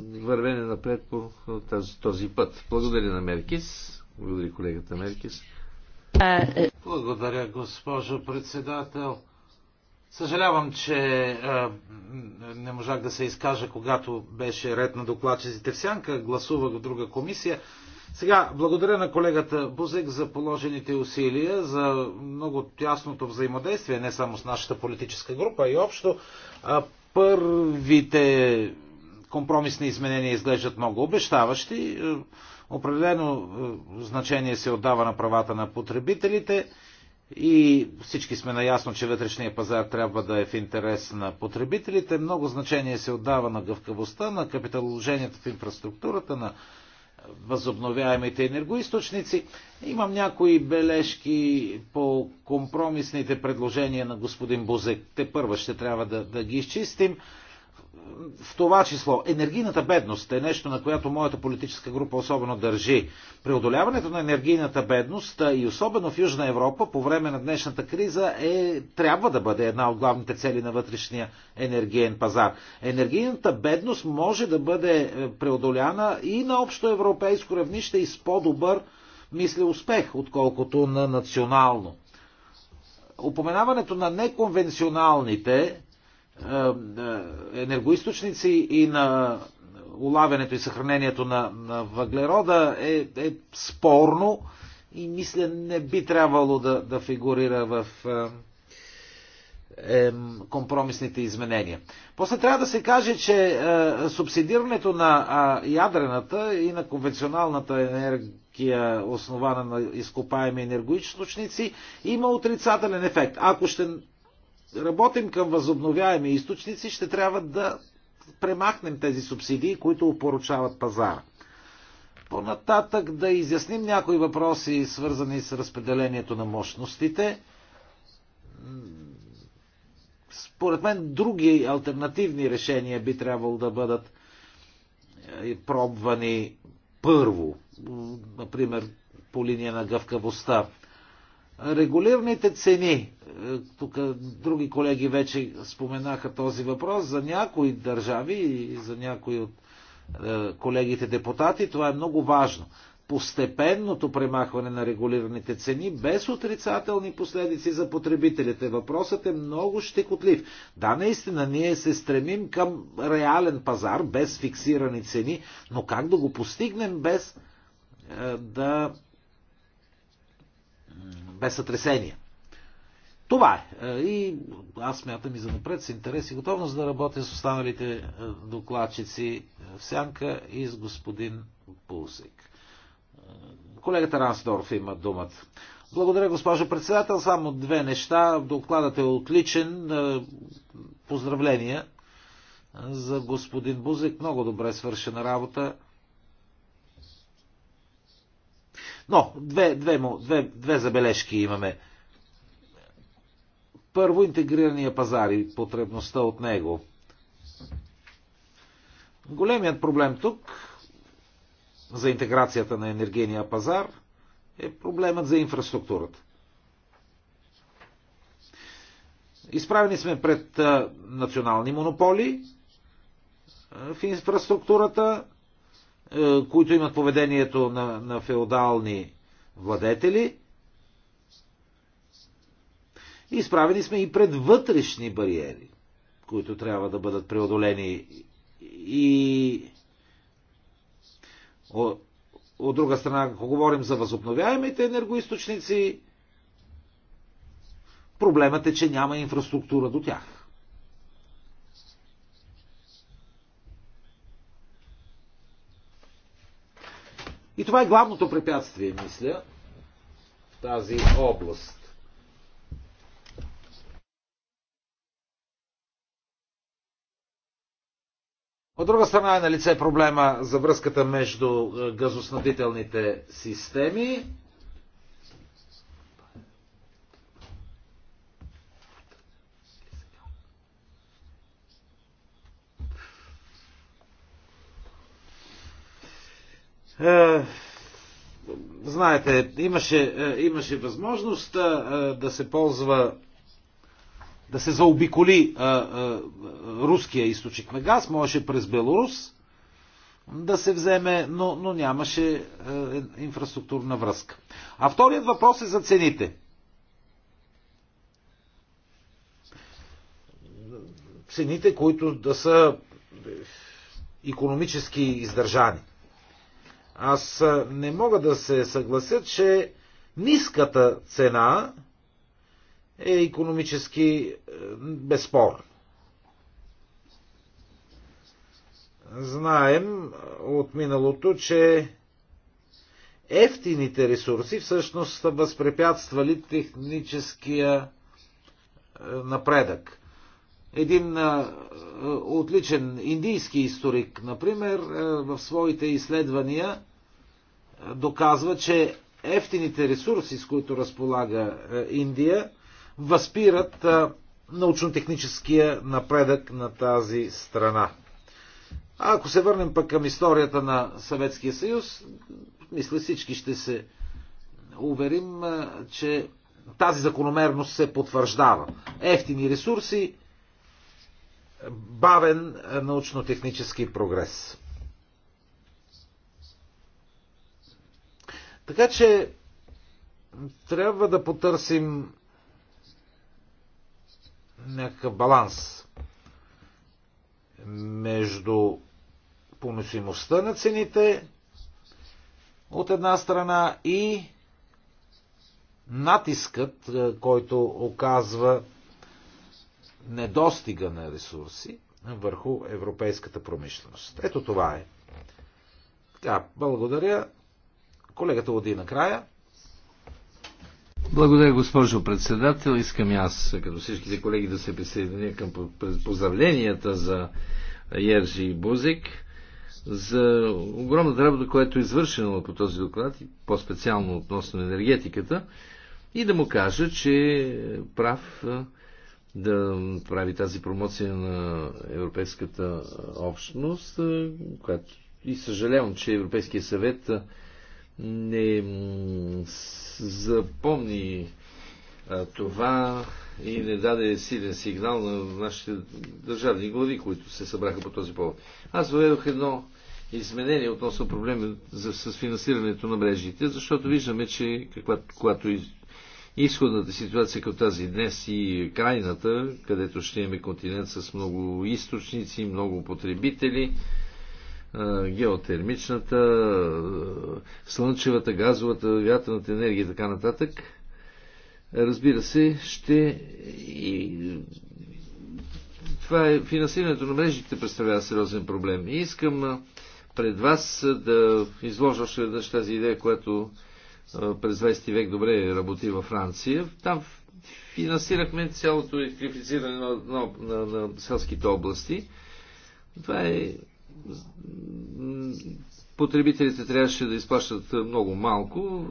вървене напред по тази, този път. Благодаря на Меркис. Благодаря колегата Меркис. Благодаря, госпожо председател. Съжалявам, че а, не можах да се изкажа, когато беше ред на докладчиците в сянка. Гласувах в друга комисия. Сега, благодаря на колегата Бузек за положените усилия, за много тясното взаимодействие, не само с нашата политическа група, и общо. Първите компромисни изменения изглеждат много обещаващи. Е, определено е, значение се отдава на правата на потребителите и всички сме наясно, че вътрешния пазар трябва да е в интерес на потребителите. Много значение се отдава на гъвкавостта, на капиталоложението в инфраструктурата, на възобновяемите енергоисточници. Имам някои бележки по компромисните предложения на господин Бузек. Те първа ще трябва да, да ги изчистим в това число енергийната бедност е нещо, на която моята политическа група особено държи. Преодоляването на енергийната бедност и особено в Южна Европа по време на днешната криза е, трябва да бъде една от главните цели на вътрешния енергиен пазар. Енергийната бедност може да бъде е, преодоляна и на общо европейско равнище и с по-добър мисля успех, отколкото на национално. Опоменаването на неконвенционалните е, е, енергоисточници и на улавянето и съхранението на, на въглерода е, е спорно и мисля не би трябвало да, да фигурира в е, е, компромисните изменения. После трябва да се каже, че е, субсидирането на е, ядрената и на конвенционалната енергия, основана на изкопаеми енергоисточници, има отрицателен ефект. Ако ще работим към възобновяеми източници, ще трябва да премахнем тези субсидии, които опоручават пазара. По-нататък да изясним някои въпроси, свързани с разпределението на мощностите. Според мен други альтернативни решения би трябвало да бъдат е, пробвани първо, например по линия на гъвкавостта. Регулираните цени тук други колеги вече споменаха този въпрос, за някои държави и за някои от е, колегите депутати, това е много важно. Постепенното премахване на регулираните цени без отрицателни последици за потребителите. Въпросът е много щекотлив. Да, наистина, ние се стремим към реален пазар без фиксирани цени, но как да го постигнем без е, да без сътресения. Това е. е. И аз смятам и за напред с интерес и готовност да работя с останалите е, докладчици е, в Сянка и с господин Пулсик. Колегата Рансдорф има думата. Благодаря, госпожо председател. Само две неща. Докладът е отличен. Поздравления за господин Бузик. Много добре свършена работа. Но, две, две, две, две забележки имаме първо, интегрирания пазар и потребността от него. Големият проблем тук за интеграцията на енергийния пазар е проблемът за инфраструктурата. Изправени сме пред национални монополи в инфраструктурата, които имат поведението на, на феодални владетели – Изправени сме и пред вътрешни бариери, които трябва да бъдат преодолени. И от, от друга страна, ако говорим за възобновяемите енергоисточници, проблемът е, че няма инфраструктура до тях. И това е главното препятствие, мисля, в тази област. От друга страна е на лице проблема за връзката между е, газоснабдителните системи. Е, знаете, имаше, е, имаше възможност да се ползва да се заобиколи а, а, руския източник на газ, можеше през Беларус да се вземе, но, но нямаше а, е, инфраструктурна връзка. А вторият въпрос е за цените. Цените, които да са економически издържани. Аз не мога да се съглася, че ниската цена е економически е, безспорно. Знаем е, от миналото, че ефтините ресурси всъщност са възпрепятствали техническия е, напредък. Един отличен индийски историк, например, в своите изследвания доказва, че ефтините ресурси, с които разполага Индия, възпират научно-техническия напредък на тази страна. А ако се върнем пък към историята на Съветския съюз, мисля всички ще се уверим, че тази закономерност се потвърждава. Ефтини ресурси, бавен научно-технически прогрес. Така че трябва да потърсим някакъв баланс между поносимостта на цените от една страна и натискът, е, който оказва недостига на ресурси върху европейската промишленост. Ето това е. Така, благодаря. Колегата Оди накрая. Благодаря, госпожо председател. Искам и аз, като всичките колеги, да се присъединя към поздравленията за Ержи и Бузик за огромната работа, която е извършена по този доклад и по-специално относно енергетиката и да му кажа, че е прав да прави тази промоция на Европейската общност, която и съжалявам, че Европейския съвет не запомни а, това и не даде силен сигнал на нашите държавни глави, които се събраха по този повод. Аз въведох едно изменение относно проблеми за, с финансирането на мрежите, защото виждаме, че каква, когато из, изходната ситуация като тази днес и крайната, където ще имаме континент с много източници, много потребители, геотермичната, слънчевата, газовата, вятърната енергия и така нататък. Разбира се, ще и това е финансирането на мрежите представлява сериозен проблем. И искам пред вас да изложа още веднъж тази идея, която през 20 век добре работи във Франция. Там финансирахме цялото електрифициране на, на, на, на селските области. Това е потребителите трябваше да изплащат много малко.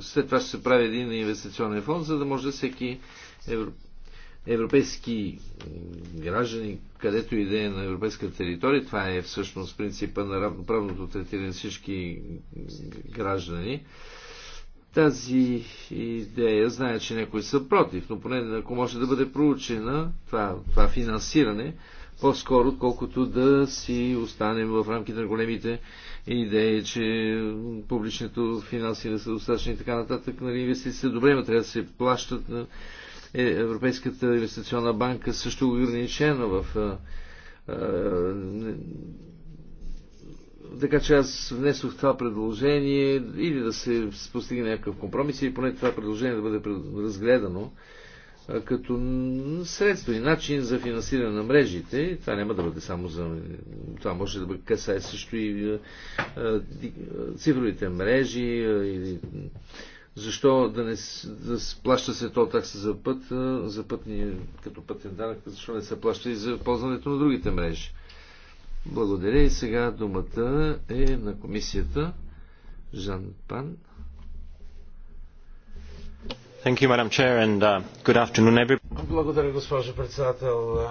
След това ще се прави един инвестиционен фонд, за да може всеки европейски граждани, където и да е на европейска територия, това е всъщност принципа на равноправното третиране на всички граждани, тази идея, зная, че някои са против, но поне ако може да бъде проучена това, това финансиране, по-скоро, отколкото да си останем в рамките на големите идеи, че публичното финанси не са достатъчни и така нататък. Нали, инвестициите добре, но трябва да се плащат. Е, Европейската инвестиционна банка също ограничена в така че аз внесох това предложение или да се постигне някакъв компромис или поне това предложение да бъде разгледано като средство и начин за финансиране на мрежите. Това няма да бъде само за... Това може да бъде касае също и цифровите мрежи или защо да не да плаща се то такса за път, за пътни, като пътен данък, защо не се плаща и за ползването на другите мрежи. Благодаря и сега думата е на комисията Жан Пан. Uh, Благодаря, госпожо председател.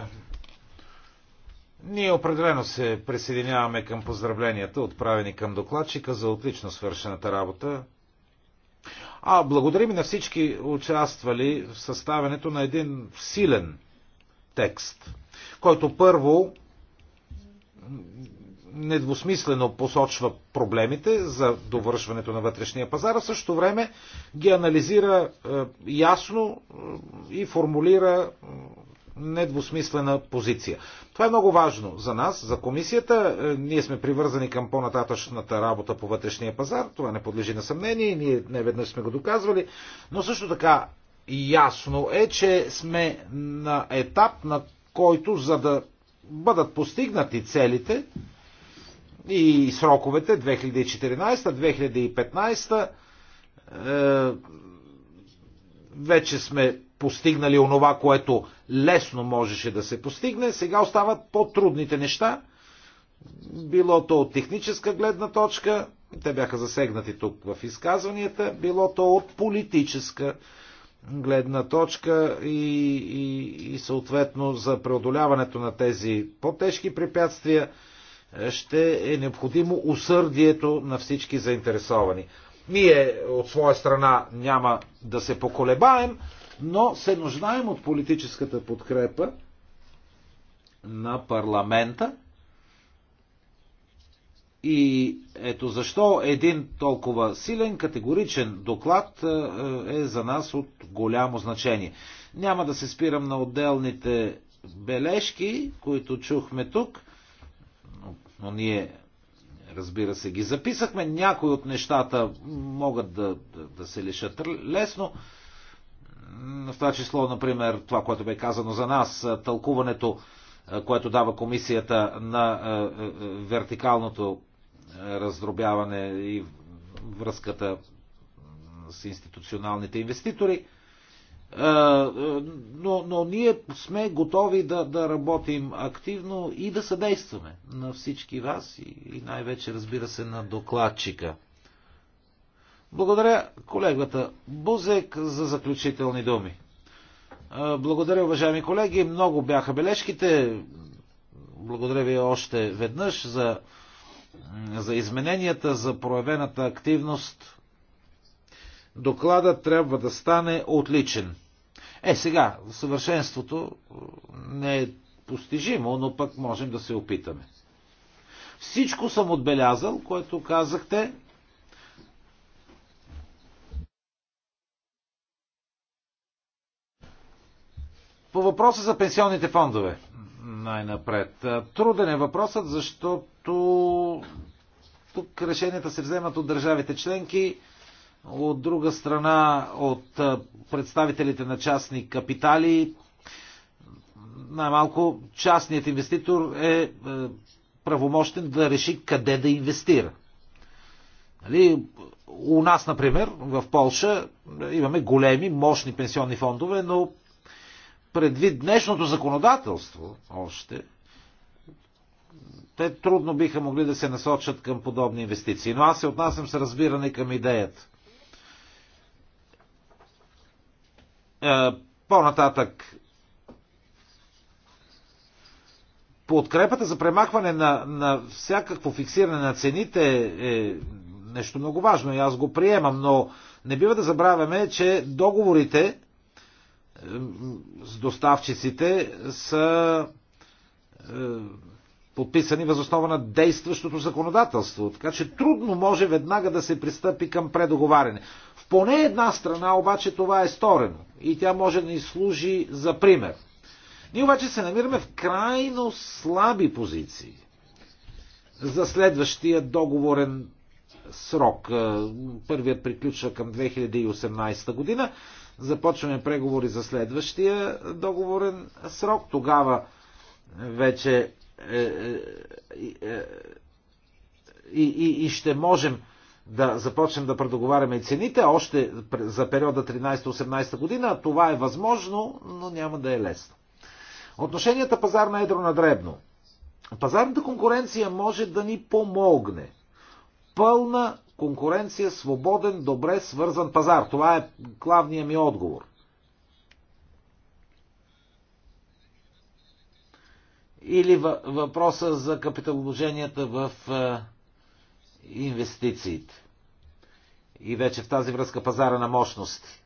Ние определено се присъединяваме към поздравленията, отправени към докладчика за отлично свършената работа. А благодарим и на всички участвали в съставянето на един силен текст, който първо недвусмислено посочва проблемите за довършването на вътрешния пазар, а в същото време ги анализира е, ясно е, и формулира е, недвусмислена позиция. Това е много важно за нас, за комисията. Ние сме привързани към по-нататъчната работа по вътрешния пазар. Това не подлежи на съмнение и ние не веднъж сме го доказвали. Но също така ясно е, че сме на етап, на който за да бъдат постигнати целите, и сроковете 2014-2015 е, вече сме постигнали онова, което лесно можеше да се постигне. Сега остават по-трудните неща. Било то от техническа гледна точка, те бяха засегнати тук в изказванията, било то от политическа гледна точка и, и, и съответно за преодоляването на тези по-тежки препятствия ще е необходимо усърдието на всички заинтересовани. Ние от своя страна няма да се поколебаем, но се нуждаем от политическата подкрепа на парламента. И ето защо един толкова силен, категоричен доклад е, е за нас от голямо значение. Няма да се спирам на отделните бележки, които чухме тук. Но ние, разбира се, ги записахме. Някои от нещата могат да, да, да се лишат лесно. В това число, например, това, което бе казано за нас, тълкуването, което дава комисията на вертикалното раздробяване и връзката с институционалните инвеститори – е, е, но, но ние сме готови да, да работим активно и да съдействаме на всички вас и, и най-вече, разбира се, на докладчика. Благодаря колегата Бузек за заключителни думи. Е, благодаря, уважаеми колеги. Много бяха бележките. Благодаря ви още веднъж за, за измененията, за проявената активност докладът трябва да стане отличен. Е, сега, съвършенството е, не е постижимо, но пък можем да се опитаме. Всичко съм отбелязал, което казахте. По въпроса за пенсионните фондове, най-напред. Е, труден е въпросът, защото тук решенията се вземат от държавите членки от друга страна от представителите на частни капитали. Най-малко частният инвеститор е, е правомощен да реши къде да инвестира. Нали? У нас, например, в Полша е, имаме големи, мощни пенсионни фондове, но предвид днешното законодателство още, те трудно биха могли да се насочат към подобни инвестиции. Но аз се отнасям с разбиране към идеята – Е, по-нататък подкрепата за премахване на, на всякакво фиксиране на цените е нещо много важно и аз го приемам, но не бива да забравяме, че договорите е, с доставчиците са е, подписани възоснова на действащото законодателство. Така че трудно може веднага да се пристъпи към предоговаряне. В поне една страна обаче това е сторено и тя може да ни служи за пример. Ние обаче се намираме в крайно слаби позиции за следващия договорен срок. Първият приключва към 2018 година. Започваме преговори за следващия договорен срок. Тогава вече е, е, е, и, и, и ще можем да започнем да предоговаряме и цените още за периода 13-18 година. Това е възможно, но няма да е лесно. Отношенията пазар на едро на дребно. Пазарната конкуренция може да ни помогне. Пълна конкуренция, свободен, добре свързан пазар. Това е главният ми отговор. или въпроса за капиталовложенията в инвестициите. И вече в тази връзка пазара на мощности.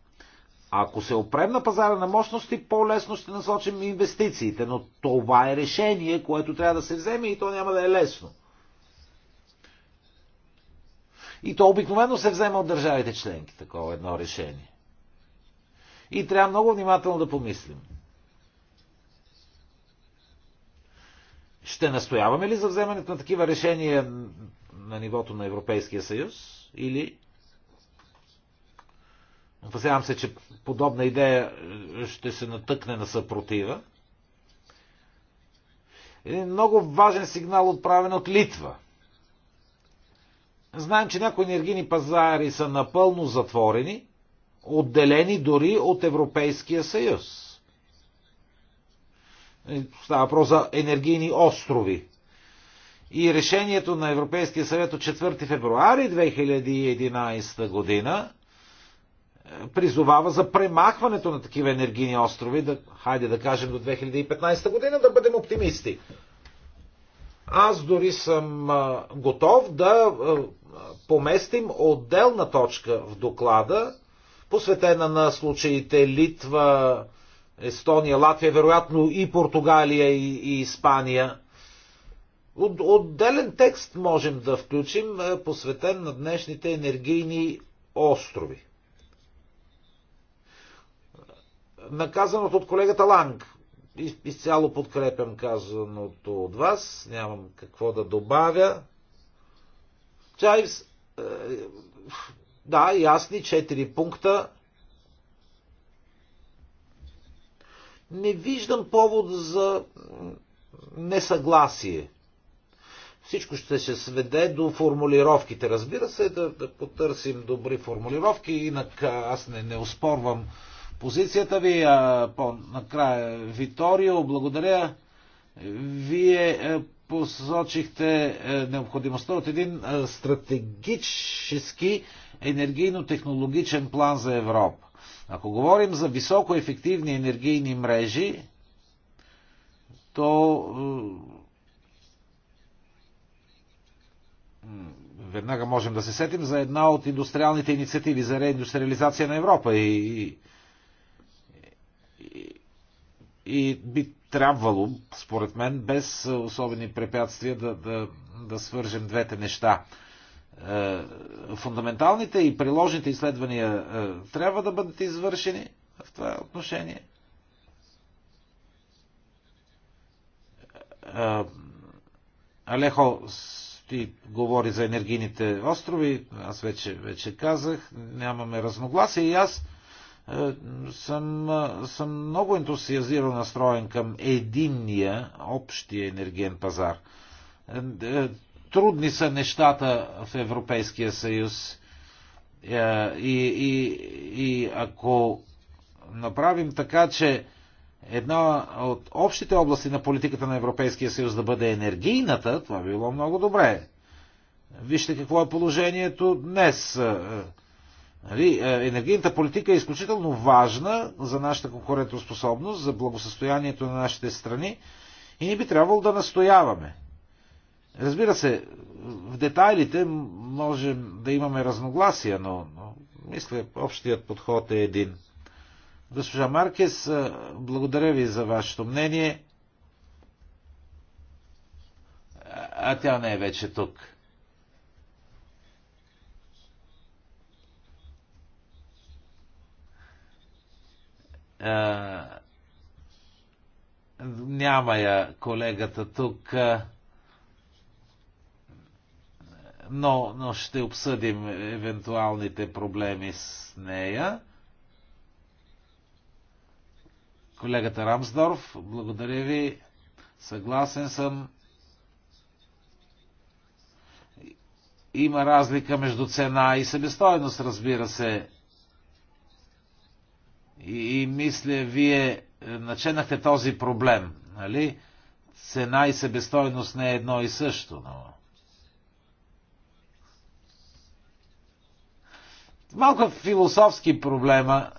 Ако се опрем на пазара на мощности, по-лесно ще насочим инвестициите, но това е решение, което трябва да се вземе и то няма да е лесно. И то обикновено се взема от държавите членки, такова едно решение. И трябва много внимателно да помислим. Ще настояваме ли за вземането на такива решения на нивото на Европейския съюз или Опасявам се, че подобна идея е, ще се натъкне на съпротива. Един много важен сигнал отправен от Литва. Знаем, че някои енергийни пазари са напълно затворени, отделени дори от Европейския съюз. Е, става въпрос за енергийни острови. И решението на Европейския съвет от 4 февруари 2011 година е, призовава за премахването на такива енергийни острови, да, хайде да кажем до 2015 година, да бъдем оптимисти. Аз дори съм готов да поместим отделна точка в доклада, посветена на случаите Литва, Естония, Латвия, вероятно и Португалия и, и Испания. От, отделен текст можем да включим, е, посветен на днешните енергийни острови. Наказаното от колегата Ланг. И, изцяло подкрепям казаното от вас. Нямам какво да добавя. Чайвс, е, да, ясни четири пункта не виждам повод за несъгласие. Всичко ще се сведе до формулировките. Разбира се, да, да потърсим добри формулировки, инак аз не, не успорвам позицията ви. А, по-накрая, Виторио, благодаря. Вие е, посочихте е, необходимостта от един е, стратегически енергийно-технологичен план за Европа. Ако говорим за високоефективни енергийни мрежи, то е, веднага можем да се сетим за една от индустриалните инициативи за реиндустриализация на Европа и, и, и би трябвало, според мен, без особени препятствия да, да, да свържем двете неща. Е, фундаменталните и приложните изследвания е, трябва да бъдат извършени в това отношение. Е, Алехо ти говори за енергийните острови, аз вече, вече казах, нямаме разногласие и аз съм, съм много ентусиазирано настроен към единния общия енергиен пазар трудни са нещата в Европейския съюз. Е, и, и, и ако направим така, че една от общите области на политиката на Европейския съюз да бъде енергийната, това би било много добре. Вижте какво е положението днес. Е, нали, е, енергийната политика е изключително важна за нашата конкурентоспособност, за благосъстоянието на нашите страни и ни би трябвало да настояваме Разбира се, в детайлите може да имаме разногласия, но, но мисля, общият подход е един. Госпожа Маркес, благодаря ви за вашето мнение. А тя не е вече тук. А, няма я колегата тук. А, но, но ще обсъдим евентуалните проблеми с нея. Колегата Рамсдорф, благодаря ви. Съгласен съм. Има разлика между цена и себестойност, разбира се. И, и мисля, вие начинахте този проблем, нали? Цена и себестойност не е едно и също, но... Малко философски проблема,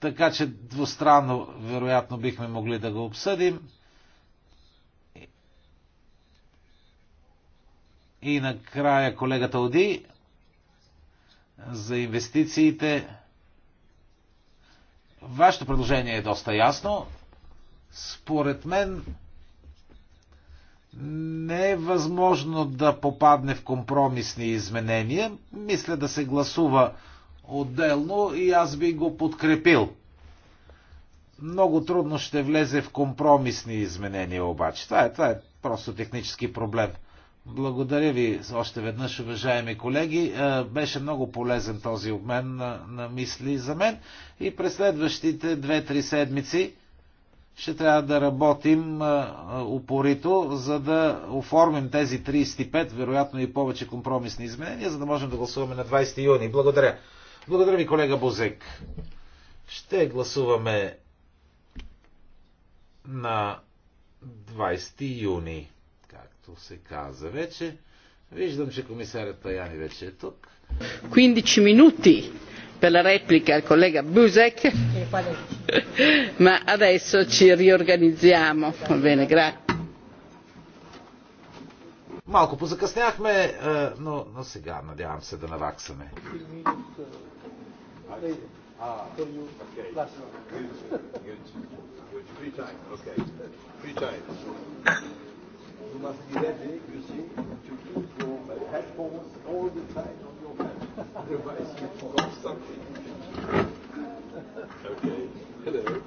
така че двустранно вероятно бихме могли да го обсъдим. И накрая колегата Оди за инвестициите. Вашето предложение е доста ясно. Според мен не е възможно да попадне в компромисни изменения. Мисля да се гласува отделно и аз би го подкрепил. Много трудно ще влезе в компромисни изменения обаче. Това е, това е просто технически проблем. Благодаря ви още веднъж, уважаеми колеги. Е, беше много полезен този обмен на, на мисли за мен и през следващите 2-3 седмици ще трябва да работим упорито, за да оформим тези 35, вероятно и повече компромисни изменения, за да можем да гласуваме на 20 юни. Благодаря. Благодаря ви, колега Бозек. Ще гласуваме на 20 юни, както се каза вече. Виждам, че комисарят Таяни вече е тук. 15 минути per la replica al collega Buzek, ma adesso ci riorganizziamo. Va bene, grazie. Малко позакъсняхме, но, но сега надявам се да наваксаме. You must be ready, you see, to keep your headphones all the time. Der weiß nicht, worauf Okay, hello.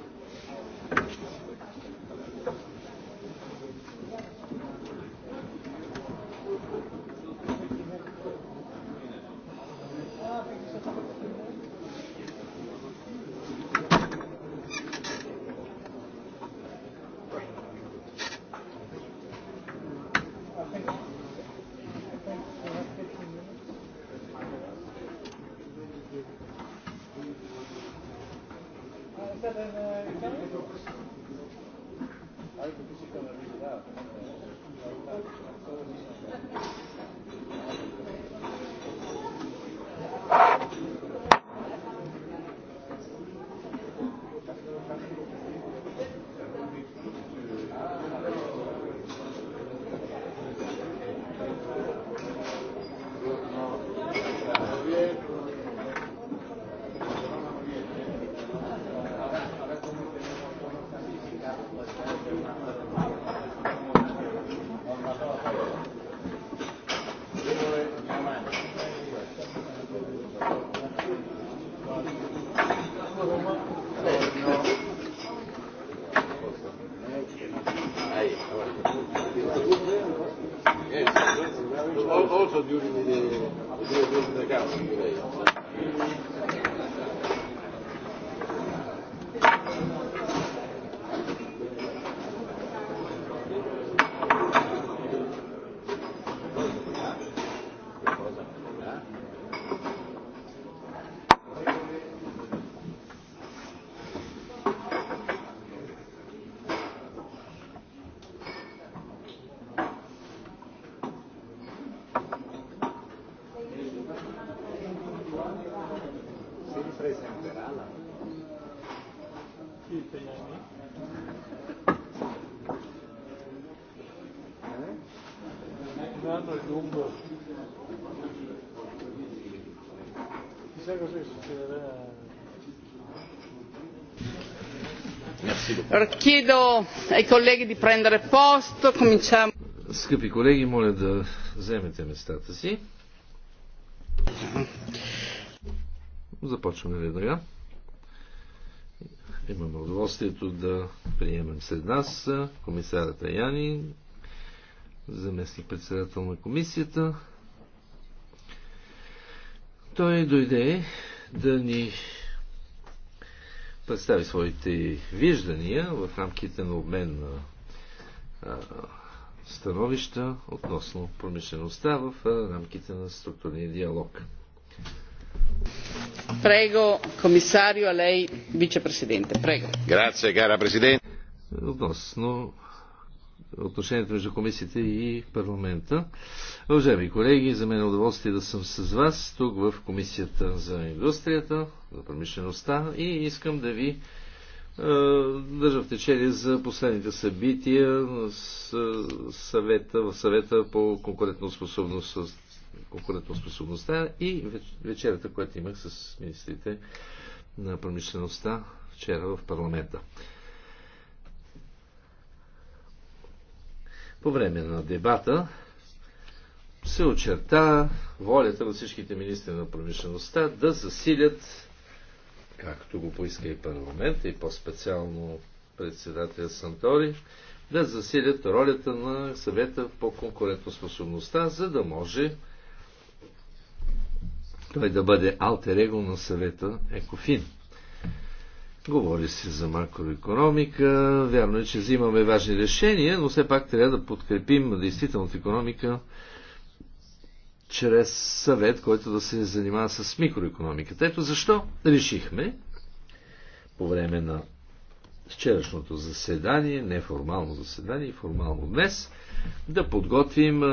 Chiedo ai colleghi di prendere posto, cominciamo. Скъпи колеги, моля да вземете местата си. Започваме веднага. Имаме удоволствието да приемем след нас комисарата Яни, заместник председател на комисията, той дойде да ни представи своите виждания в рамките на обмен на становища относно промишлеността в рамките на структурния диалог. Прего, комисарио, а лей, вице-президенте. Прего. Грация, cara президент. Относно отношението между комисията и парламента. Уважаеми колеги, за мен е удоволствие да съм с вас тук в комисията за индустрията, за промишлеността и искам да ви е, държа в течение за последните събития с, съвета, в съвета по конкурентоспособност, конкурентоспособността и вечерята, която имах с министрите на промишлеността вчера в парламента. По време на дебата се очерта волята на всичките министри на промишлеността да засилят, както го поиска и парламент, и по-специално председателя Сантори, да засилят ролята на съвета по конкурентоспособността, за да може той да бъде алтер его на съвета Екофин. Говори се за макроекономика. Вярно е, че взимаме важни решения, но все пак трябва да подкрепим действителната економика чрез съвет, който да се занимава с микроекономиката. Ето защо решихме по време на вчерашното заседание, неформално заседание и формално днес, да подготвим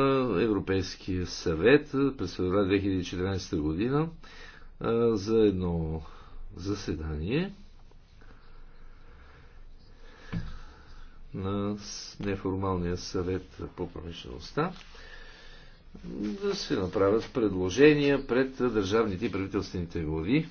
Европейския съвет през февраля 2014 година за едно заседание, на неформалния съвет по промишлеността да се направят предложения пред държавните и правителствените глави.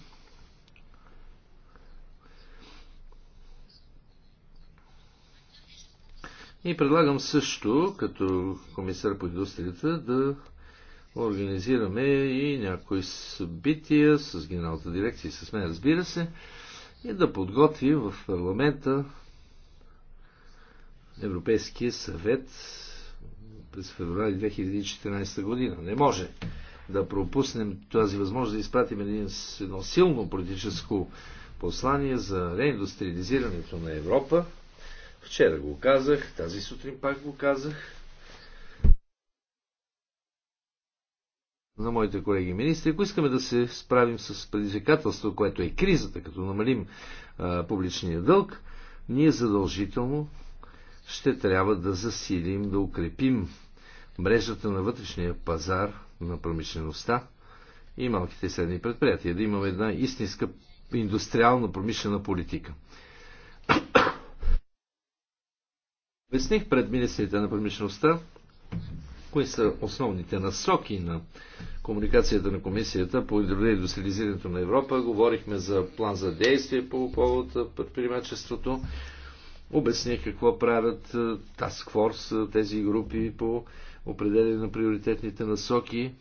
И предлагам също, като комисар по индустрията, да организираме и някои събития с генералната дирекция и с мен, разбира се, и да подготвим в парламента Европейския съвет през февруари 2014 година. Не може да пропуснем тази възможност да изпратим един, едно силно политическо послание за реиндустриализирането на Европа. Вчера го казах, тази сутрин пак го казах. на моите колеги министри, ако искаме да се справим с предизвикателство, което е кризата, като намалим а, публичния дълг, ние задължително ще трябва да засилим, да укрепим мрежата на вътрешния пазар на промишлеността и малките и средни предприятия, да имаме една истинска индустриална промишлена политика. Обясних пред министрите на промишлеността, кои са основните насоки на комуникацията на комисията по индустриализирането на Европа. Говорихме за план за действие по повод предприемачеството. Обясних какво правят е, Task Force, е, тези групи по определение на приоритетните насоки.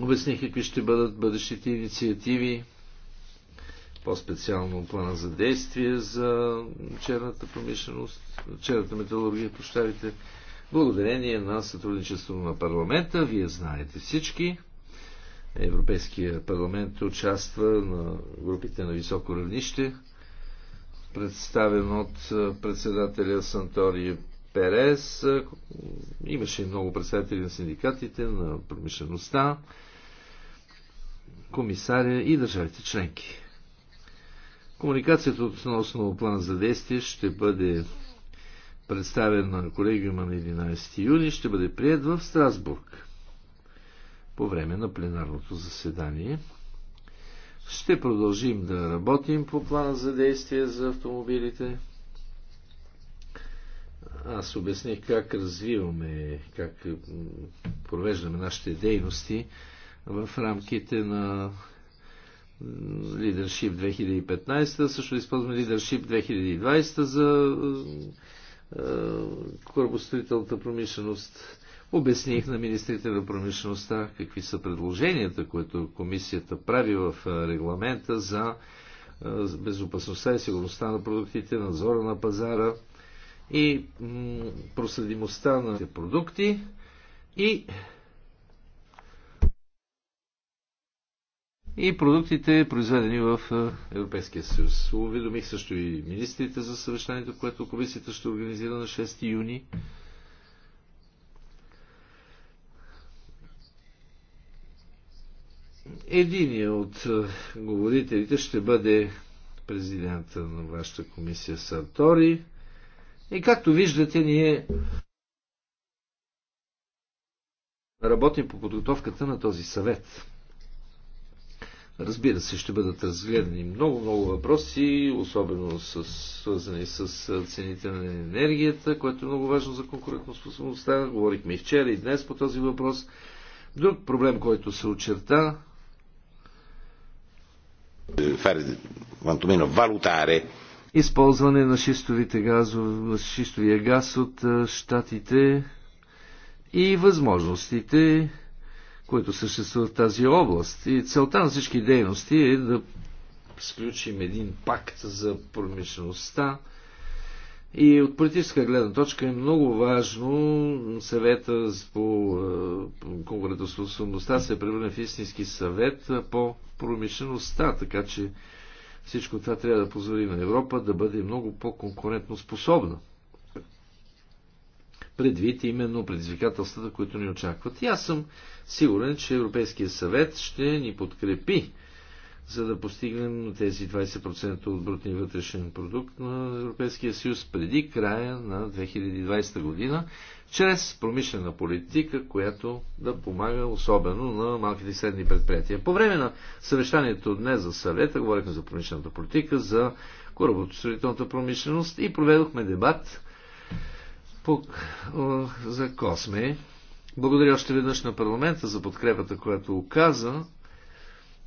Обясних какви ще бъдат бъдещите инициативи, по-специално плана за действие за черната промишленост, черната металургия, пощавите. Благодарение на сътрудничеството на парламента, вие знаете всички, Европейския парламент участва на групите на високо равнище – представен от председателя Сантори Перес. Имаше и много представители на синдикатите, на промишлеността, комисаря и държавите членки. Комуникацията относно план за действие ще бъде представен на колегиума на 11 юни, ще бъде прият в Страсбург по време на пленарното заседание. Ще продължим да работим по плана за действие за автомобилите. Аз обясних как развиваме, как провеждаме нашите дейности в рамките на Leadership 2015, също използваме Leadership 2020 за корабостроителната промишленост. Обясних на министрите на промишлеността какви са предложенията, които комисията прави в регламента за безопасността и сигурността на продуктите, надзора на пазара и проследимостта на продукти и и продуктите, произведени в Европейския съюз. Уведомих също и министрите за съвещанието, което комисията ще организира на 6 юни. Единият от е, говорителите ще бъде президента на вашата комисия Сартори. И както виждате, ние работим по подготовката на този съвет. Разбира се, ще бъдат разгледани много, много въпроси, особено с, свързани с е, цените на енергията, което е много важно за конкурентоспособността. Говорихме и вчера и днес по този въпрос. Друг проблем, който се очерта, Eh, quantomeno valutare използване на шистовите газове, шистовия газ от е, щатите и възможностите, които съществуват в тази област. И целта на всички дейности е да сключим един пакт за промишлеността, и от политическа гледна точка е много важно съвета е, по конкурентоспособността се превърне в истински съвет по промишлеността, така че всичко това трябва да позволи на Европа да бъде много по-конкурентно способна. Предвид именно предизвикателствата, които ни очакват. И аз съм сигурен, че Европейския съвет ще ни подкрепи за да постигнем тези 20% от брутния вътрешен продукт на Европейския съюз преди края на 2020 година, чрез промишлена политика, която да помага особено на малките и средни предприятия. По време на съвещанието днес за съвета говорихме за промишлената политика, за корабостроителната промишленост и проведохме дебат по, за Косме. Благодаря още веднъж на парламента за подкрепата, която оказа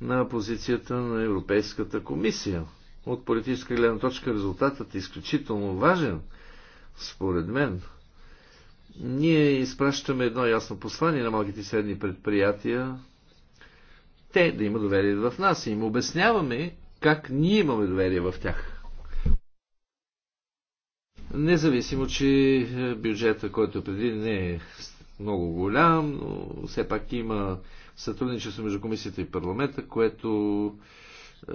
на позицията на Европейската комисия. От политическа гледна точка резултатът е изключително важен, според мен. Ние изпращаме едно ясно послание на малките и средни предприятия, те да има доверие в нас и им обясняваме как ние имаме доверие в тях. Независимо, че бюджета, който е не е много голям, но все пак има сътрудничество между комисията и парламента, което е,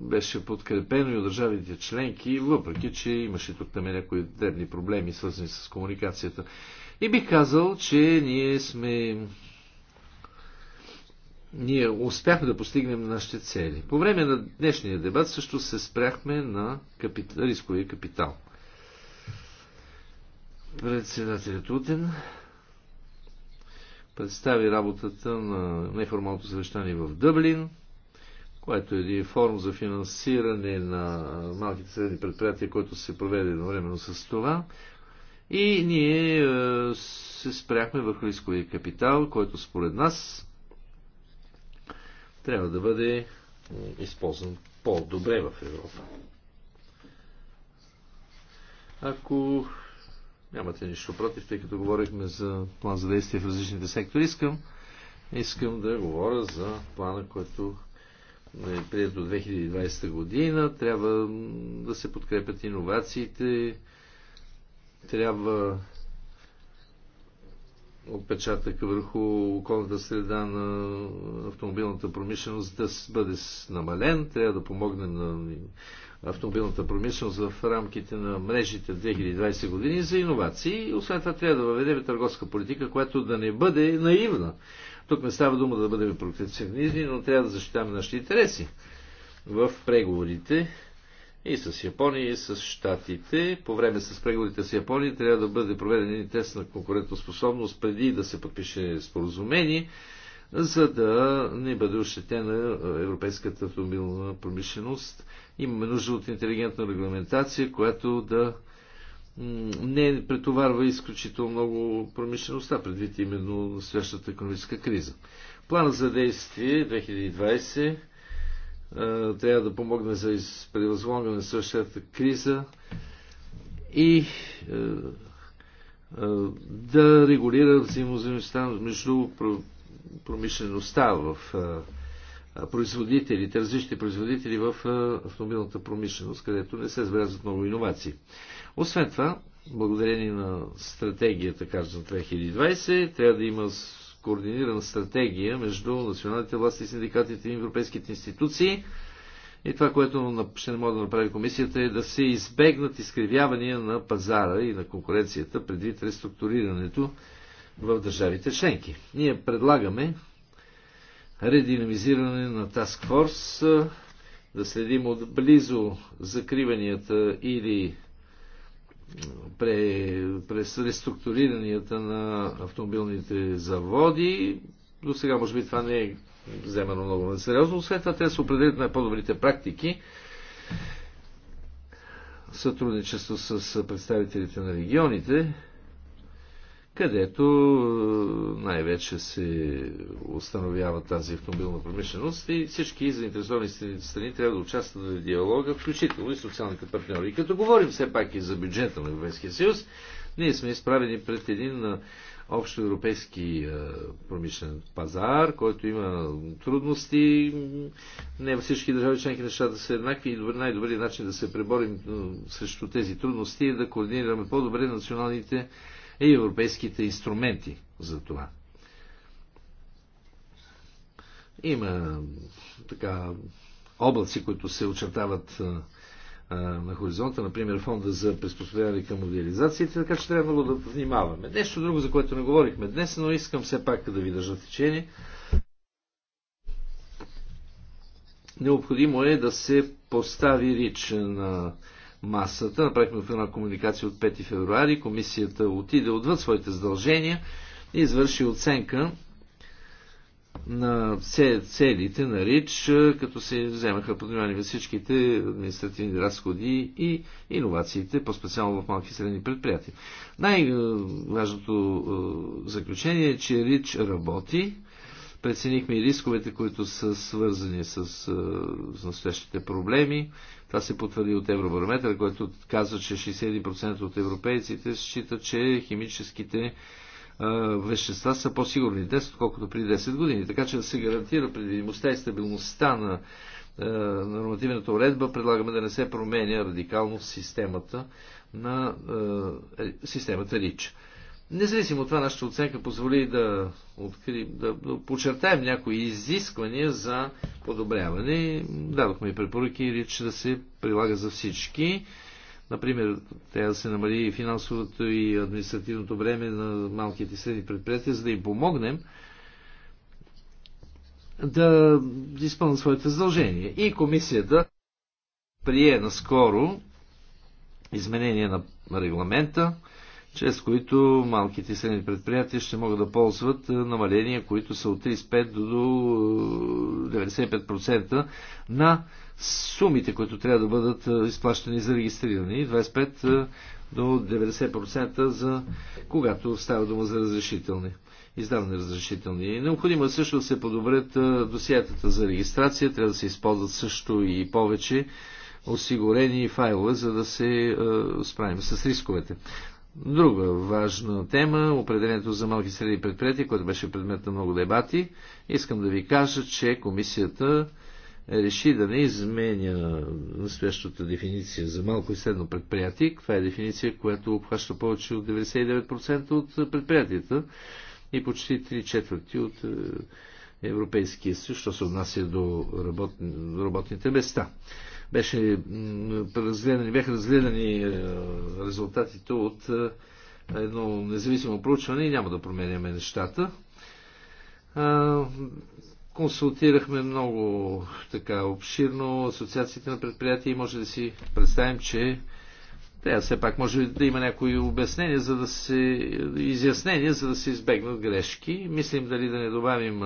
беше подкрепено и от държавите членки, въпреки че имаше тук там някои дребни проблеми, свързани с комуникацията. И би казал, че ние сме ние успяхме да постигнем нашите цели. По време на днешния дебат също се спряхме на капит... рисковия капитал. Председателят Утен представи работата на неформалното съвещание в Дъблин, което е един форум за финансиране на малките средни предприятия, който се проведе едновременно с това. И ние е, се спряхме върху рисковия капитал, който според нас трябва да бъде е, използван по-добре в Европа. Ако Нямате нищо против, тъй като говорихме за план за действие в различните сектори. Искам, искам да говоря за плана, който е прият до 2020 година. Трябва да се подкрепят иновациите, трябва отпечатъка върху околната среда на автомобилната промишленост да бъде намален, трябва да помогнем на автомобилната промишленост в рамките на мрежите 2020 години за иновации. И освен това трябва да въведем търговска политика, която да не бъде наивна. Тук не става дума да бъдем протекционизми, но трябва да защитаваме нашите интереси в преговорите и с Япония, и с Штатите. По време с преговорите с Япония трябва да бъде проведен един тест на конкурентоспособност преди да се подпише споразумение за да не бъде ощетена европейската автомобилна промишленост. Имаме нужда от интелигентна регламентация, която да не претоварва изключително много промишлеността, предвид именно настоящата економическа криза. Планът за действие 2020 трябва да помогне за превъзлагане на същата криза и е, е, да регулира взаимозаместта между промишлеността, в производителите, различните производители в автомобилната промишленост, където не се забелязват много иновации. Освен това, благодарение на стратегията, за 2020, трябва да има координирана стратегия между националните власти, синдикатите и европейските институции. И това, което ще не може да направи комисията е да се избегнат изкривявания на пазара и на конкуренцията предвид реструктурирането в държавите членки. Ние предлагаме рединамизиране на Task Force, да следим отблизо закриванията или през реструктурирането на автомобилните заводи. До сега, може би, това не е вземано много на сериозно. Освен това, те са се определят на по-добрите практики. Сътрудничество с представителите на регионите, където най-вече се установява тази автомобилна промишленост и всички заинтересовани страни трябва да участват в диалога, включително и социалните партньори. И като говорим все пак и за бюджета на Европейския съюз, ние сме изправени пред един общо европейски промишлен пазар, който има трудности. Не във всички държави членки нещата да са еднакви и най-добрият начин да се преборим срещу тези трудности е да координираме по-добре националните е и европейските инструменти за това. Има така облаци, които се очертават на хоризонта, например фонда за приспособяване към модернизациите, така че трябва много да внимаваме. Нещо друго, за което не говорихме днес, но искам все пак да ви държа течение. Необходимо е да се постави рич на масата. Направихме една комуникация от 5 февруари. Комисията отиде отвъд своите задължения и извърши оценка на целите на РИЧ, като се вземаха под внимание всичките административни разходи и иновациите, по-специално в малки и средни предприятия. Най-важното заключение е, че РИЧ работи. Преценихме и рисковете, които са свързани с настоящите проблеми това се потвърди от Евробарометър, който казва, че 61% от европейците считат, че химическите вещества са по-сигурни днес, отколкото при 10 години. Така че да се гарантира предвидимостта и стабилността на нормативната уредба, предлагаме да не се променя радикално системата на е, системата РИЧ. Независимо от това, нашата оценка позволи да, откри, да, да подчертаем някои изисквания за подобряване. Дадохме и препоръки, рич да се прилага за всички. Например, трябва да се намали финансовото и административното време на малките и средни предприятия, за да им помогнем да изпълнят своите задължения. И комисията прие наскоро изменение на регламента, чрез които малките и средни предприятия ще могат да ползват е, намаления, които са от 35 до 95% е, на сумите, които трябва да бъдат е, изплащани за регистриране и 25 до 90% за когато става дума за разрешителни издавани разрешителни. Необходимо е също да се подобрят досиятата за регистрация, трябва да се използват също и повече осигурени файлове, за да се справим с рисковете. Друга важна тема определението за малки и средни предприятия, което беше предмет на много дебати. Искам да ви кажа, че комисията реши да не изменя настоящата дефиниция за малко и средно предприятие. Това е дефиниция, която обхваща повече от 99% от е, предприятията и почти 3 четвърти от е, Европейския съюз, що се отнася до работните места беше разгледани, бяха разгледани е, резултатите от е, едно независимо проучване и няма да променяме нещата. Консултирахме много така обширно асоциациите на предприятия и може да си представим, че те все пак може да има някои обяснения, за да се изяснения, за да се избегнат грешки. Мислим дали да не добавим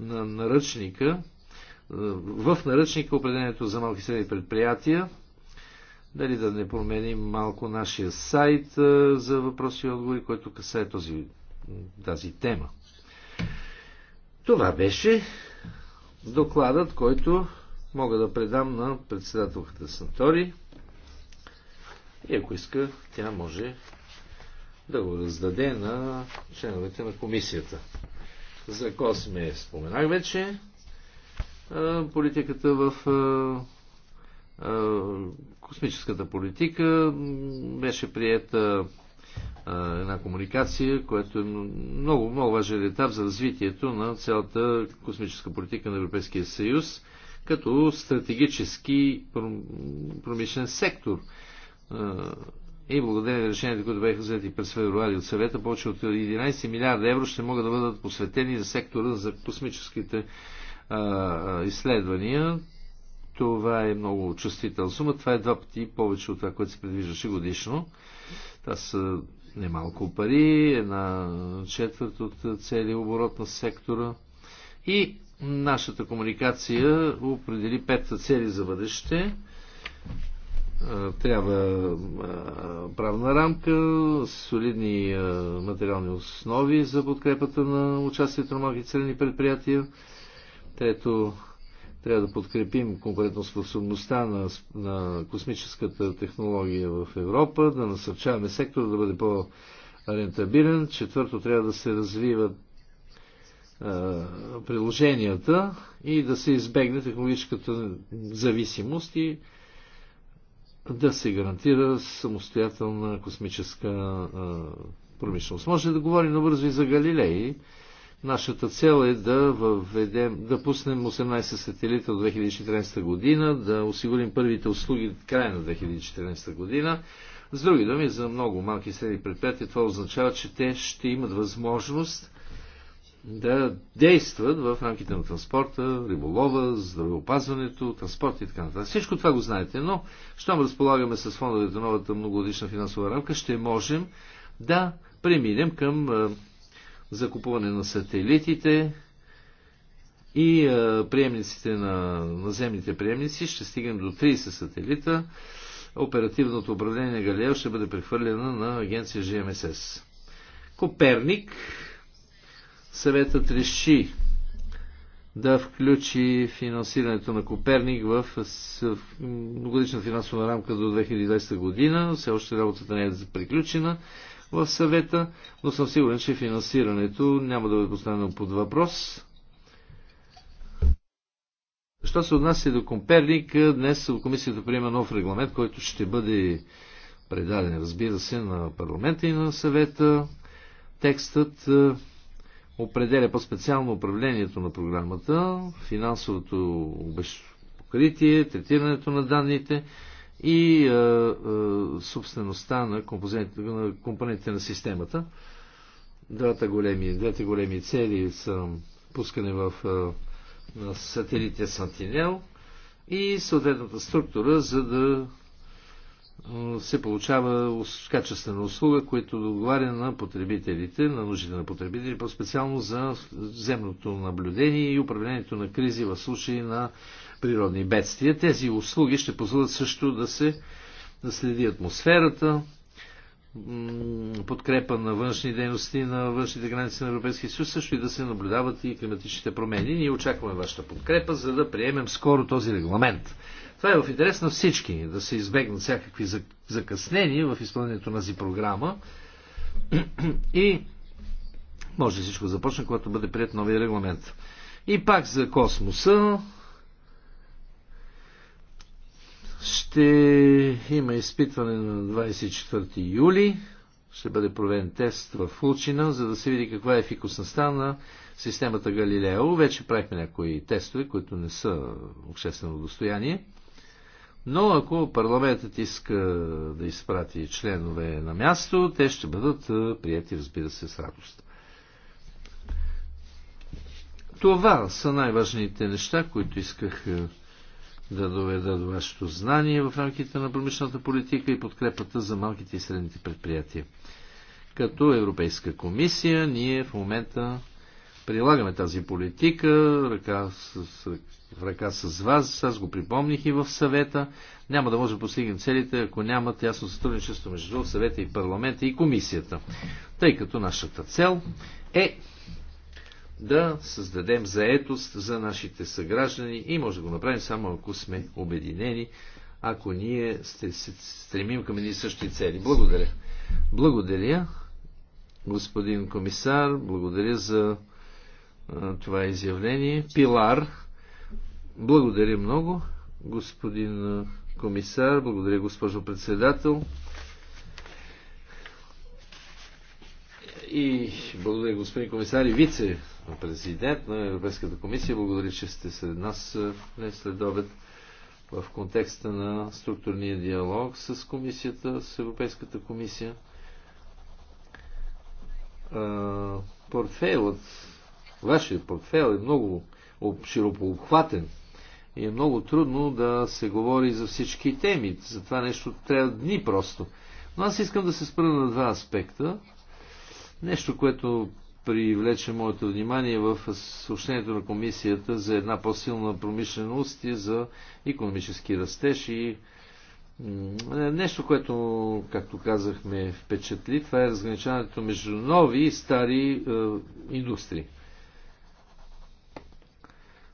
на наръчника в наръчника определението за малки и средни предприятия. Дали да не променим малко нашия сайт за въпроси и отговори, който касае този, тази тема. Това беше докладът, който мога да предам на председателката Сантори. И ако иска, тя може да го раздаде на членовете на комисията. За Косме споменах вече политиката в космическата политика беше приета една комуникация, което е много, много важен етап за развитието на цялата космическа политика на Европейския съюз като стратегически промишлен сектор. И благодарение на решенията, които бяха взети през февруари от съвета, повече от 11 милиарда евро ще могат да бъдат посветени за сектора за космическите а, изследвания. Това е много чувствителна сума. Това е два пъти повече от това, което се предвиждаше годишно. Това са немалко пари, една четвърт от целия оборот на сектора. И нашата комуникация определи пет цели за бъдеще. Трябва правна рамка, солидни материални основи за подкрепата на участието на малки целени предприятия, Трето, трябва да подкрепим конкурентоспособността на, на космическата технология в Европа, да насърчаваме сектора да бъде по-рентабилен. Четвърто, трябва да се развиват приложенията и да се избегне технологическата зависимост и да се гарантира самостоятелна космическа промишленост. Може да говорим набързо и за Галилей. Нашата цел е да въведем, да пуснем 18 сателита от 2014 година, да осигурим първите услуги от края на 2014 година. С други думи, за много малки и средни предприятия това означава, че те ще имат възможност да действат в рамките на транспорта, риболова, здравеопазването, транспорт и така нататък. Всичко това го знаете, но щом разполагаме с фондовете новата многогодишна финансова рамка, ще можем да преминем към е, за купуване на сателитите и приемниците на наземните приемници. Ще стигнем до 30 сателита. Оперативното управление Галео ще бъде прехвърлено на агенция GMSS. Коперник съветът реши да включи финансирането на Коперник в годишна финансова рамка до 2020 година. Все още работата не е приключена в съвета, но съм сигурен, че финансирането няма да бъде поставено под въпрос. Що се отнася до Комперник, днес в комисията приема нов регламент, който ще бъде предаден, разбира се, на парламента и на съвета. Текстът е, определя по-специално управлението на програмата, финансовото обещание покритие, третирането на данните, и а, а, собствеността на, на компонентите на системата. Двете големи, двете големи цели са пускане в а, на сателите Сантинел и съответната структура, за да се получава качествена услуга, която да отговаря на потребителите, на нуждите на потребители, по-специално за земното наблюдение и управлението на кризи в случай на природни бедствия. Тези услуги ще позволят също да се да следи атмосферата, подкрепа на външни дейности на външните граници на Европейския съюз, също и да се наблюдават и климатичните промени. Ние очакваме вашата подкрепа, за да приемем скоро този регламент. Това е в интерес на всички, да се избегнат всякакви закъснения в изпълнението на тази програма и може всичко започне, когато бъде прият новия регламент. И пак за космоса, ще има изпитване на 24 юли. Ще бъде проведен тест в Лучина, за да се види каква е ефикасността на системата Галилео. Вече правихме някои тестове, които не са обществено достояние. Но ако парламентът иска да изпрати членове на място, те ще бъдат прияти, разбира се, с радост. Това са най-важните неща, които исках да доведат вашето знание в рамките на промишлената политика и подкрепата за малките и средните предприятия. Като Европейска комисия ние в момента прилагаме тази политика ръка с, в ръка с вас. Аз го припомних и в съвета. Няма да може да постигнем целите, ако нямат ясно сътрудничество между съвета и парламента и комисията. Тъй като нашата цел е да създадем заетост за нашите съграждани и може да го направим само ако сме обединени, ако ние сте се стремим към едни същи цели. Благодаря. Благодаря, господин комисар, благодаря за това изявление. Пилар, благодаря много, господин комисар, благодаря госпожо председател. И благодаря господин комисар и вице президент на Европейската комисия. Благодаря, че сте сред нас е, днес след обед в контекста на структурния диалог с комисията, с Европейската комисия. Портфейлът, вашия портфейл е много широпообхватен и е много трудно да се говори за всички теми. За това нещо трябва дни просто. Но аз искам да се спра на два аспекта. Нещо, което привлече моето внимание в съобщението на комисията за една по-силна промишленост и за економически растеж и е, нещо, което, както казахме, впечатли, това е разграничаването между нови и стари е, индустрии.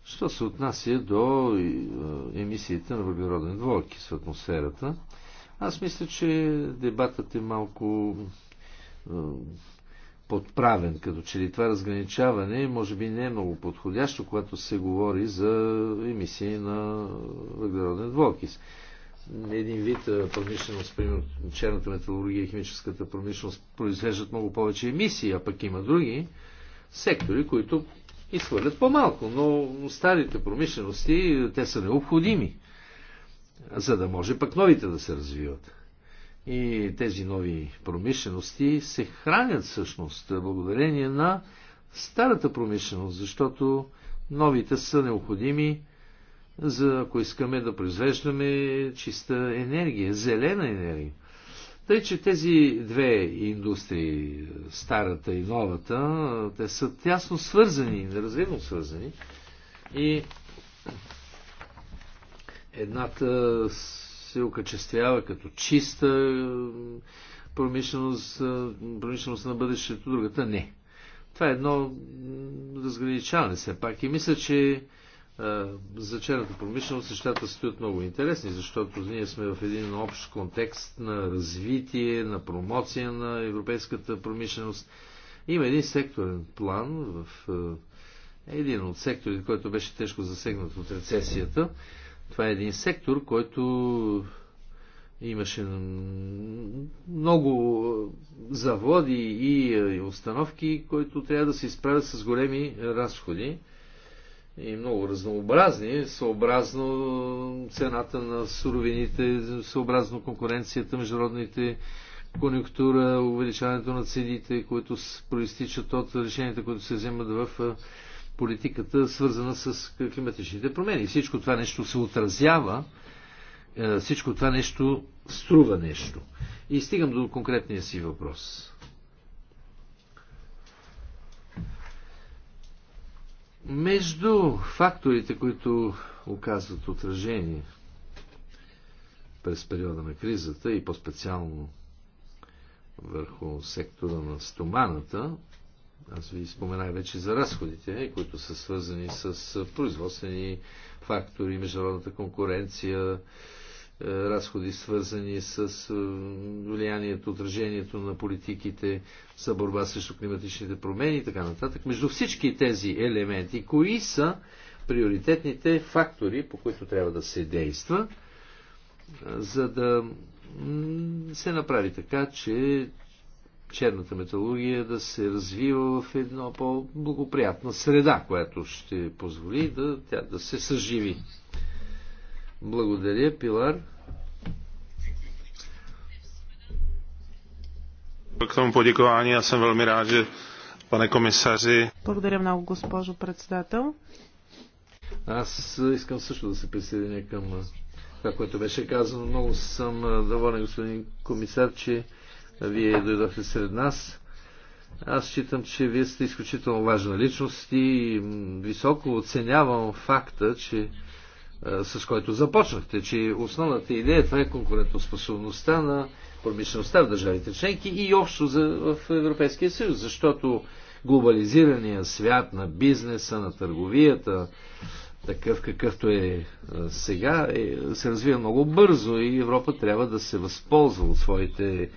Що се отнася до е, емисиите на въглероден двойки в атмосферата, аз мисля, че дебатът е малко е, подправен, като че ли това разграничаване може би не е много подходящо, когато се говори за емисии на въглероден двуокис. Един вид промишленост, примерно черната металургия и химическата промишленост произвеждат много повече емисии, а пък има други сектори, които изхвърлят по-малко, но старите промишлености, те са необходими, за да може пък новите да се развиват. И тези нови промишлености се хранят всъщност благодарение на старата промишленост, защото новите са необходими, за ако искаме да произвеждаме чиста енергия, зелена енергия. Тъй, че тези две индустрии, старата и новата, те са тясно свързани, неразривно свързани. И едната се окачествява като чиста е, промишленост, е, промишленост на бъдещето, другата не. Това е едно разграничаване все пак. И мисля, че е, за черната промишленост нещата стоят много интересни, защото ние сме в един общ контекст на развитие, на промоция на европейската промишленост. Има един секторен план в един от секторите, който беше тежко засегнат от рецесията. Това е един сектор, който имаше много заводи и установки, които трябва да се изправят с големи разходи и много разнообразни, съобразно цената на суровините, съобразно конкуренцията, международните конюнктура, увеличаването на цените, които проистичат от решенията, които се вземат в политиката, свързана с климатичните промени. Всичко това нещо се отразява, е, всичко това нещо струва нещо. И стигам до конкретния си въпрос. Между факторите, които оказват отражение през периода на кризата и по-специално върху сектора на стоманата, аз ви споменах вече за разходите, които са свързани с производствени фактори, международната конкуренция, е, разходи свързани с е, влиянието, отражението на политиките за борба срещу климатичните промени и така нататък. Между всички тези елементи, кои са приоритетните фактори, по които трябва да се действа, е, за да се направи така, че черната металургия да се развива в една по-благоприятна среда, която ще позволи да, тя да се съживи. Благодаря, Пилар. К тому poděkování. аз съм velmi рад, че пане комисари... Благодаря много, госпожо председател. Аз искам също да се присъединя към това, което беше казано. Много съм доволен, господин комисар, че вие дойдохте сред нас. Аз считам, че вие сте изключително важна личност и високо оценявам факта, че с който започнахте, че основната идея това е конкурентоспособността на промишлеността в държавите членки и общо за, в Европейския съюз, защото глобализирания свят на бизнеса, на търговията, такъв какъвто е сега, е, се развива много бързо и Европа трябва да се възползва от своите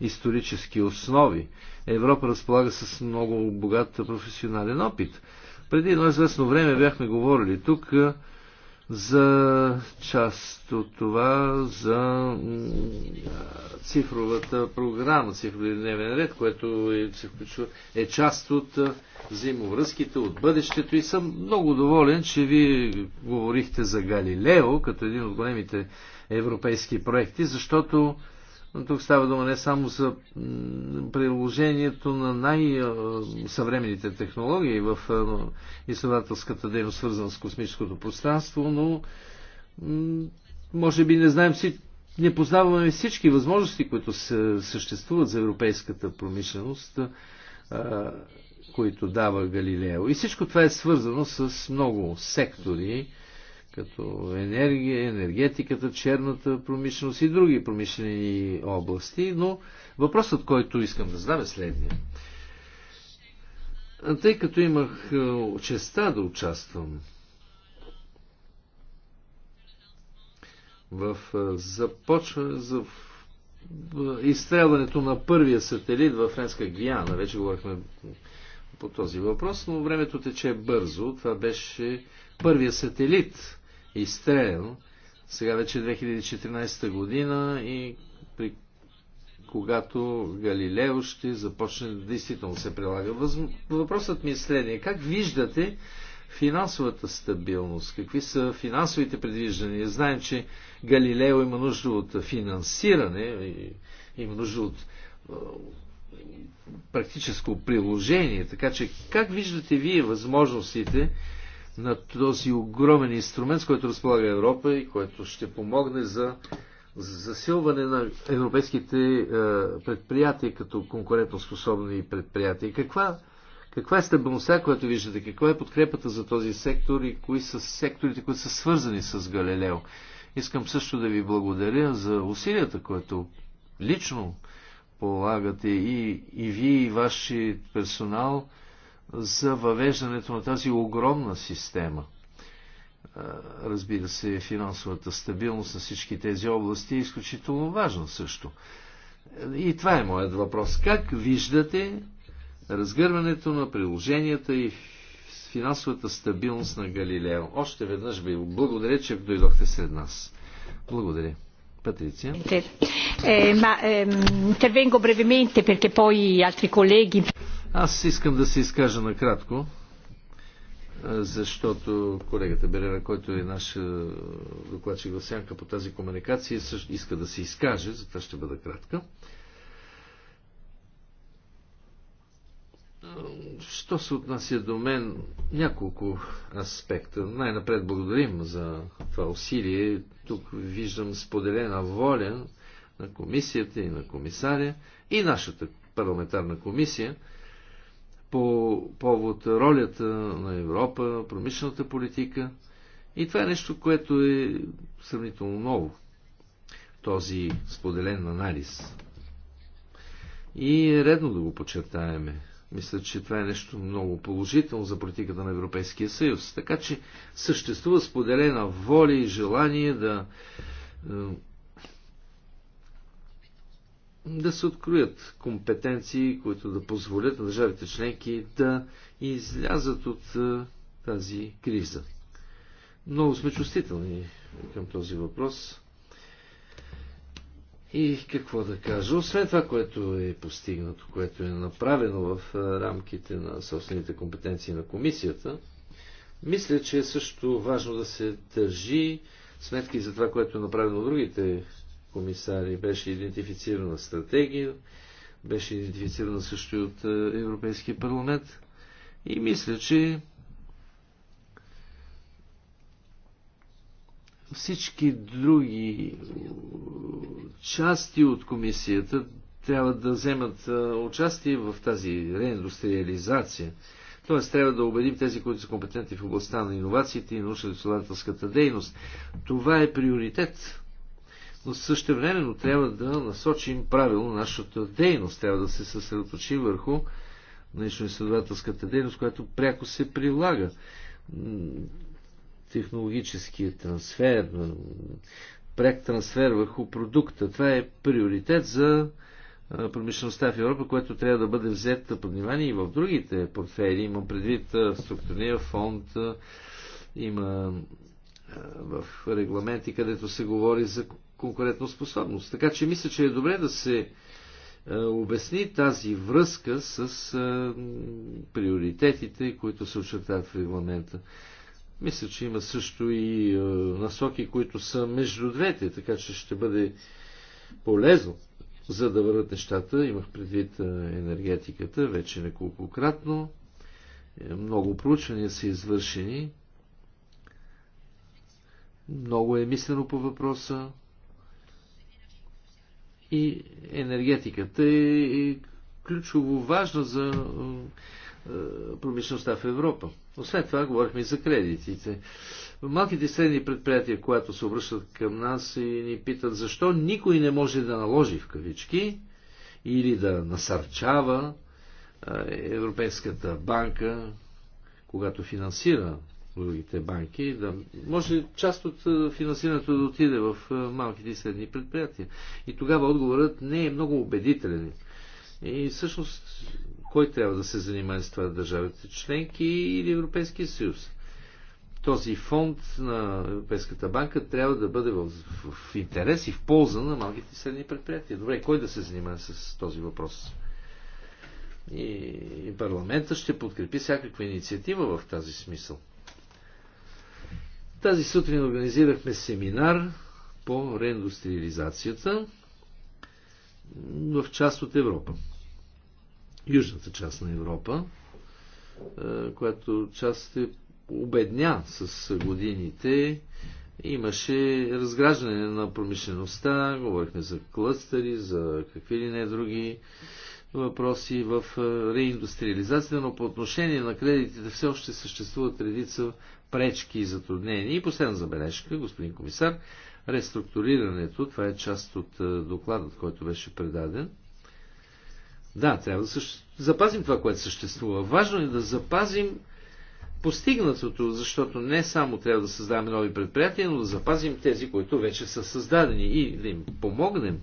исторически основи. Европа разполага с много богат професионален опит. Преди едно известно време бяхме говорили тук за част от това, за цифровата програма, цифровия дневен ред, което е, се включва, е част от взаимовръзките, от бъдещето и съм много доволен, че ви говорихте за Галилео, като един от големите европейски проекти, защото тук става дума не само за приложението на най-съвременните технологии в изследователската дейност, свързана с космическото пространство, но може би не знаем си, не познаваме всички възможности, които съществуват за европейската промишленост, които дава Галилео. И всичко това е свързано с много сектори, като енергия, енергетиката, черната промишленост и други промишлени области, но въпросът, който искам да задам е следния. Тъй като имах е, честа да участвам в е, започване за е, изстрелването на първия сателит във Френска Гиана. Вече говорихме по този въпрос, но времето тече бързо. Това беше първия сателит изтрелян. Сега вече 2014 година и при когато Галилео ще започне действително се прилага. Въпросът ми е следния. Как виждате финансовата стабилност? Какви са финансовите предвиждания? Знаем, че Галилео има нужда от финансиране, има нужда от практическо приложение. Така че как виждате вие възможностите на този огромен инструмент, с който разполага Европа и който ще помогне за засилване на европейските е, предприятия като конкурентоспособни предприятия. Каква, каква е стабилността, която виждате? Каква е подкрепата за този сектор и кои са секторите, които са свързани с Галилео? Искам също да ви благодаря за усилията, които лично полагате и, и вие, и вашия персонал – за въвеждането на тази огромна система. Е, разбира се, финансовата стабилност на всички тези области е изключително важна също. И това е моят въпрос. Как виждате разгърването на приложенията и финансовата стабилност на Галилео? Още веднъж ви благодаря, че дойдохте сред нас. Благодаря. Patrizia. Eh, ma ehm, intervengo brevemente perché poi altri colleghi. Аз искам да се изкажа накратко, защото колегата Берера, който е наш докладчик в сянка по тази комуникация, също иска да се изкаже, затова ще бъда кратка. Що се отнася до мен, няколко аспекта. Най-напред благодарим за това усилие. Тук виждам споделена воля на комисията и на комисаря и нашата парламентарна комисия по повод ролята на Европа, промишлената политика. И това е нещо, което е сравнително ново. Този споделен анализ. И е редно да го подчертаеме. Мисля, че това е нещо много положително за политиката на Европейския съюз. Така че съществува споделена воля и желание да е, да се откроят компетенции, които да позволят на държавите членки да излязат от тази криза. Много сме чувствителни към този въпрос. И какво да кажа? Освен това, което е постигнато, което е направено в рамките на собствените компетенции на комисията, мисля, че е също важно да се държи сметки за това, което е направено в другите комисари. Беше идентифицирана стратегия, беше идентифицирана също и от е, Европейския парламент. И мисля, че всички други части от комисията трябва да вземат е, участие в тази реиндустриализация. Тоест трябва да убедим тези, които са компетентни в областта на иновациите и научно-изследователската дейност. Това е приоритет но също но трябва да насочим правилно нашата дейност. Трябва да се съсредоточи върху научно-изследователската дейност, която пряко се прилага. Технологическия трансфер, пряк трансфер върху продукта. Това е приоритет за промишлеността в Европа, което трябва да бъде взета под внимание и в другите портфели. Има предвид структурния фонд, има в регламенти, където се говори за конкурентоспособност. Така че мисля, че е добре да се е, обясни тази връзка с е, приоритетите, които се очертават в регламента. Мисля, че има също и е, насоки, които са между двете, така че ще бъде полезно, за да върват нещата. Имах предвид енергетиката вече неколкократно. Много проучвания са извършени. Много е мислено по въпроса и енергетиката е, е ключово важна за е, промишлеността в Европа. Освен това, говорихме и за кредитите. Малките и средни предприятия, които се обръщат към нас и ни питат защо никой не може да наложи в кавички или да насърчава е, Европейската банка, когато финансира другите банки. Да, може част от е, финансирането да отиде в е, малките и средни предприятия. И тогава отговорът не е много убедителен. И всъщност, кой трябва да се занимае с това? Държавите членки или Европейския съюз? Този фонд на Европейската банка трябва да бъде в, в интерес и в полза на малките и средни предприятия. Добре, кой да се занимае с този въпрос? И, и парламента ще подкрепи всякаква инициатива в тази смисъл. Тази сутрин организирахме семинар по реиндустриализацията в част от Европа. Южната част на Европа, е, която част е обедня с годините. Имаше разграждане на промишлеността, говорихме за клъстери, за какви ли не други въпроси в е, реиндустриализацията, но по отношение на кредитите все още съществуват редица пречки и затруднения. И последна забележка, господин комисар, реструктурирането, това е част от е, докладът, който беше предаден. Да, трябва да съществ... запазим това, което съществува. Важно е да запазим постигнатото, защото не само трябва да създаваме нови предприятия, но да запазим тези, които вече са създадени и да им помогнем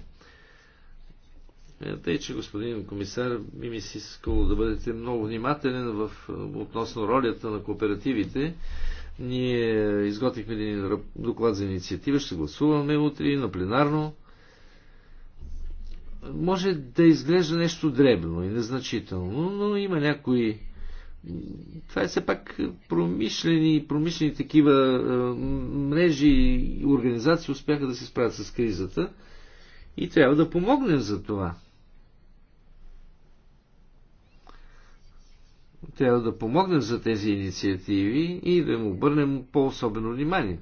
тъй, че господин комисар, ми ми си искало да бъдете много внимателен в, относно ролята на кооперативите. Ние изготвихме един доклад за инициатива, ще гласуваме утре на пленарно. Може да изглежда нещо дребно и незначително, но има някои това е все пак промишлени, промишлени такива мрежи и организации успяха да се справят с кризата и трябва да помогнем за това. трябва да помогнем за тези инициативи и да им обърнем по-особено внимание.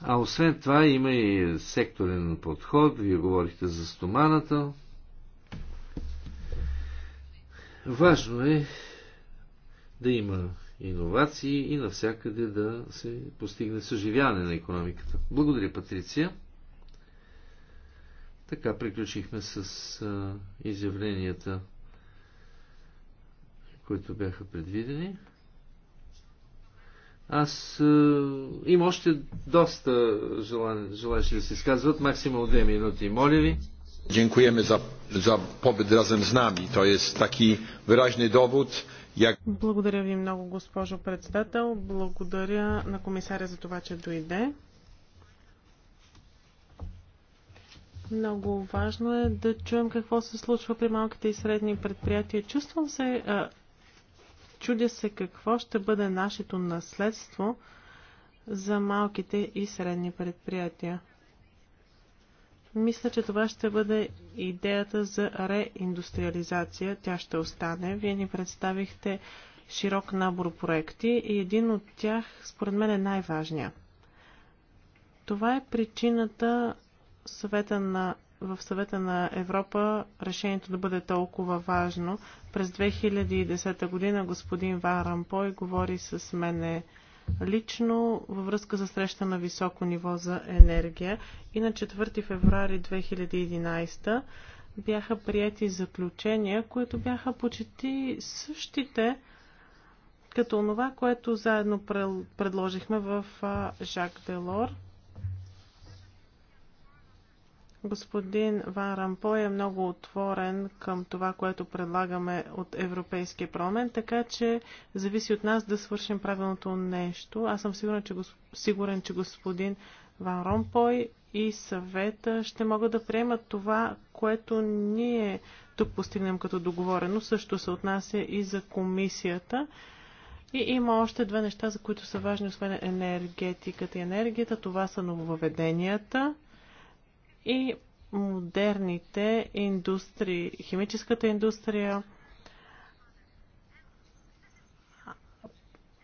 А освен това има и секторен подход, вие говорихте за стоманата. Важно е да има иновации и навсякъде да се постигне съживяване на економиката. Благодаря, Патриция. Така приключихме с а, изявленията, които бяха предвидени. Аз а, има още доста желан, да се изказват, максимум две минути. Моля ви. Дякуваме за, за pobyt razem с нами. Той е таки wyraźny довод. jak... Благодаря ви много, госпожо председател. Благодаря на комисаря за това, че дойде. Много важно е да чуем какво се случва при малките и средни предприятия. Чувствам се, а, чудя се какво ще бъде нашето наследство за малките и средни предприятия. Мисля, че това ще бъде идеята за реиндустриализация. Тя ще остане. Вие ни представихте широк набор проекти и един от тях, според мен, е най-важният. Това е причината съвета на, в съвета на Европа решението да бъде толкова важно. През 2010 година господин Ван Рампой говори с мене лично във връзка за среща на високо ниво за енергия и на 4 феврари 2011 бяха прияти заключения, които бяха почти същите като това, което заедно предложихме в Жак Делор – Господин Ван Рампой е много отворен към това, което предлагаме от Европейския парламент, така че зависи от нас да свършим правилното нещо. Аз съм сигурен, че, сигурен, че господин Ван Ромпой и съвета ще могат да приемат това, което ние тук постигнем като договорено. Също се отнася и за комисията. И има още две неща, за които са важни, освен енергетиката и енергията. Това са нововведенията и модерните индустрии, химическата индустрия,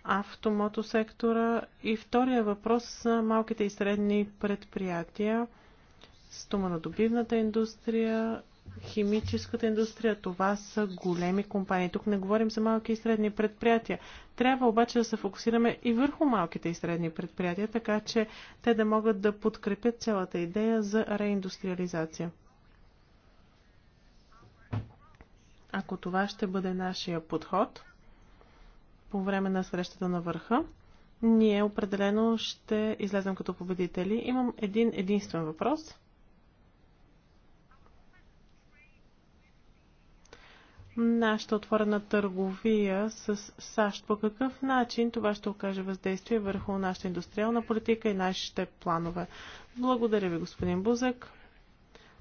автомотосектора и втория въпрос са малките и средни предприятия, стоманодобивната индустрия химическата индустрия. Това са големи компании. Тук не говорим за малки и средни предприятия. Трябва обаче да се фокусираме и върху малките и средни предприятия, така че те да могат да подкрепят цялата идея за реиндустриализация. Ако това ще бъде нашия подход по време на срещата на върха, ние определено ще излезем като победители. Имам един единствен въпрос – нашата отворена търговия с САЩ. По какъв начин това ще окаже въздействие върху нашата индустриална политика и нашите планове? Благодаря ви, господин Бузък.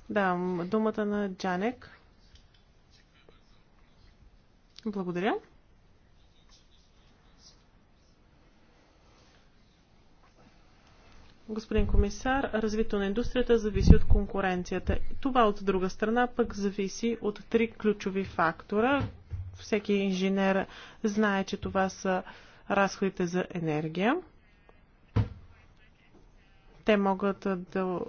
Давам думата на Джанек. Благодаря. Господин комисар, развито на индустрията зависи от конкуренцията. Това от друга страна пък зависи от три ключови фактора. Всеки инженер знае, че това са разходите за енергия. Те могат да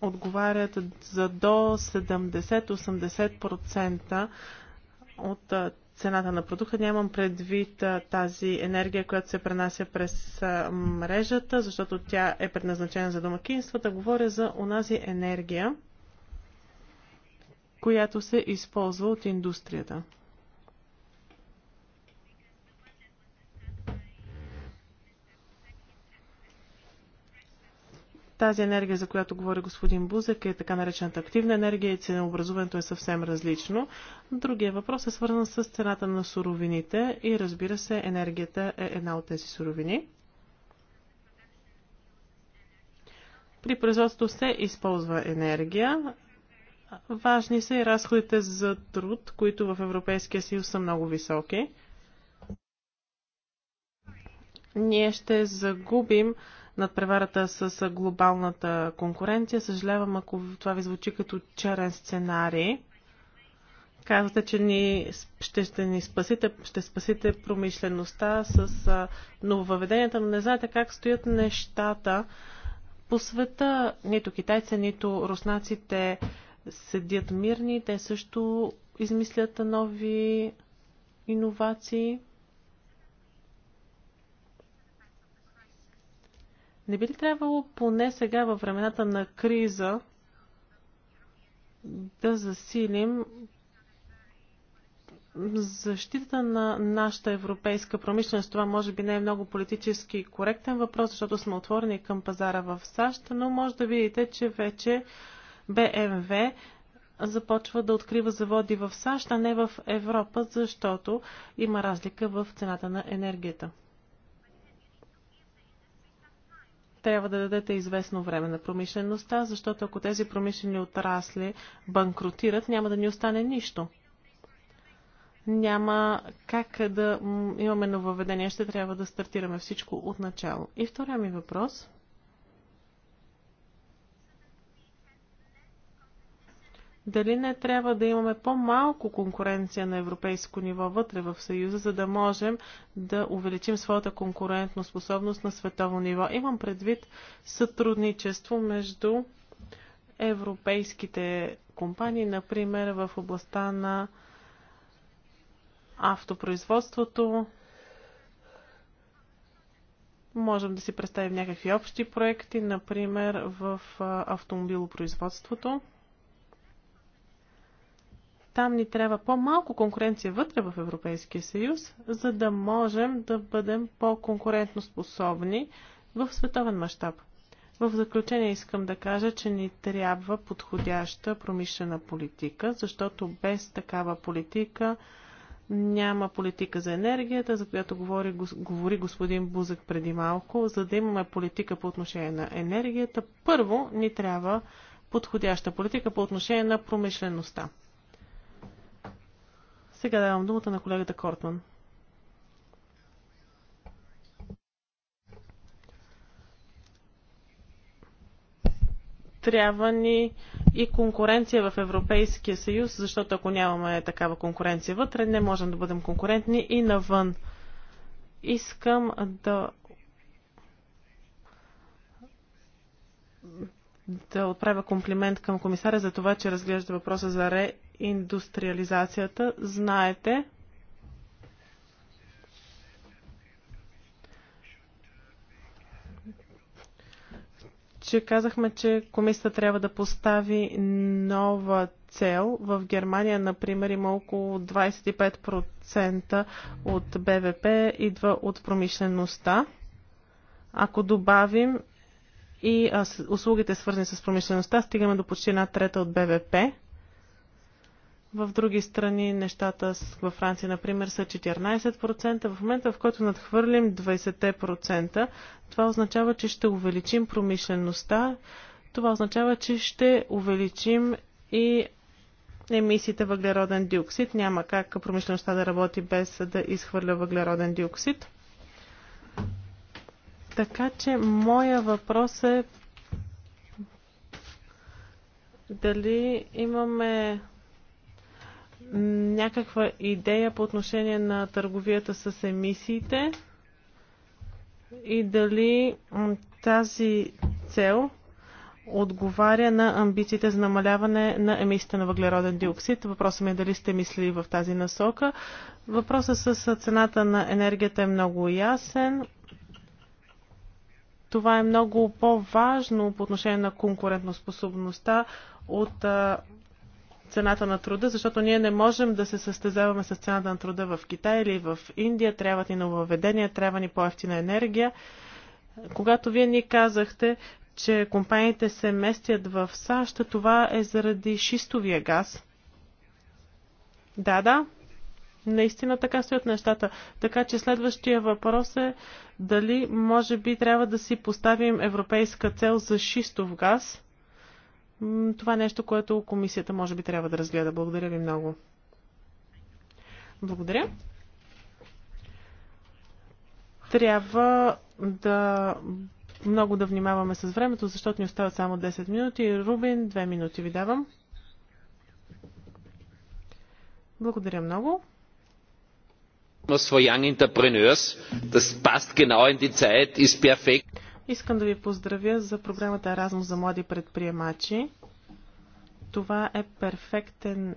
отговарят за до 70-80% от цената на продукта. Нямам предвид тази енергия, която се пренася през мрежата, защото тя е предназначена за домакинствата. Говоря за онази енергия, която се използва от индустрията. Тази енергия, за която говори господин Бузек, е така наречената активна енергия и ценообразуването е съвсем различно. Другия въпрос е свързан с цената на суровините и разбира се, енергията е една от тези суровини. При производството се използва енергия. Важни са и разходите за труд, които в Европейския съюз са много високи. Ние ще загубим над преварата с глобалната конкуренция. Съжалявам, ако това ви звучи като черен сценарий. Казвате, че ни, ще, ще ни спасите, ще спасите промишлеността с нововъведенията, но не знаете как стоят нещата по света. Нито китайци, нито руснаците седят мирни, те също измислят нови иновации. Не би ли трябвало поне сега във времената на криза да засилим защитата на нашата европейска промишленост. Това може би не е много политически коректен въпрос, защото сме отворени към пазара в САЩ, но може да видите, че вече БМВ започва да открива заводи в САЩ, а не в Европа, защото има разлика в цената на енергията. трябва да дадете известно време на промишлеността, защото ако тези промишлени отрасли банкротират, няма да ни остане нищо. Няма как да имаме нововведение, ще трябва да стартираме всичко от начало. И втория ми въпрос – дали не трябва да имаме по-малко конкуренция на европейско ниво вътре в Съюза, за да можем да увеличим своята конкурентно способност на световно ниво. Имам предвид сътрудничество между европейските компании, например в областта на автопроизводството. Можем да си представим някакви общи проекти, например в автомобилопроизводството. Там ни трябва по-малко конкуренция вътре в Европейския съюз, за да можем да бъдем по-конкурентно способни в световен мащаб. В заключение искам да кажа, че ни трябва подходяща промишлена политика, защото без такава политика няма политика за енергията, за която говори, говори господин Бузък преди малко. За да имаме политика по отношение на енергията, първо ни трябва подходяща политика по отношение на промишлеността. Сега давам думата на колегата Кортман. трябва ни и конкуренция в Европейския съюз, защото ако нямаме такава конкуренция вътре, не можем да бъдем конкурентни и навън. Искам да да отправя комплимент към комисаря за това, че разглежда въпроса за реиндустриализацията. Знаете, че казахме, че комисията трябва да постави нова цел. В Германия, например, има около 25% от БВП идва от промишлеността. Ако добавим и а, с, услугите свързани с промишлеността стигаме до почти една трета от БВП. В други страни нещата във Франция, например, са 14%. В момента, в който надхвърлим 20%, това означава, че ще увеличим промишлеността. Това означава, че ще увеличим и емисиите въглероден диоксид. Няма как промишлеността да работи без да изхвърля въглероден диоксид. Така че моя въпрос е дали имаме някаква идея по отношение на търговията с емисиите и дали тази цел отговаря на амбициите за намаляване на емисиите на въглероден диоксид. Въпросът ми е дали сте мислили в тази насока. Въпросът с цената на енергията е много ясен. Това е много по-важно по отношение на конкурентоспособността от цената на труда, защото ние не можем да се състезаваме с цената на труда в Китай или в Индия. Трябват ни нововведения, трябва ни по-ефтина енергия. Когато вие ни казахте, че компаниите се местят в САЩ, това е заради шистовия газ. Да, да, Наистина така стоят нещата. Така че следващия въпрос е дали може би трябва да си поставим европейска цел за шистов газ. Това е нещо, което комисията може би трябва да разгледа. Благодаря ви много. Благодаря. Трябва да много да внимаваме с времето, защото ни остават само 10 минути. Рубин, 2 минути ви давам. Благодаря много. Искам да ви поздравя за програмата Erasmus за млади предприемачи. Това е перфектен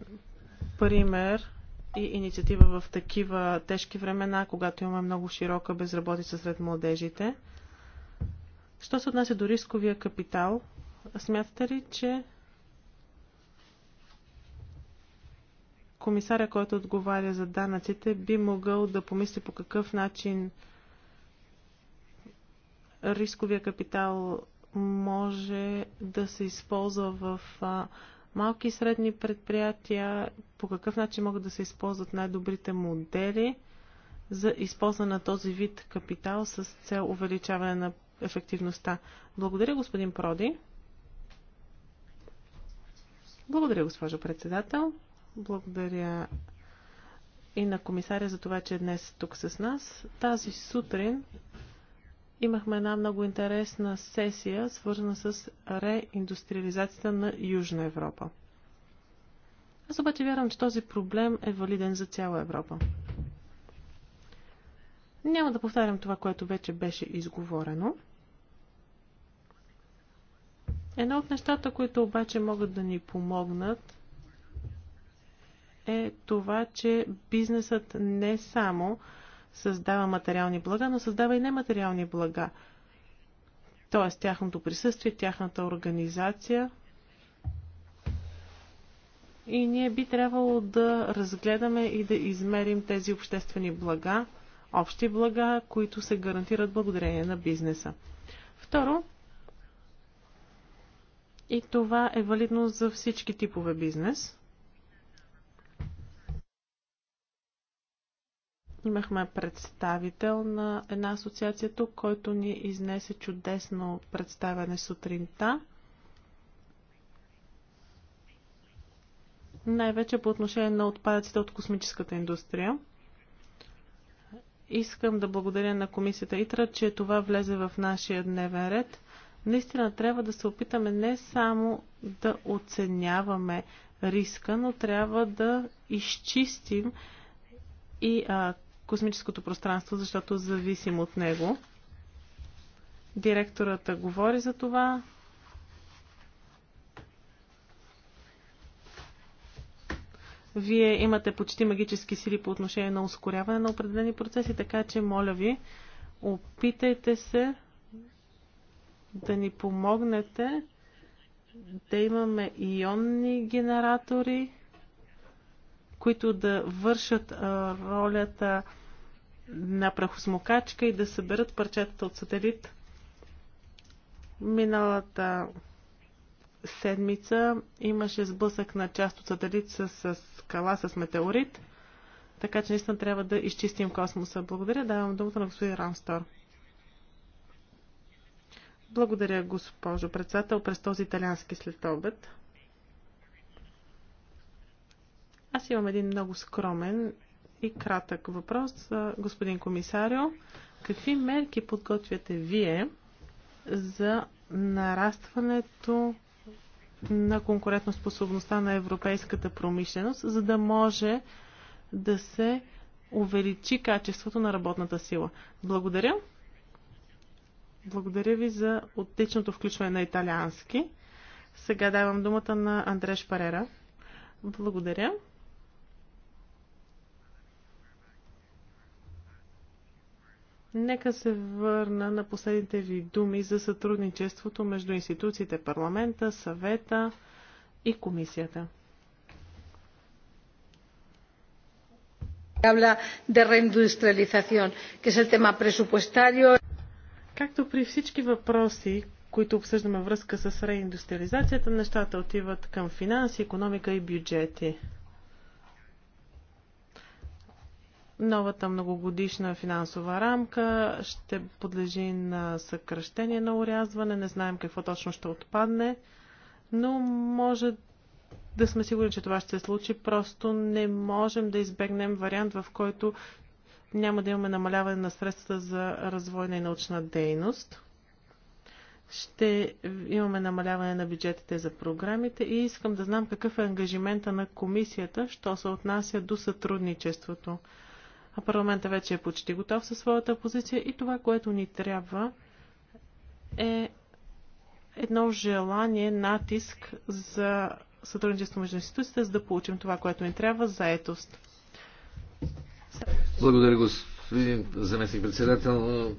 пример и инициатива в такива тежки времена, когато имаме много широка безработица сред младежите. Що се отнася до рисковия капитал, смятате ли, че комисаря, който отговаря за данъците, би могъл да помисли по какъв начин рисковия капитал може да се използва в малки и средни предприятия, по какъв начин могат да се използват най-добрите модели за използване на този вид капитал с цел увеличаване на ефективността. Благодаря, господин Проди. Благодаря, госпожо председател. Благодаря и на комисаря за това, че е днес тук с нас. Тази сутрин имахме една много интересна сесия, свързана с реиндустриализацията на Южна Европа. Аз обаче вярвам, че този проблем е валиден за цяла Европа. Няма да повтарям това, което вече беше изговорено. Едно от нещата, които обаче могат да ни помогнат е това, че бизнесът не само създава материални блага, но създава и нематериални блага. Тоест тяхното присъствие, тяхната организация. И ние би трябвало да разгледаме и да измерим тези обществени блага, общи блага, които се гарантират благодарение на бизнеса. Второ, и това е валидно за всички типове бизнес. Имахме представител на една асоциация тук, който ни изнесе чудесно представяне сутринта. Най-вече по отношение на отпадъците от космическата индустрия. Искам да благодаря на комисията ИТРА, че това влезе в нашия дневен ред. Наистина трябва да се опитаме не само да оценяваме риска, но трябва да изчистим и а, космическото пространство, защото зависим от него. Директората говори за това. Вие имате почти магически сили по отношение на ускоряване на определени процеси, така че, моля ви, опитайте се да ни помогнете да имаме ионни генератори, които да вършат ролята на прахосмокачка и да съберат парчетата от сателит. Миналата седмица имаше сблъсък на част от сателит с, скала с метеорит, така че наистина трябва да изчистим космоса. Благодаря, давам думата на господин Рамстор. Благодаря, госпожо председател, през този италиански следобед. Аз имам един много скромен и кратък въпрос господин комисарио. Какви мерки подготвяте вие за нарастването на конкурентоспособността на европейската промишленост, за да може да се увеличи качеството на работната сила. Благодаря. Благодаря ви за отличното включване на италиански. Сега давам думата на Андреш Парера. Благодаря. Нека се върна на последните ви думи за сътрудничеството между институциите парламента, съвета и комисията. Habla de reindustrialización, que es el tema presupuestario. Както при всички въпроси, които обсъждаме връзка с реиндустриализацията, нещата отиват към финанси, економика и бюджети. Новата многогодишна финансова рамка ще подлежи на съкръщение на урязване. Не знаем какво точно ще отпадне, но може да сме сигурни, че това ще се случи. Просто не можем да избегнем вариант, в който няма да имаме намаляване на средствата за развойна и научна дейност. Ще имаме намаляване на бюджетите за програмите и искам да знам какъв е ангажимента на комисията, що се отнася до сътрудничеството а парламента вече е почти готов със своята позиция и това, което ни трябва е едно желание, натиск за сътрудничество между институциите, за да получим това, което ни трябва, заетост. Благодаря, господин заместник председател,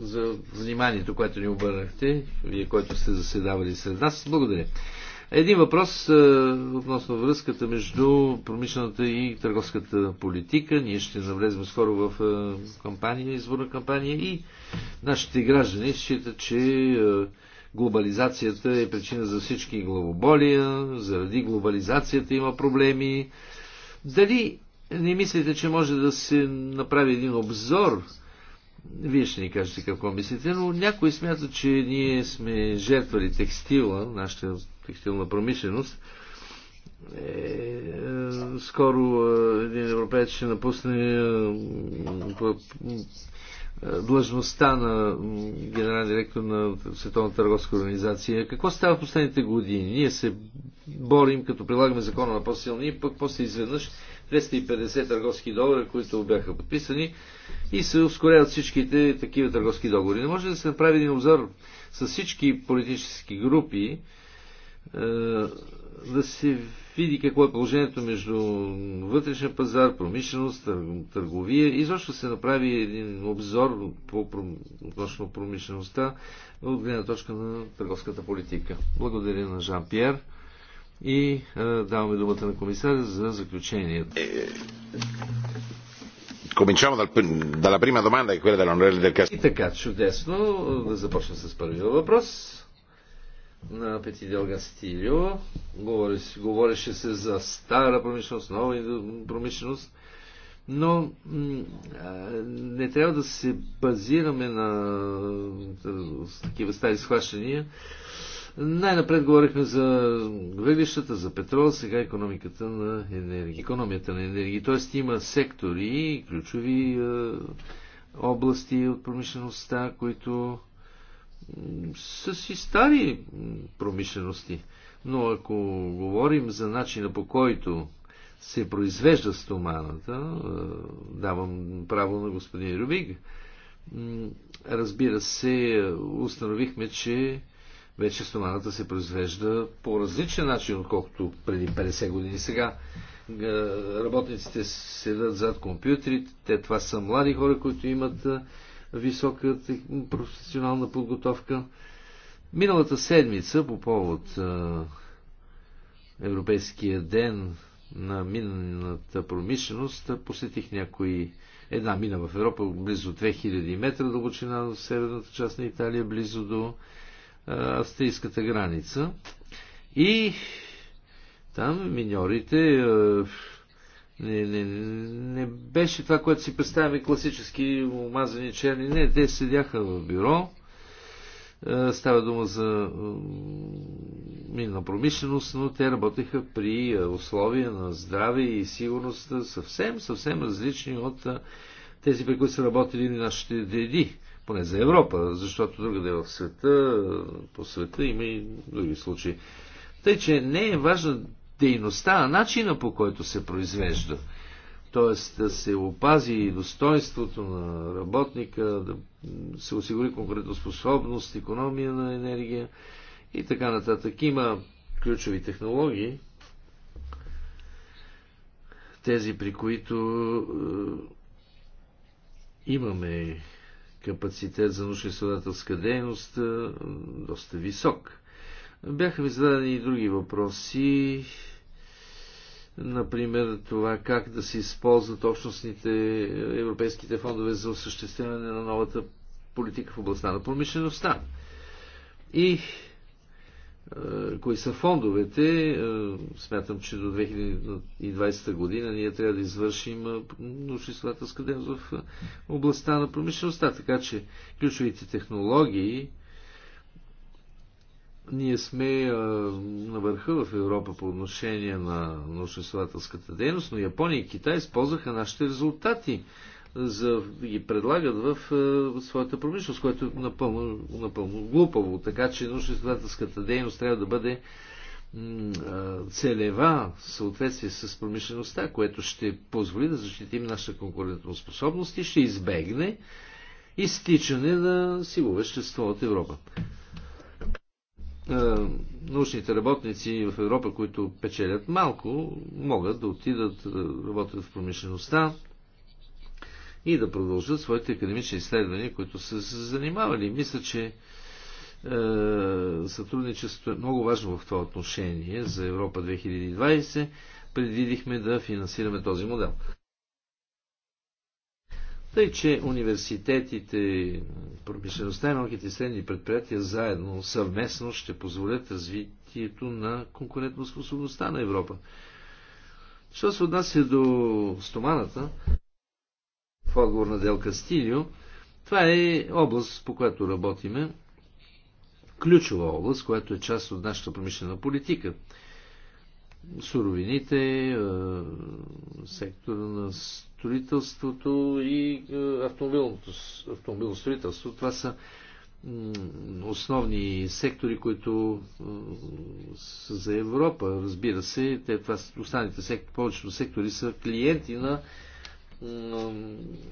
за вниманието, което ни обърнахте, вие, който сте заседавали сред нас. Благодаря. Един въпрос е, относно връзката между промишлената и търговската политика. Ние ще навлезем скоро в е, кампания, изборна кампания и нашите граждани считат, че е, глобализацията е причина за всички главоболия, заради глобализацията има проблеми. Дали не мислите, че може да се направи един обзор вие ще ни кажете какво мислите, но някои смятат, че ние сме жертвали текстила, нашата текстилна промишленост. Е, е скоро е, един европеец ще напусне е, е, длъжността на генерален директор на Световната търговска организация. Какво става в последните години? Ние се борим, като прилагаме закона на по-силни, пък после изведнъж 250 търговски долара, които бяха подписани и се ускоряват всичките такива търговски договори. Не може да се направи един обзор с всички политически групи, е, да се види какво е положението между вътрешен пазар, промишленост, търговия. И защо се направи един обзор по относно промишлеността от гледна точка на търговската политика. Благодаря на Жан-Пьер и е, даваме думата на комисаря за заключението. Cominciamo dal, dalla prima domanda che è quella dell'onorevole Del Castillo. И така, чудесно, да започна с първия въпрос на Петидел Гастилио. Говореше, говореше се за стара промишленост, нова промишленост, но не трябва да се базираме на такива стари схващания. Най-напред говорихме за въглищата, за петрол, сега економиката на енергия. Економията на енергия. Тоест има сектори, ключови а, области от промишлеността, които са си стари промишлености. Но ако говорим за начина по който се произвежда стоманата, е, давам право на господин Рубиг, разбира се, установихме, че вече стоманата се произвежда по различен начин, отколкото преди 50 години. Сега е, работниците седат зад компютрите, те това са млади хора, които имат е, висока професионална подготовка. Миналата седмица, по повод Европейския ден на минната промишленост, посетих някои една мина в Европа, близо 2000 метра дълбочина в северната част на Италия, близо до австрийската граница. И там миньорите не, не, не беше това, което си представяме класически омазани черни. Не, те седяха в бюро. Е, става дума за минна промишленост, но те работеха при е, условия на здраве и сигурност е, съвсем, съвсем различни от тези, при които са работили нашите деди, поне за Европа, защото другаде в света, по света има и други случаи. Тъй, че не е важна дейността, начина по който се произвежда. т.е. да се опази достоинството на работника, да се осигури способност, економия на енергия и така нататък. Има ключови технологии, тези при които е, имаме капацитет за научно-изследователска дейност е, доста висок. Бяха ми зададени и други въпроси. Например, това как да се използват общностните европейските фондове за осъществяване на новата политика в областта на промишлеността. И е, кои са фондовете. Е, смятам, че до 2020 година ние трябва да извършим е, научно-изследователска дейност в областта на промишлеността, така че ключовите технологии ние сме на върха в Европа по отношение на научно-изследователската дейност, но Япония и Китай използваха нашите резултати за да ги предлагат в своята промишленост, което е напълно, напълно глупаво. Така че научно-изследователската дейност трябва да бъде целева в съответствие с промишлеността, което ще позволи да защитим нашата конкурентоспособност и ще избегне изтичане на сиво вещество от Европа. Е, научните работници в Европа, които печелят малко, могат да отидат да е, работят в промишлеността и да продължат своите академични изследвания, които са се занимавали. Мисля, че е, сътрудничеството е много важно в това отношение за Европа 2020. Предвидихме да финансираме този модел. Тъй, че университетите, промишлеността и малките и средни предприятия заедно, съвместно ще позволят развитието на конкурентоспособността на Европа. Що се отнася до стоманата, в отговор на Дел Кастилио, това е област, по която работиме, ключова област, която е част от нашата промишлена политика. Суровините, е, сектора на строителството и е, автомобилното, строителство. Това са основни сектори, които са за Европа, разбира се. Те, това, останалите сектори, повечето сектори са клиенти на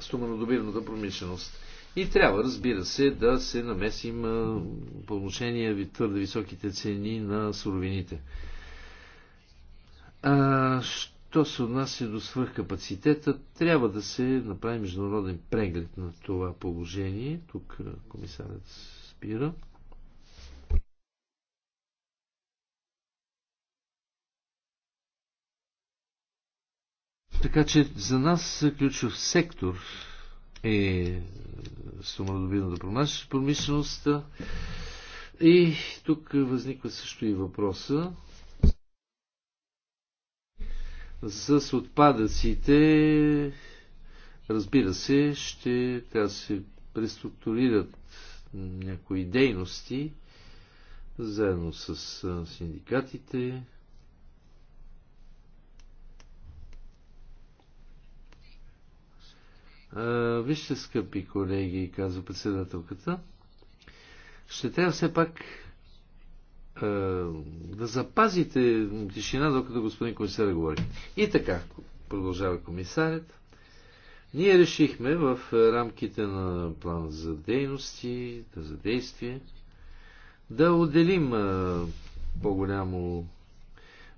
стоманодобивната промишленост. И трябва, разбира се, да се намесим е, по отношение ви твърде високите цени на суровините. А, Що се отнася до свръхкапацитета, трябва да се направи международен преглед на това положение. Тук комисарят спира. Така че за нас ключов сектор е стоманодобивната промишленост. И тук възниква също и въпроса с отпадъците, разбира се, ще трябва да се преструктурират някои дейности, заедно с синдикатите. Вижте, скъпи колеги, казва председателката, ще трябва все пак е, да запазите тишина, докато господин комисар говори. И така, продължава комисарят. Ние решихме в рамките на план за дейности, за действие, да отделим е, по-голямо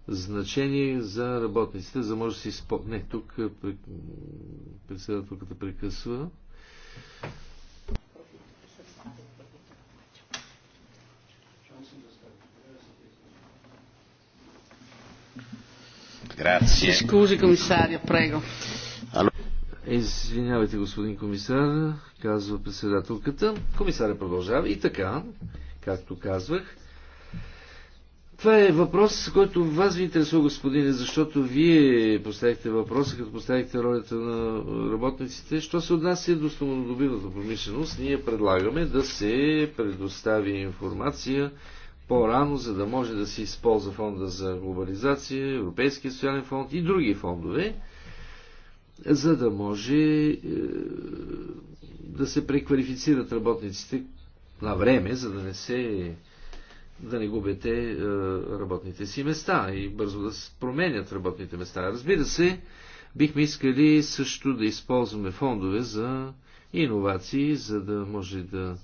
значение за работниците, за може да се изпо... Не, тук е, председателката прекъсва. Scusi комисарио, прего. Извинявайте, господин комисар, казва председателката. Комисаря продължава и така, както казвах. Това е въпрос, който вас ви интересува, господине, защото вие поставихте въпроса, като поставихте ролята на работниците. Що се отнася до стоманодобивната промишленост, ние предлагаме да се предостави информация по-рано, за да може да се използва фонда за глобализация, Европейския социален фонд и други фондове, за да може е, да се преквалифицират работниците на време, за да не се да не губете е, работните си места и бързо да се променят работните места. Разбира се, бихме искали също да използваме фондове за иновации, за да може да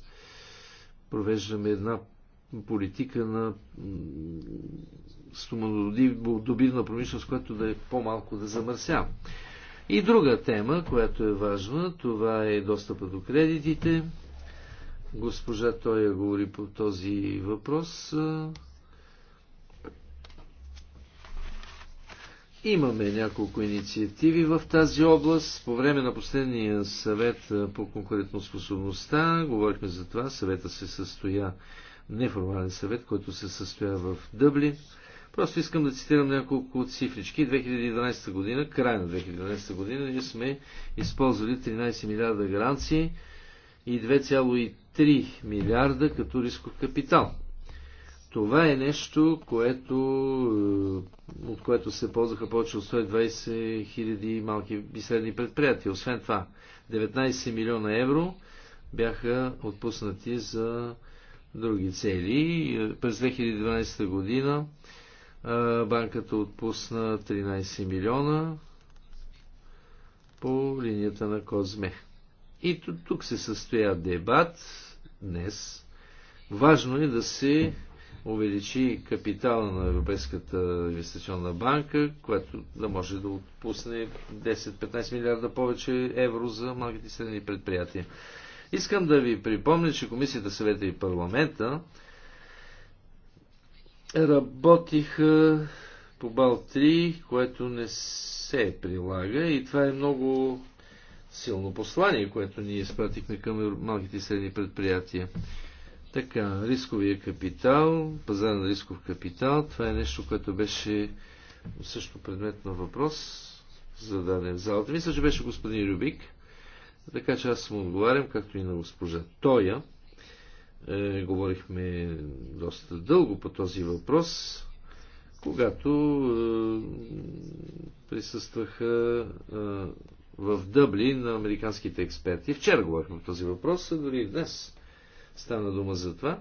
провеждаме една политика на стоманодобивна промишленост, която да е по-малко да замърсява. И друга тема, която е важна, това е достъпа до кредитите. Госпожа Тоя говори по този въпрос. Имаме няколко инициативи в тази област. По време на последния съвет по конкурентоспособността, говорихме за това, съвета се състоя неформален съвет, който се състоя в Дъблин. Просто искам да цитирам няколко цифрички. 2012 година, край на 2012 година, ние сме използвали 13 милиарда гаранции и 2,3 милиарда като рисков капитал. Това е нещо, което, е, от което се ползваха повече от 120 хиляди малки и средни предприятия. Освен това, 19 милиона евро бяха отпуснати за други цели. През 2012 година банката отпусна 13 милиона по линията на Козме. И тук се състоя дебат днес. Важно е да се увеличи капитала на Европейската инвестиционна банка, която да може да отпусне 10-15 милиарда повече евро за малките и средни предприятия. Искам да ви припомня, че Комисията, съвета и парламента работиха по бал 3, което не се прилага и това е много силно послание, което ние изпратихме към малките и средни предприятия. Така, рисковия капитал, пазар на рисков капитал, това е нещо, което беше също предмет на въпрос, зададен в залата. Мисля, че беше господин Рюбик. Така че аз му отговарям, както и на госпожа Тоя. Е, говорихме доста дълго по този въпрос, когато е, присъстваха е, в Дъбли на американските експерти. Вчера говорихме по този въпрос, а дори днес стана дума за това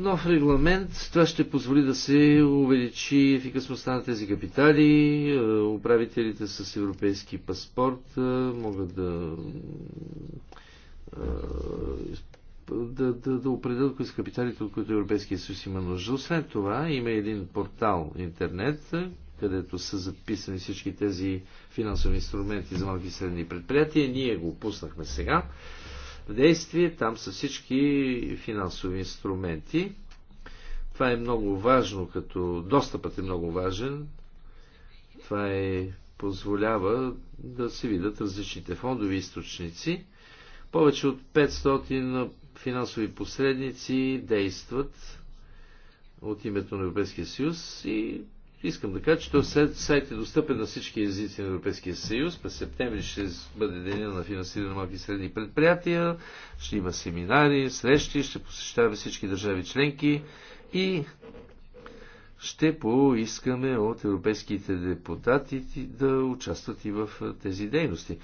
нов регламент. Това ще позволи да се увеличи ефикасността на тези капитали. Е, управителите с европейски паспорт е, могат да е, да, да, да определят кои са капиталите, от които Европейския съюз има нужда. Освен това, има един портал интернет, където са записани всички тези финансови инструменти за малки и средни предприятия. Ние го пуснахме сега в действие. Там са всички финансови инструменти. Това е много важно, като достъпът е много важен. Това е позволява да се видят различните фондови източници. Повече от 500 финансови посредници действат от името на Европейския съюз и Искам да кажа, че този сайт е достъпен на всички езици на Европейския съюз. През септември ще бъде деня на финансиране на малки и средни предприятия, ще има семинари, срещи, ще посещаваме всички държави членки и ще поискаме от европейските депутати да участват и в тези дейности.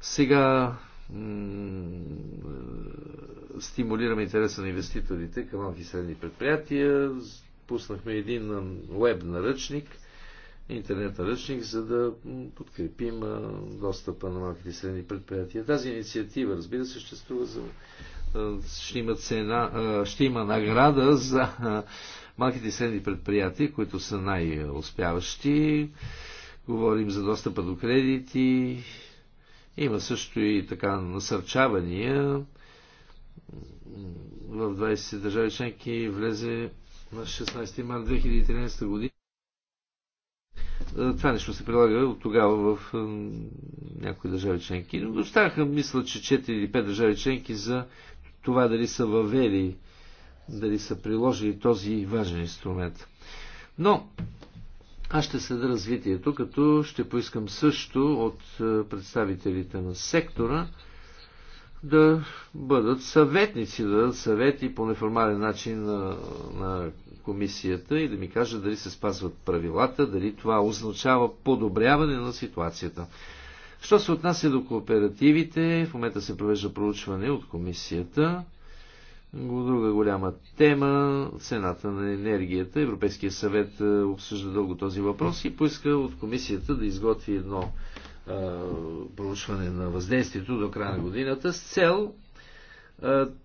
Сега стимулираме интереса на инвеститорите към малки и средни предприятия, пуснахме един веб наръчник, интернет наръчник, за да подкрепим достъпа на малките и средни предприятия. Тази инициатива, разбира се, ще струва за... Ще има, цена, ще има награда за малките и средни предприятия, които са най-успяващи. Говорим за достъпа до кредити. Има също и така насърчавания. В 20 държави членки влезе на 16 март 2013 година. Е, това нещо се прилага от тогава в някои държави членки. Но доставяха, мисля, че 4 или 5 държави членки за това дали са въвели, дали са приложили този важен инструмент. Но аз ще следа развитието, като ще поискам също от е, представителите на сектора да бъдат съветници, да дадат съвети по неформален начин на, на комисията и да ми кажат дали се спазват правилата, дали това означава подобряване на ситуацията. Що се отнася до кооперативите, в момента се провежда проучване от комисията. Друга голяма тема цената на енергията. Европейския съвет е, обсъжда дълго този въпрос и поиска от комисията да изготви едно проучване на въздействието до края на годината с цел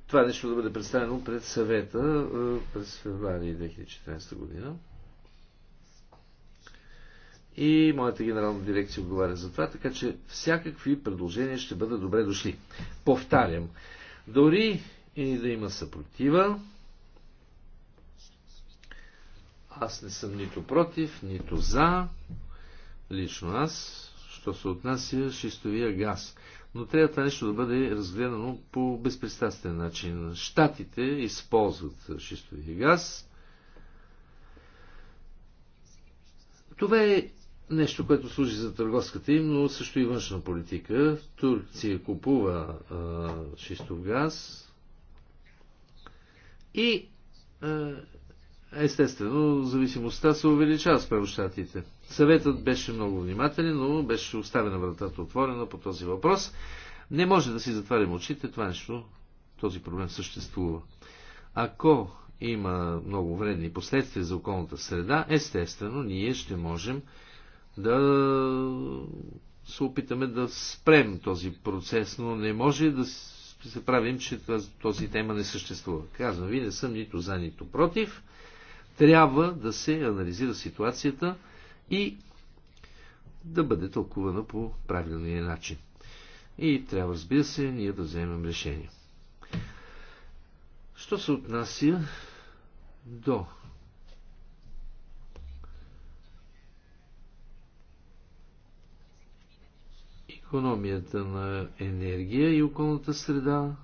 това нещо да бъде представено пред съвета през февруари 2014 година. И моята генерална дирекция отговаря за това, така че всякакви предложения ще бъдат добре дошли. Повтарям, дори и да има съпротива, аз не съм нито против, нито за, лично аз, що се отнася шистовия газ. Но трябва това нещо да бъде разгледано по безпристрастен начин. Штатите използват шистовия газ. Това е нещо, което служи за търговската им, но също и външна политика. Турция купува а, шистов газ и а, естествено зависимостта се увеличава спрямо щатите. Съветът беше много внимателен, но беше оставена вратата отворена по този въпрос. Не може да си затварим очите, това нещо, този проблем съществува. Ако има много вредни последствия за околната среда, естествено ние ще можем да се опитаме да спрем този процес, но не може да се правим, че този тема не съществува. Казвам ви, не съм нито за, нито против. Трябва да се анализира ситуацията и да бъде тълкувана по правилния начин. И трябва, разбира се, ние да вземем решение. Що се отнася до економията на енергия и околната среда,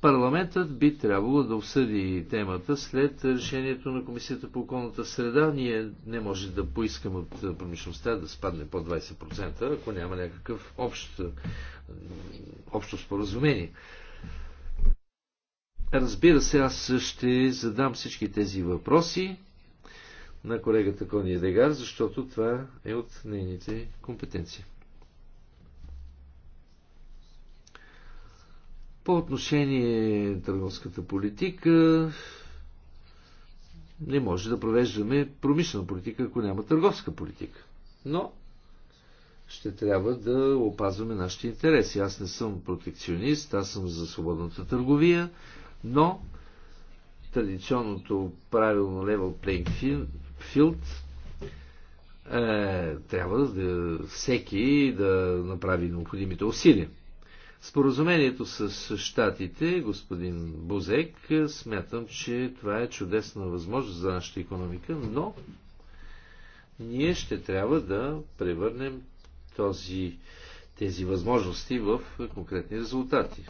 Парламентът би трябвало да обсъди темата след решението на Комисията по околната среда. Ние не може да поискаме от промишлеността да спадне по 20%, ако няма някакъв общ, общо споразумение. Разбира се, аз ще задам всички тези въпроси на колегата Кония Дегар, защото това е от нейните компетенции. По отношение търговската политика, не може да провеждаме промишлена политика, ако няма търговска политика. Но ще трябва да опазваме нашите интереси. Аз не съм протекционист, аз съм за свободната търговия, но традиционното правилно левел playing field е, трябва да всеки да направи необходимите усилия. Споразумението с щатите, господин Бузек, смятам, че това е чудесна възможност за нашата економика, но ние ще трябва да превърнем този, тези възможности в конкретни резултати.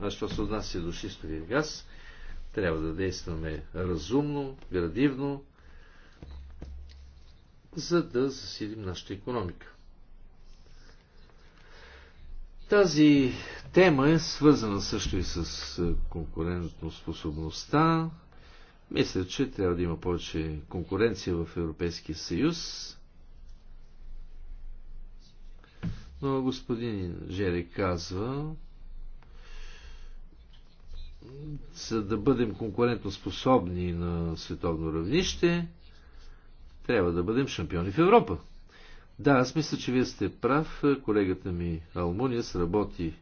А що се отнася до шистовия газ, трябва да действаме разумно, градивно, за да засилим нашата економика. Тази тема е свързана също и с е, конкурентно способността. Мисля, че трябва да има повече конкуренция в Европейския съюз. Но господин Жери казва, за да бъдем конкурентно способни на световно равнище, трябва да бъдем шампиони в Европа. Да, аз мисля, че вие сте прав. Колегата ми Алмуния сработи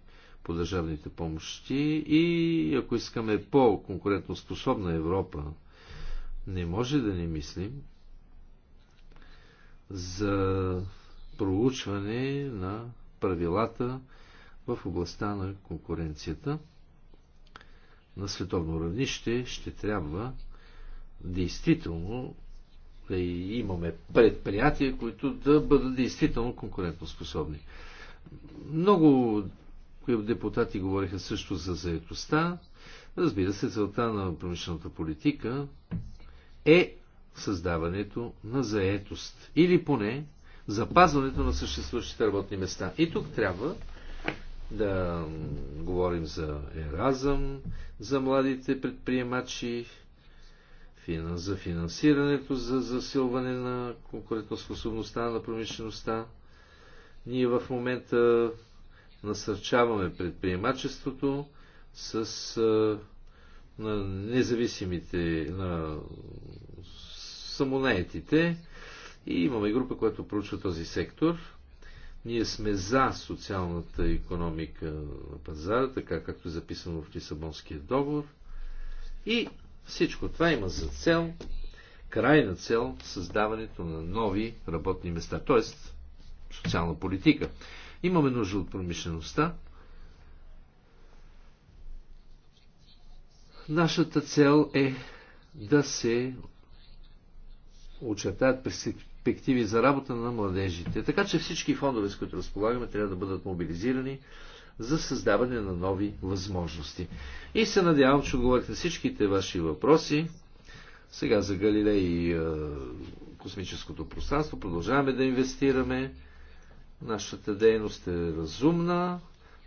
по държавните помощи и ако искаме по-конкурентно способна Европа, не може да не мислим за проучване на правилата в областта на конкуренцията. На световно равнище ще трябва действително да имаме предприятия, които да бъдат действително конкурентоспособни. Много депутати говориха също за заедостта. Разбира се, целта на промишлената политика е създаването на заетост. Или поне запазването на съществуващите работни места. И тук трябва да говорим за еразъм, за младите предприемачи, за финансирането, за засилване на конкурентоспособността на промишлеността. Ние в момента насърчаваме предприемачеството с на независимите, на самонаетите и имаме група, която проучва този сектор. Ние сме за социалната економика на пазара, така както е записано в Лисабонския договор. И всичко това има за цел, крайна цел, създаването на нови работни места, т.е. социална политика. Имаме нужда от промишлеността. Нашата цел е да се очертаят перспективи за работа на младежите. Така че всички фондове, с които разполагаме, трябва да бъдат мобилизирани за създаване на нови възможности. И се надявам, че отговорих на всичките ваши въпроси. Сега за Галилей и е, космическото пространство продължаваме да инвестираме. Нашата дейност е разумна,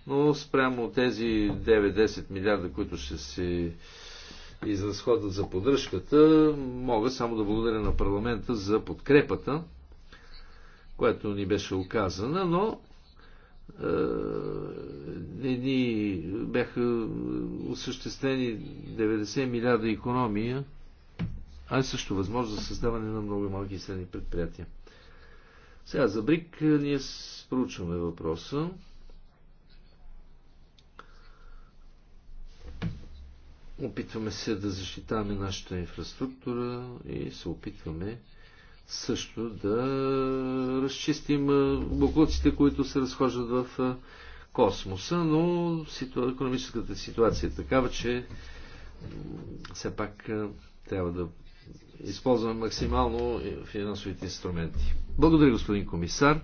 но спрямо тези 9-10 милиарда, които ще се изразходват за поддръжката, мога само да благодаря на парламента за подкрепата, която ни беше оказана, но е, едни бяха осъществени 90 милиарда економия, а е също възможно за създаване на много малки и средни предприятия. Сега за БРИК е, ние проучваме въпроса. Опитваме се да защитаваме нашата инфраструктура и се опитваме също да разчистим буклуците, които се разхождат в космоса, но ситуа... економическата ситуация е такава, че все пак трябва да използваме максимално финансовите инструменти. Благодаря, господин комисар,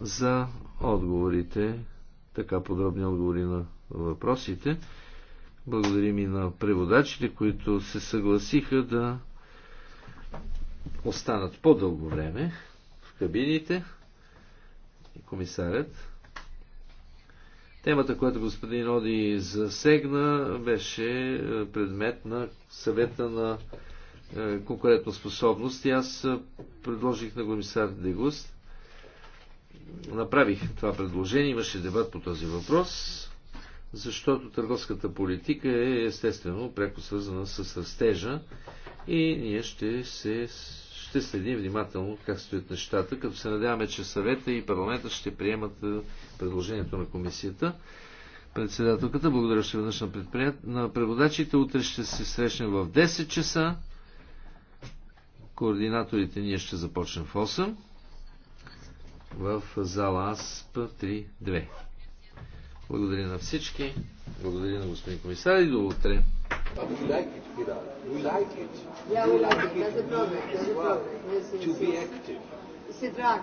за отговорите, така подробни отговори на въпросите. Благодарим и на преводачите, които се съгласиха да останат по-дълго време в кабините и комисарят. Темата, която господин Оди засегна, беше е, предмет на съвета на е, конкурентна способност и аз е, предложих на комисар Дегуст. Направих това предложение, имаше дебат по този въпрос, защото търговската политика е естествено преко свързана с растежа и ние ще се ще следим внимателно как стоят нещата, като се надяваме, че съвета и парламента ще приемат е, предложението на комисията. Председателката, благодаря ще веднъж на, предприят... на преводачите. Утре ще се срещнем в 10 часа. Координаторите ние ще започнем в 8 в зала АСП 3-2. Благодаря на всички. Благодаря на господин комисар и до утре. But we like it, Pilar. We like it. Yeah, we, we like, like it. There's a problem. There's a problem. Yes, yes, to be active. Sidrak.